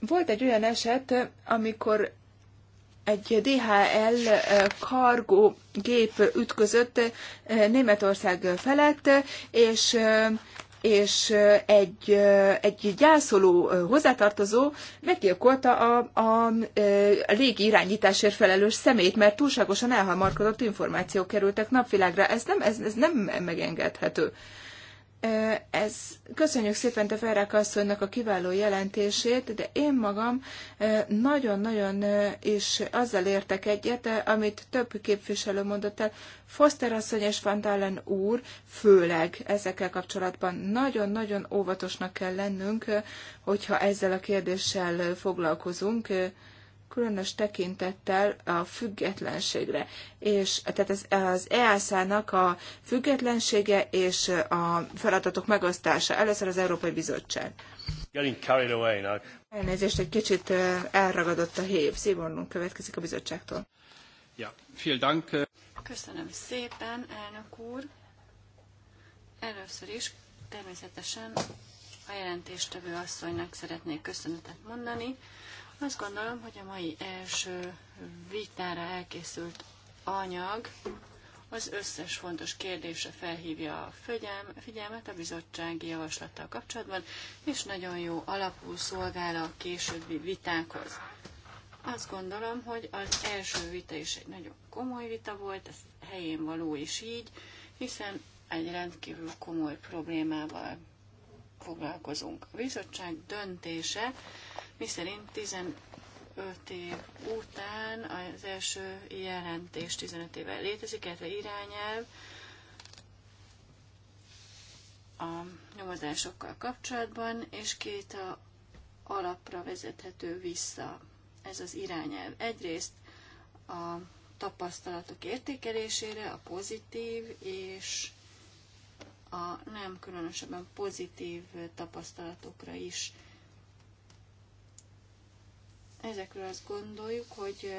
Volt egy olyan eset, amikor egy DHL eh, kargó gép ütközött eh, Németország felett, és eh, és egy, egy gyászoló hozzátartozó megkilkolta a, a, a légi irányításért felelős szemét, mert túlságosan elhamarkodott információk kerültek napvilágra. Ez nem, ez, ez nem megengedhető. Ez, köszönjük szépen te Ferrák asszonynak a kiváló jelentését, de én magam nagyon-nagyon is azzal értek egyet, amit több képviselő mondott el. Foster asszony és Van Dalen úr, főleg ezekkel kapcsolatban nagyon-nagyon óvatosnak kell lennünk, hogyha ezzel a kérdéssel foglalkozunk különös tekintettel a függetlenségre, és tehát az, az easz nak a függetlensége és a feladatok megosztása. Először az Európai Bizottság. Elnézést, egy kicsit elragadott a hív. Szívornunk következik a bizottságtól. Ja, vielen Dank. Köszönöm szépen, elnök úr. Először is természetesen a jelentéstevő asszonynak szeretnék köszönetet mondani azt gondolom, hogy a mai első vitára elkészült anyag az összes fontos kérdése felhívja a figyelmet a bizottsági javaslattal kapcsolatban, és nagyon jó alapú szolgál a későbbi vitákhoz. Azt gondolom, hogy az első vita is egy nagyon komoly vita volt, ez helyén való is így, hiszen egy rendkívül komoly problémával foglalkozunk. A bizottság döntése miszerint 15 év után az első jelentés 15 éve létezik, illetve irányelv a nyomozásokkal kapcsolatban, és két a alapra vezethető vissza ez az irányelv. Egyrészt a tapasztalatok értékelésére, a pozitív és a nem különösebben pozitív tapasztalatokra is Ezekről azt gondoljuk, hogy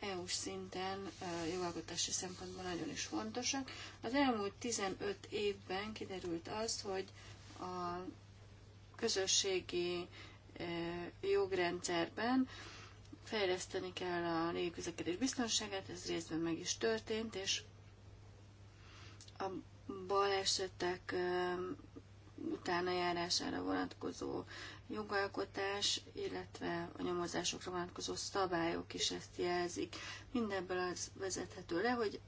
EU-s szinten jogalkotási szempontból nagyon is fontosak. Az elmúlt 15 évben kiderült az, hogy a közösségi jogrendszerben fejleszteni kell a légiközlekedés biztonságát, ez részben meg is történt, és a balesetek utána járására vonatkozó jogalkotás, illetve a nyomozásokra vonatkozó szabályok is ezt jelzik. Mindebből az vezethető le, hogy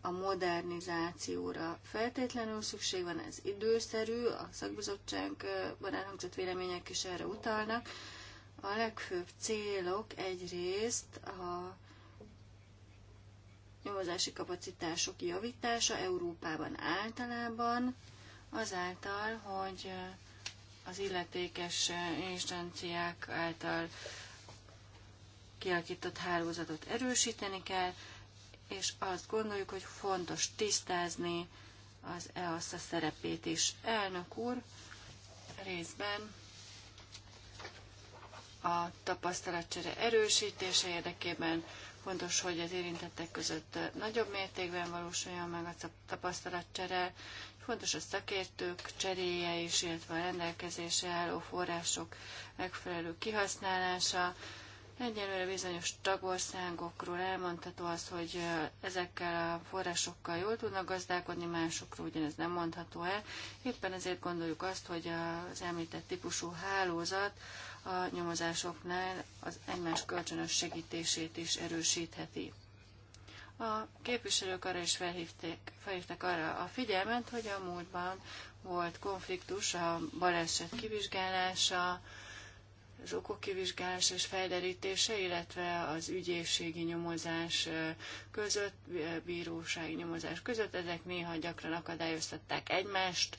a modernizációra feltétlenül szükség van, ez időszerű, a szakbizottságban elhangzott vélemények is erre utalnak. A legfőbb célok egyrészt a nyomozási kapacitások javítása Európában általában, azáltal, hogy az illetékes eh, instanciák által kialakított hálózatot erősíteni kell, és azt gondoljuk, hogy fontos tisztázni az EASZA szerepét is. Elnök úr részben a tapasztalatcsere erősítése érdekében fontos, hogy az érintettek között nagyobb mértékben valósuljon meg a tapasztalatcsere, Fontos a szakértők cseréje is, illetve a rendelkezésre álló források megfelelő kihasználása. Egyelőre bizonyos tagországokról elmondható az, hogy ezekkel a forrásokkal jól tudnak gazdálkodni, másokról ugyanez nem mondható el. Éppen ezért gondoljuk azt, hogy az említett típusú hálózat a nyomozásoknál az egymás kölcsönös segítését is erősítheti. A képviselők arra is felhívták, felhívták arra a figyelmet, hogy a múltban volt konfliktus a baleset kivizsgálása, az okok kivizsgálása és felderítése, illetve az ügyészségi nyomozás között, bírósági nyomozás között. Ezek néha gyakran akadályoztatták egymást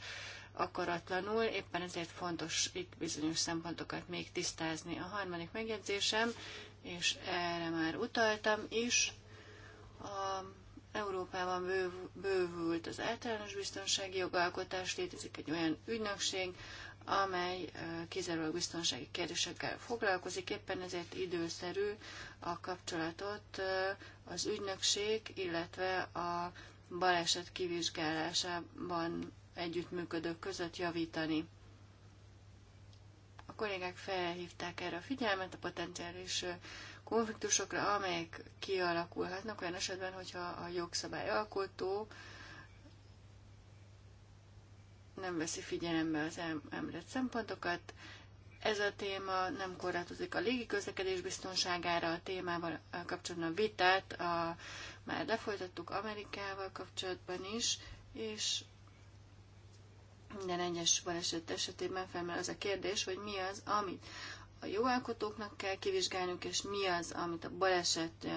akaratlanul, éppen ezért fontos itt bizonyos szempontokat még tisztázni. A harmadik megjegyzésem, és erre már utaltam is, a Európában bővült az általános biztonsági jogalkotás, létezik egy olyan ügynökség, amely kizárólag biztonsági kérdésekkel foglalkozik, éppen ezért időszerű a kapcsolatot az ügynökség, illetve a baleset kivizsgálásában együttműködők között javítani. A kollégák felhívták erre a figyelmet, a potenciális konfliktusokra, amelyek kialakulhatnak olyan esetben, hogyha a jogszabály alkotó nem veszi figyelembe az említett szempontokat. Ez a téma nem korlátozik a légiközlekedés biztonságára, a témával kapcsolatban a vitát a, már lefolytattuk Amerikával kapcsolatban is, és minden egyes baleset esetében felmerül az a kérdés, hogy mi az, amit a jogalkotóknak kell kivizsgálnunk, és mi az, amit a baleset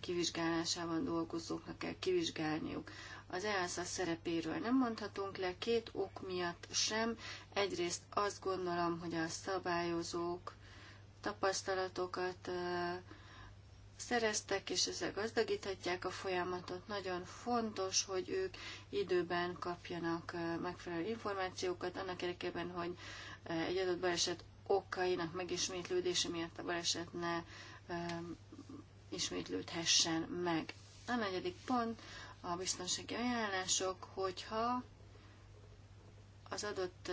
kivizsgálásában dolgozóknak kell kivizsgálniuk. Az ELSA szerepéről nem mondhatunk le két ok miatt sem. Egyrészt azt gondolom, hogy a szabályozók tapasztalatokat szereztek, és ezzel gazdagíthatják a folyamatot. Nagyon fontos, hogy ők időben kapjanak megfelelő információkat, annak érdekében, hogy egy adott baleset okainak megismétlődése miatt a baleset ne ismétlődhessen meg. A negyedik pont a biztonsági ajánlások, hogyha az adott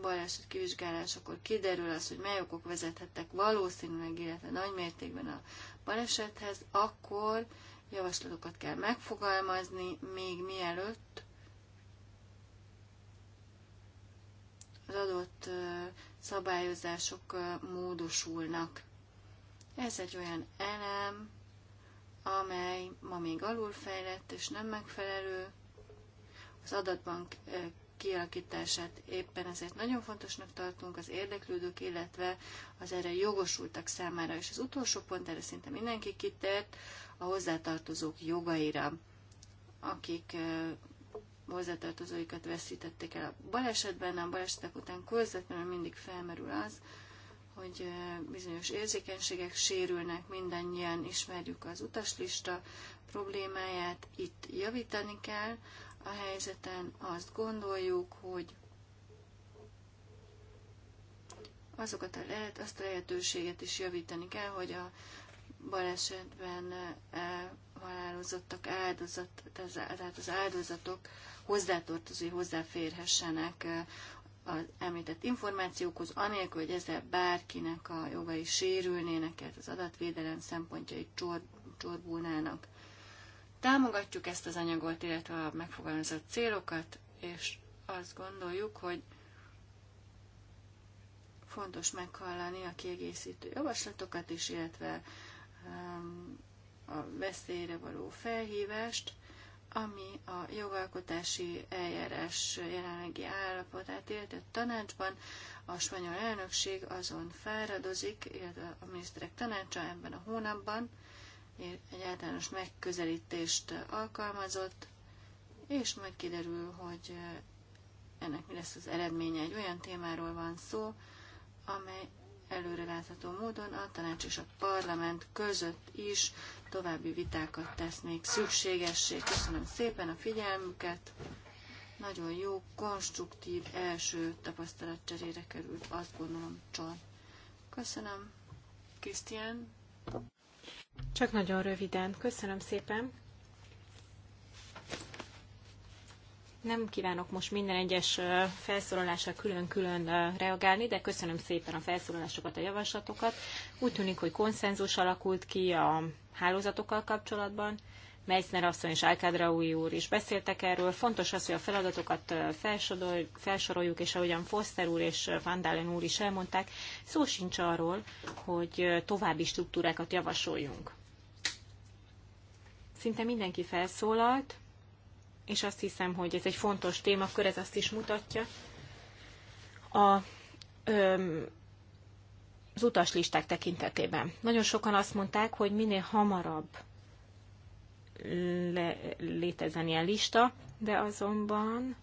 baleset kivizsgálásakor kiderül az, hogy mely okok vezethettek valószínűleg, illetve nagy mértékben a balesethez, akkor javaslatokat kell megfogalmazni, még mielőtt az adott szabályozások módosulnak. Ez egy olyan elem, amely ma még alulfejlett és nem megfelelő. Az adatbank kialakítását éppen ezért nagyon fontosnak tartunk az érdeklődők, illetve az erre jogosultak számára. És az utolsó pont, erre szinte mindenki kitért, a hozzátartozók jogaira, akik hozzátartozóikat veszítették el a balesetben, a balesetek után közvetlenül mindig felmerül az, hogy bizonyos érzékenységek sérülnek, mindannyian ismerjük az utaslista problémáját, itt javítani kell a helyzeten, azt gondoljuk, hogy azokat a lehet, azt a lehetőséget is javítani kell, hogy a balesetben halálozottak áldozat, tehát az áldozatok hozzátartozói hozzáférhessenek eh, az említett információkhoz, anélkül, hogy ezzel bárkinek a jogai sérülnének, ez az adatvédelem szempontjai csor, csorbulnának. Támogatjuk ezt az anyagot, illetve a megfogalmazott célokat, és azt gondoljuk, hogy fontos meghallani a kiegészítő javaslatokat is, illetve ehm, a veszélyre való felhívást, ami a jogalkotási eljárás jelenlegi állapotát illeti a tanácsban, a spanyol elnökség azon fáradozik, illetve a miniszterek tanácsa ebben a hónapban egy általános megközelítést alkalmazott, és majd kiderül, hogy ennek mi lesz az eredménye. Egy olyan témáról van szó, amely előrelátható módon a tanács és a parlament között is további vitákat tesznék szükségessé. Köszönöm szépen a figyelmüket. Nagyon jó, konstruktív első cserére került, azt gondolom, John. Köszönöm, Krisztián. Csak nagyon röviden. Köszönöm szépen. Nem kívánok most minden egyes felszólalásra külön-külön reagálni, de köszönöm szépen a felszólalásokat, a javaslatokat. Úgy tűnik, hogy konszenzus alakult ki a hálózatokkal kapcsolatban. Meissner asszony és Alkádraui úr is beszéltek erről. Fontos az, hogy a feladatokat felsoroljuk, és ahogyan Foster úr és Vandalen úr is elmondták, szó sincs arról, hogy további struktúrákat javasoljunk. Szinte mindenki felszólalt, és azt hiszem, hogy ez egy fontos témakör, ez azt is mutatja. A az utaslisták tekintetében. Nagyon sokan azt mondták, hogy minél hamarabb le, létezzen ilyen lista, de azonban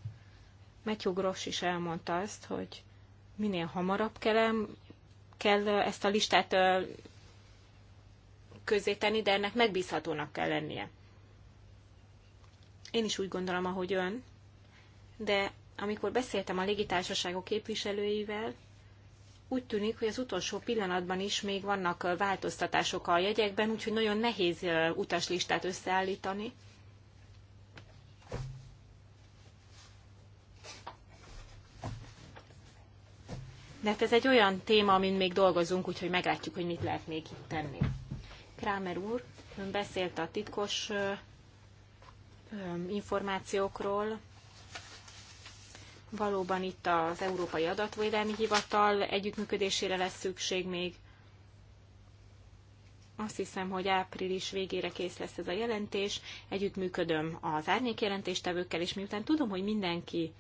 Matthew Gross is elmondta azt, hogy minél hamarabb kell, kell ezt a listát közzétenni, de ennek megbízhatónak kell lennie. Én is úgy gondolom, ahogy ön, de amikor beszéltem a légitársaságok képviselőivel, úgy tűnik, hogy az utolsó pillanatban is még vannak változtatások a jegyekben, úgyhogy nagyon nehéz utaslistát összeállítani. De hát ez egy olyan téma, amin még dolgozunk, úgyhogy meglátjuk, hogy mit lehet még itt tenni. Krámer úr, ön beszélt a titkos információkról, Valóban itt az Európai Adatvédelmi Hivatal együttműködésére lesz szükség még. Azt hiszem, hogy április végére kész lesz ez a jelentés. Együttműködöm az árnyékjelentéstevőkkel, és miután tudom, hogy mindenki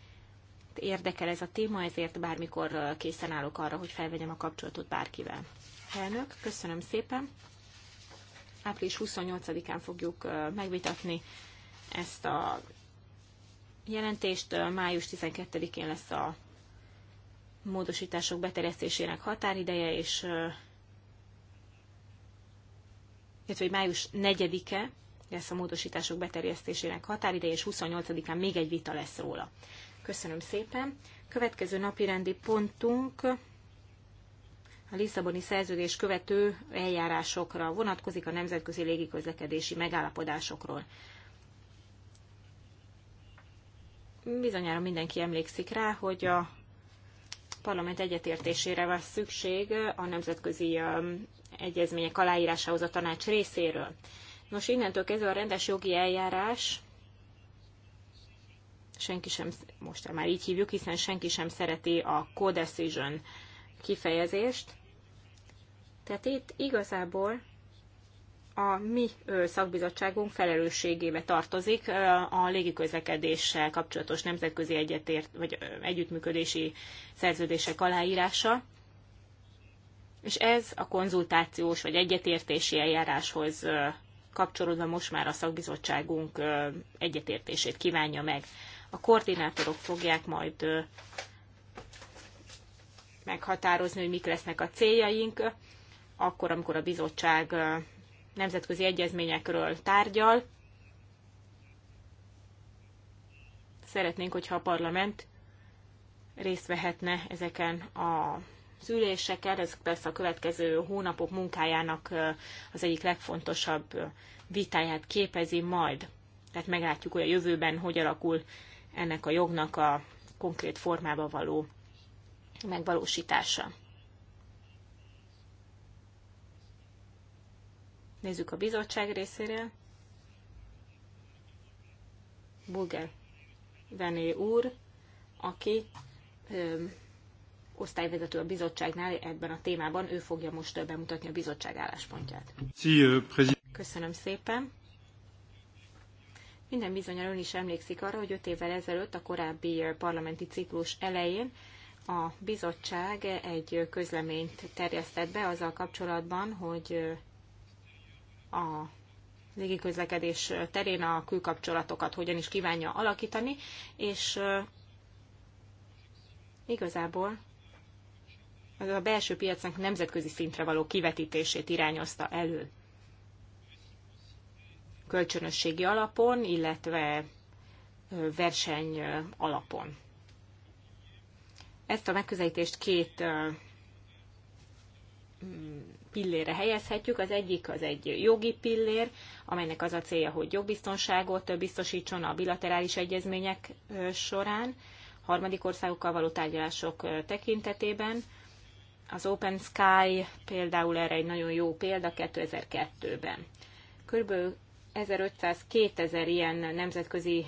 érdekel ez a téma, ezért bármikor készen állok arra, hogy felvegyem a kapcsolatot bárkivel. Elnök, köszönöm szépen. Április 28-án fogjuk megvitatni ezt a jelentést. Május 12-én lesz a módosítások beterjesztésének határideje, és illetve hogy május 4-e lesz a módosítások beterjesztésének határideje, és 28-án még egy vita lesz róla. Köszönöm szépen. Következő napi rendi pontunk a Lisszaboni szerződés követő eljárásokra vonatkozik a nemzetközi légiközlekedési megállapodásokról. bizonyára mindenki emlékszik rá, hogy a parlament egyetértésére van szükség a nemzetközi um, egyezmények aláírásához a tanács részéről. Nos, innentől kezdve a rendes jogi eljárás, senki sem, most már így hívjuk, hiszen senki sem szereti a co-decision kifejezést. Tehát itt igazából a mi szakbizottságunk felelősségébe tartozik a légiközlekedéssel kapcsolatos nemzetközi egyetért, vagy együttműködési szerződések aláírása, és ez a konzultációs vagy egyetértési eljáráshoz kapcsolódva most már a szakbizottságunk egyetértését kívánja meg. A koordinátorok fogják majd meghatározni, hogy mik lesznek a céljaink, akkor, amikor a bizottság nemzetközi egyezményekről tárgyal. Szeretnénk, hogyha a parlament részt vehetne ezeken a szüléseken. Ez persze a következő hónapok munkájának az egyik legfontosabb vitáját képezi majd. Tehát meglátjuk, hogy a jövőben hogy alakul ennek a jognak a konkrét formába való megvalósítása. Nézzük a bizottság részéről. Bulgár Vené úr, aki ö, osztályvezető a bizottságnál ebben a témában, ő fogja most bemutatni a bizottság álláspontját. Köszönöm szépen. Minden bizonyal ön is emlékszik arra, hogy öt évvel ezelőtt a korábbi parlamenti ciklus elején a bizottság egy közleményt terjesztett be azzal kapcsolatban, hogy a légiközlekedés terén a külkapcsolatokat hogyan is kívánja alakítani, és igazából az a belső piacnak nemzetközi szintre való kivetítését irányozta elő. Kölcsönösségi alapon, illetve verseny alapon. Ezt a megközelítést két pillére helyezhetjük. Az egyik az egy jogi pillér, amelynek az a célja, hogy jogbiztonságot biztosítson a bilaterális egyezmények során, harmadik országokkal való tárgyalások tekintetében. Az Open Sky például erre egy nagyon jó példa 2002-ben. Körülbelül 1500-2000 ilyen nemzetközi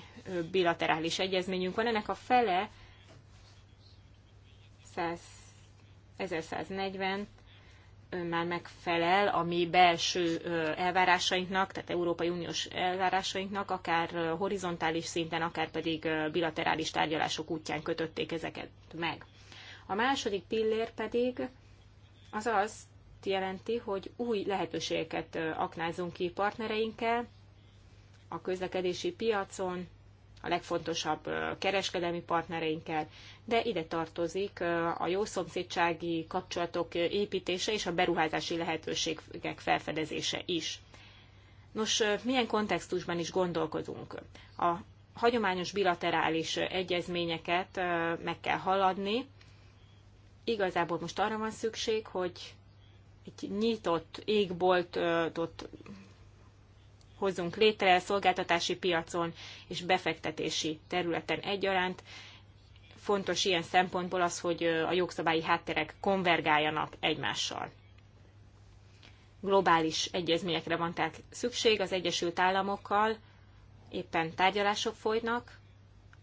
bilaterális egyezményünk van. Ennek a fele 100, 1140 már megfelel a mi belső elvárásainknak, tehát Európai Uniós elvárásainknak, akár horizontális szinten, akár pedig bilaterális tárgyalások útján kötötték ezeket meg. A második pillér pedig az azt jelenti, hogy új lehetőségeket aknázunk ki partnereinkkel a közlekedési piacon, a legfontosabb kereskedelmi partnereinkkel, de ide tartozik a jó szomszédsági kapcsolatok építése és a beruházási lehetőségek felfedezése is. Nos, milyen kontextusban is gondolkozunk? A hagyományos bilaterális egyezményeket meg kell haladni. Igazából most arra van szükség, hogy egy nyitott égboltot hozzunk létre szolgáltatási piacon és befektetési területen egyaránt. Fontos ilyen szempontból az, hogy a jogszabályi hátterek konvergáljanak egymással. Globális egyezményekre van tehát szükség az Egyesült Államokkal, éppen tárgyalások folynak,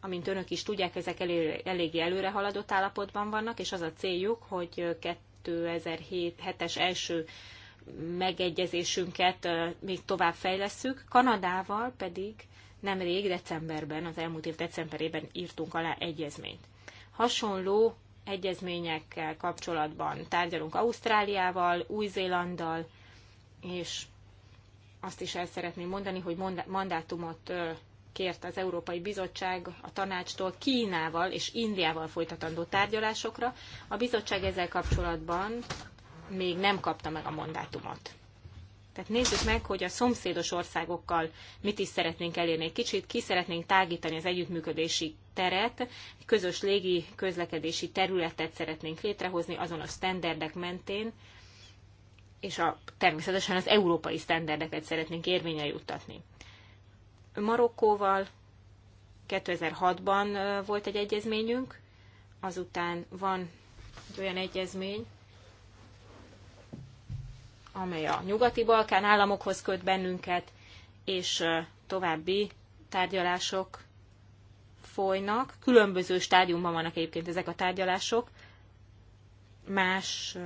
amint önök is tudják, ezek elő, eléggé előre haladott állapotban vannak, és az a céljuk, hogy 2007-es első megegyezésünket még tovább fejlesszük. Kanadával pedig nemrég decemberben, az elmúlt év decemberében írtunk alá egyezményt. Hasonló egyezményekkel kapcsolatban tárgyalunk Ausztráliával, Új-Zélanddal, és azt is el szeretném mondani, hogy mandátumot kért az Európai Bizottság a tanácstól Kínával és Indiával folytatandó tárgyalásokra. A bizottság ezzel kapcsolatban még nem kapta meg a mandátumot. Tehát nézzük meg, hogy a szomszédos országokkal mit is szeretnénk elérni. Egy kicsit ki szeretnénk tágítani az együttműködési teret, egy közös légi közlekedési területet szeretnénk létrehozni azon a sztenderdek mentén, és a, természetesen az európai sztenderdeket szeretnénk érvényre juttatni. Marokkóval 2006-ban volt egy egyezményünk, azután van egy olyan egyezmény, amely a nyugati-balkán államokhoz köt bennünket, és további tárgyalások folynak. Különböző stádiumban vannak egyébként ezek a tárgyalások. Más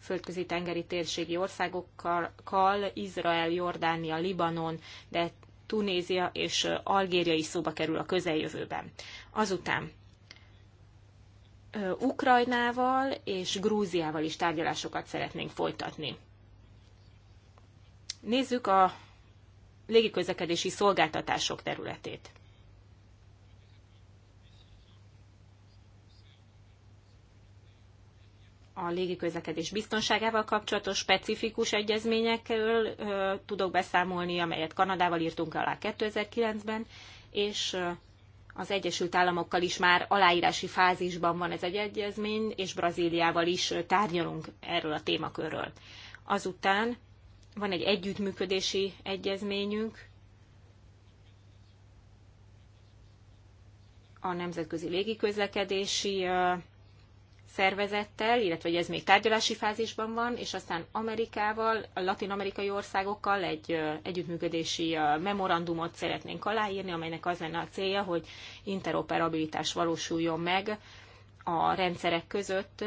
földközi tengeri térségi országokkal, Izrael, Jordánia, Libanon, de Tunézia és Algéria is szóba kerül a közeljövőben. Azután Ukrajnával és Grúziával is tárgyalásokat szeretnénk folytatni. Nézzük a légiközlekedési szolgáltatások területét. a légiközlekedés biztonságával kapcsolatos specifikus egyezményekről ö, tudok beszámolni, amelyet Kanadával írtunk alá 2009-ben, és ö, az Egyesült Államokkal is már aláírási fázisban van ez egy egyezmény, és Brazíliával is tárgyalunk erről a témakörről. Azután van egy együttműködési egyezményünk a Nemzetközi Légiközlekedési szervezettel, illetve ez még tárgyalási fázisban van, és aztán Amerikával, a latin-amerikai országokkal egy együttműködési memorandumot szeretnénk aláírni, amelynek az lenne a célja, hogy interoperabilitás valósuljon meg a rendszerek között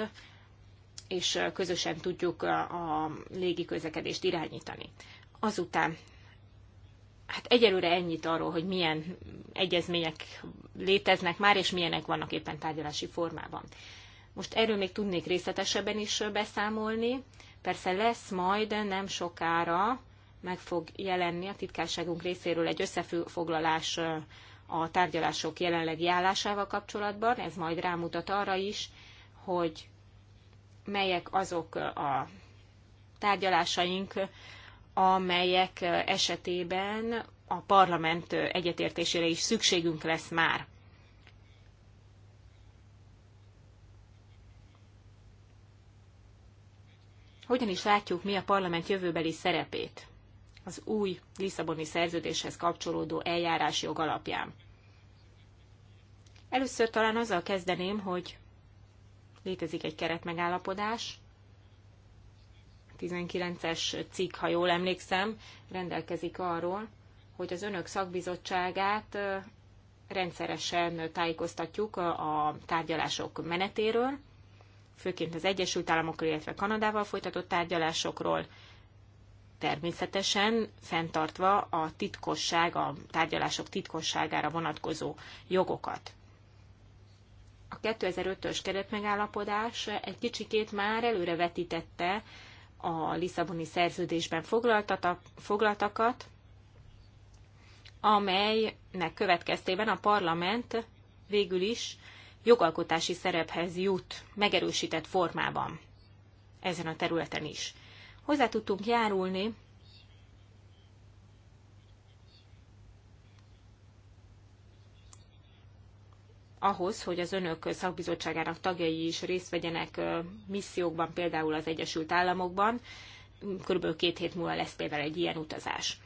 és közösen tudjuk a légi közlekedést irányítani. Azután, hát egyelőre ennyit arról, hogy milyen egyezmények léteznek már, és milyenek vannak éppen tárgyalási formában. Most erről még tudnék részletesebben is beszámolni. Persze lesz majd nem sokára, meg fog jelenni a titkárságunk részéről egy összefoglalás a tárgyalások jelenlegi állásával kapcsolatban. Ez majd rámutat arra is, hogy melyek azok a tárgyalásaink, amelyek esetében a parlament egyetértésére is szükségünk lesz már. Hogyan is látjuk mi a parlament jövőbeli szerepét az új Lisszaboni szerződéshez kapcsolódó eljárás jog alapján? Először talán azzal kezdeném, hogy Létezik egy keretmegállapodás, 19-es cikk, ha jól emlékszem, rendelkezik arról, hogy az önök szakbizottságát rendszeresen tájékoztatjuk a tárgyalások menetéről, főként az Egyesült Államokról, illetve Kanadával folytatott tárgyalásokról, természetesen fenntartva a titkosság, a tárgyalások titkosságára vonatkozó jogokat a 2005-ös keretmegállapodás egy kicsikét már előrevetítette a Lisszaboni szerződésben foglaltakat, amelynek következtében a parlament végül is jogalkotási szerephez jut megerősített formában ezen a területen is. Hozzá tudtunk járulni ahhoz, hogy az önök szakbizottságának tagjai is részt vegyenek missziókban, például az Egyesült Államokban. Körülbelül két hét múlva lesz például egy ilyen utazás.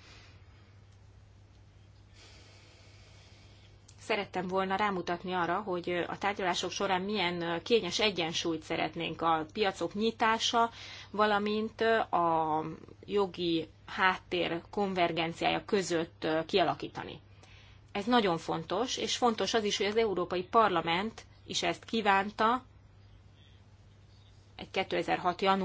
szerettem volna rámutatni arra, hogy a tárgyalások során milyen kényes egyensúlyt szeretnénk a piacok nyitása, valamint a jogi háttér konvergenciája között kialakítani. Ez nagyon fontos, és fontos az is, hogy az Európai Parlament is ezt kívánta egy 2006. január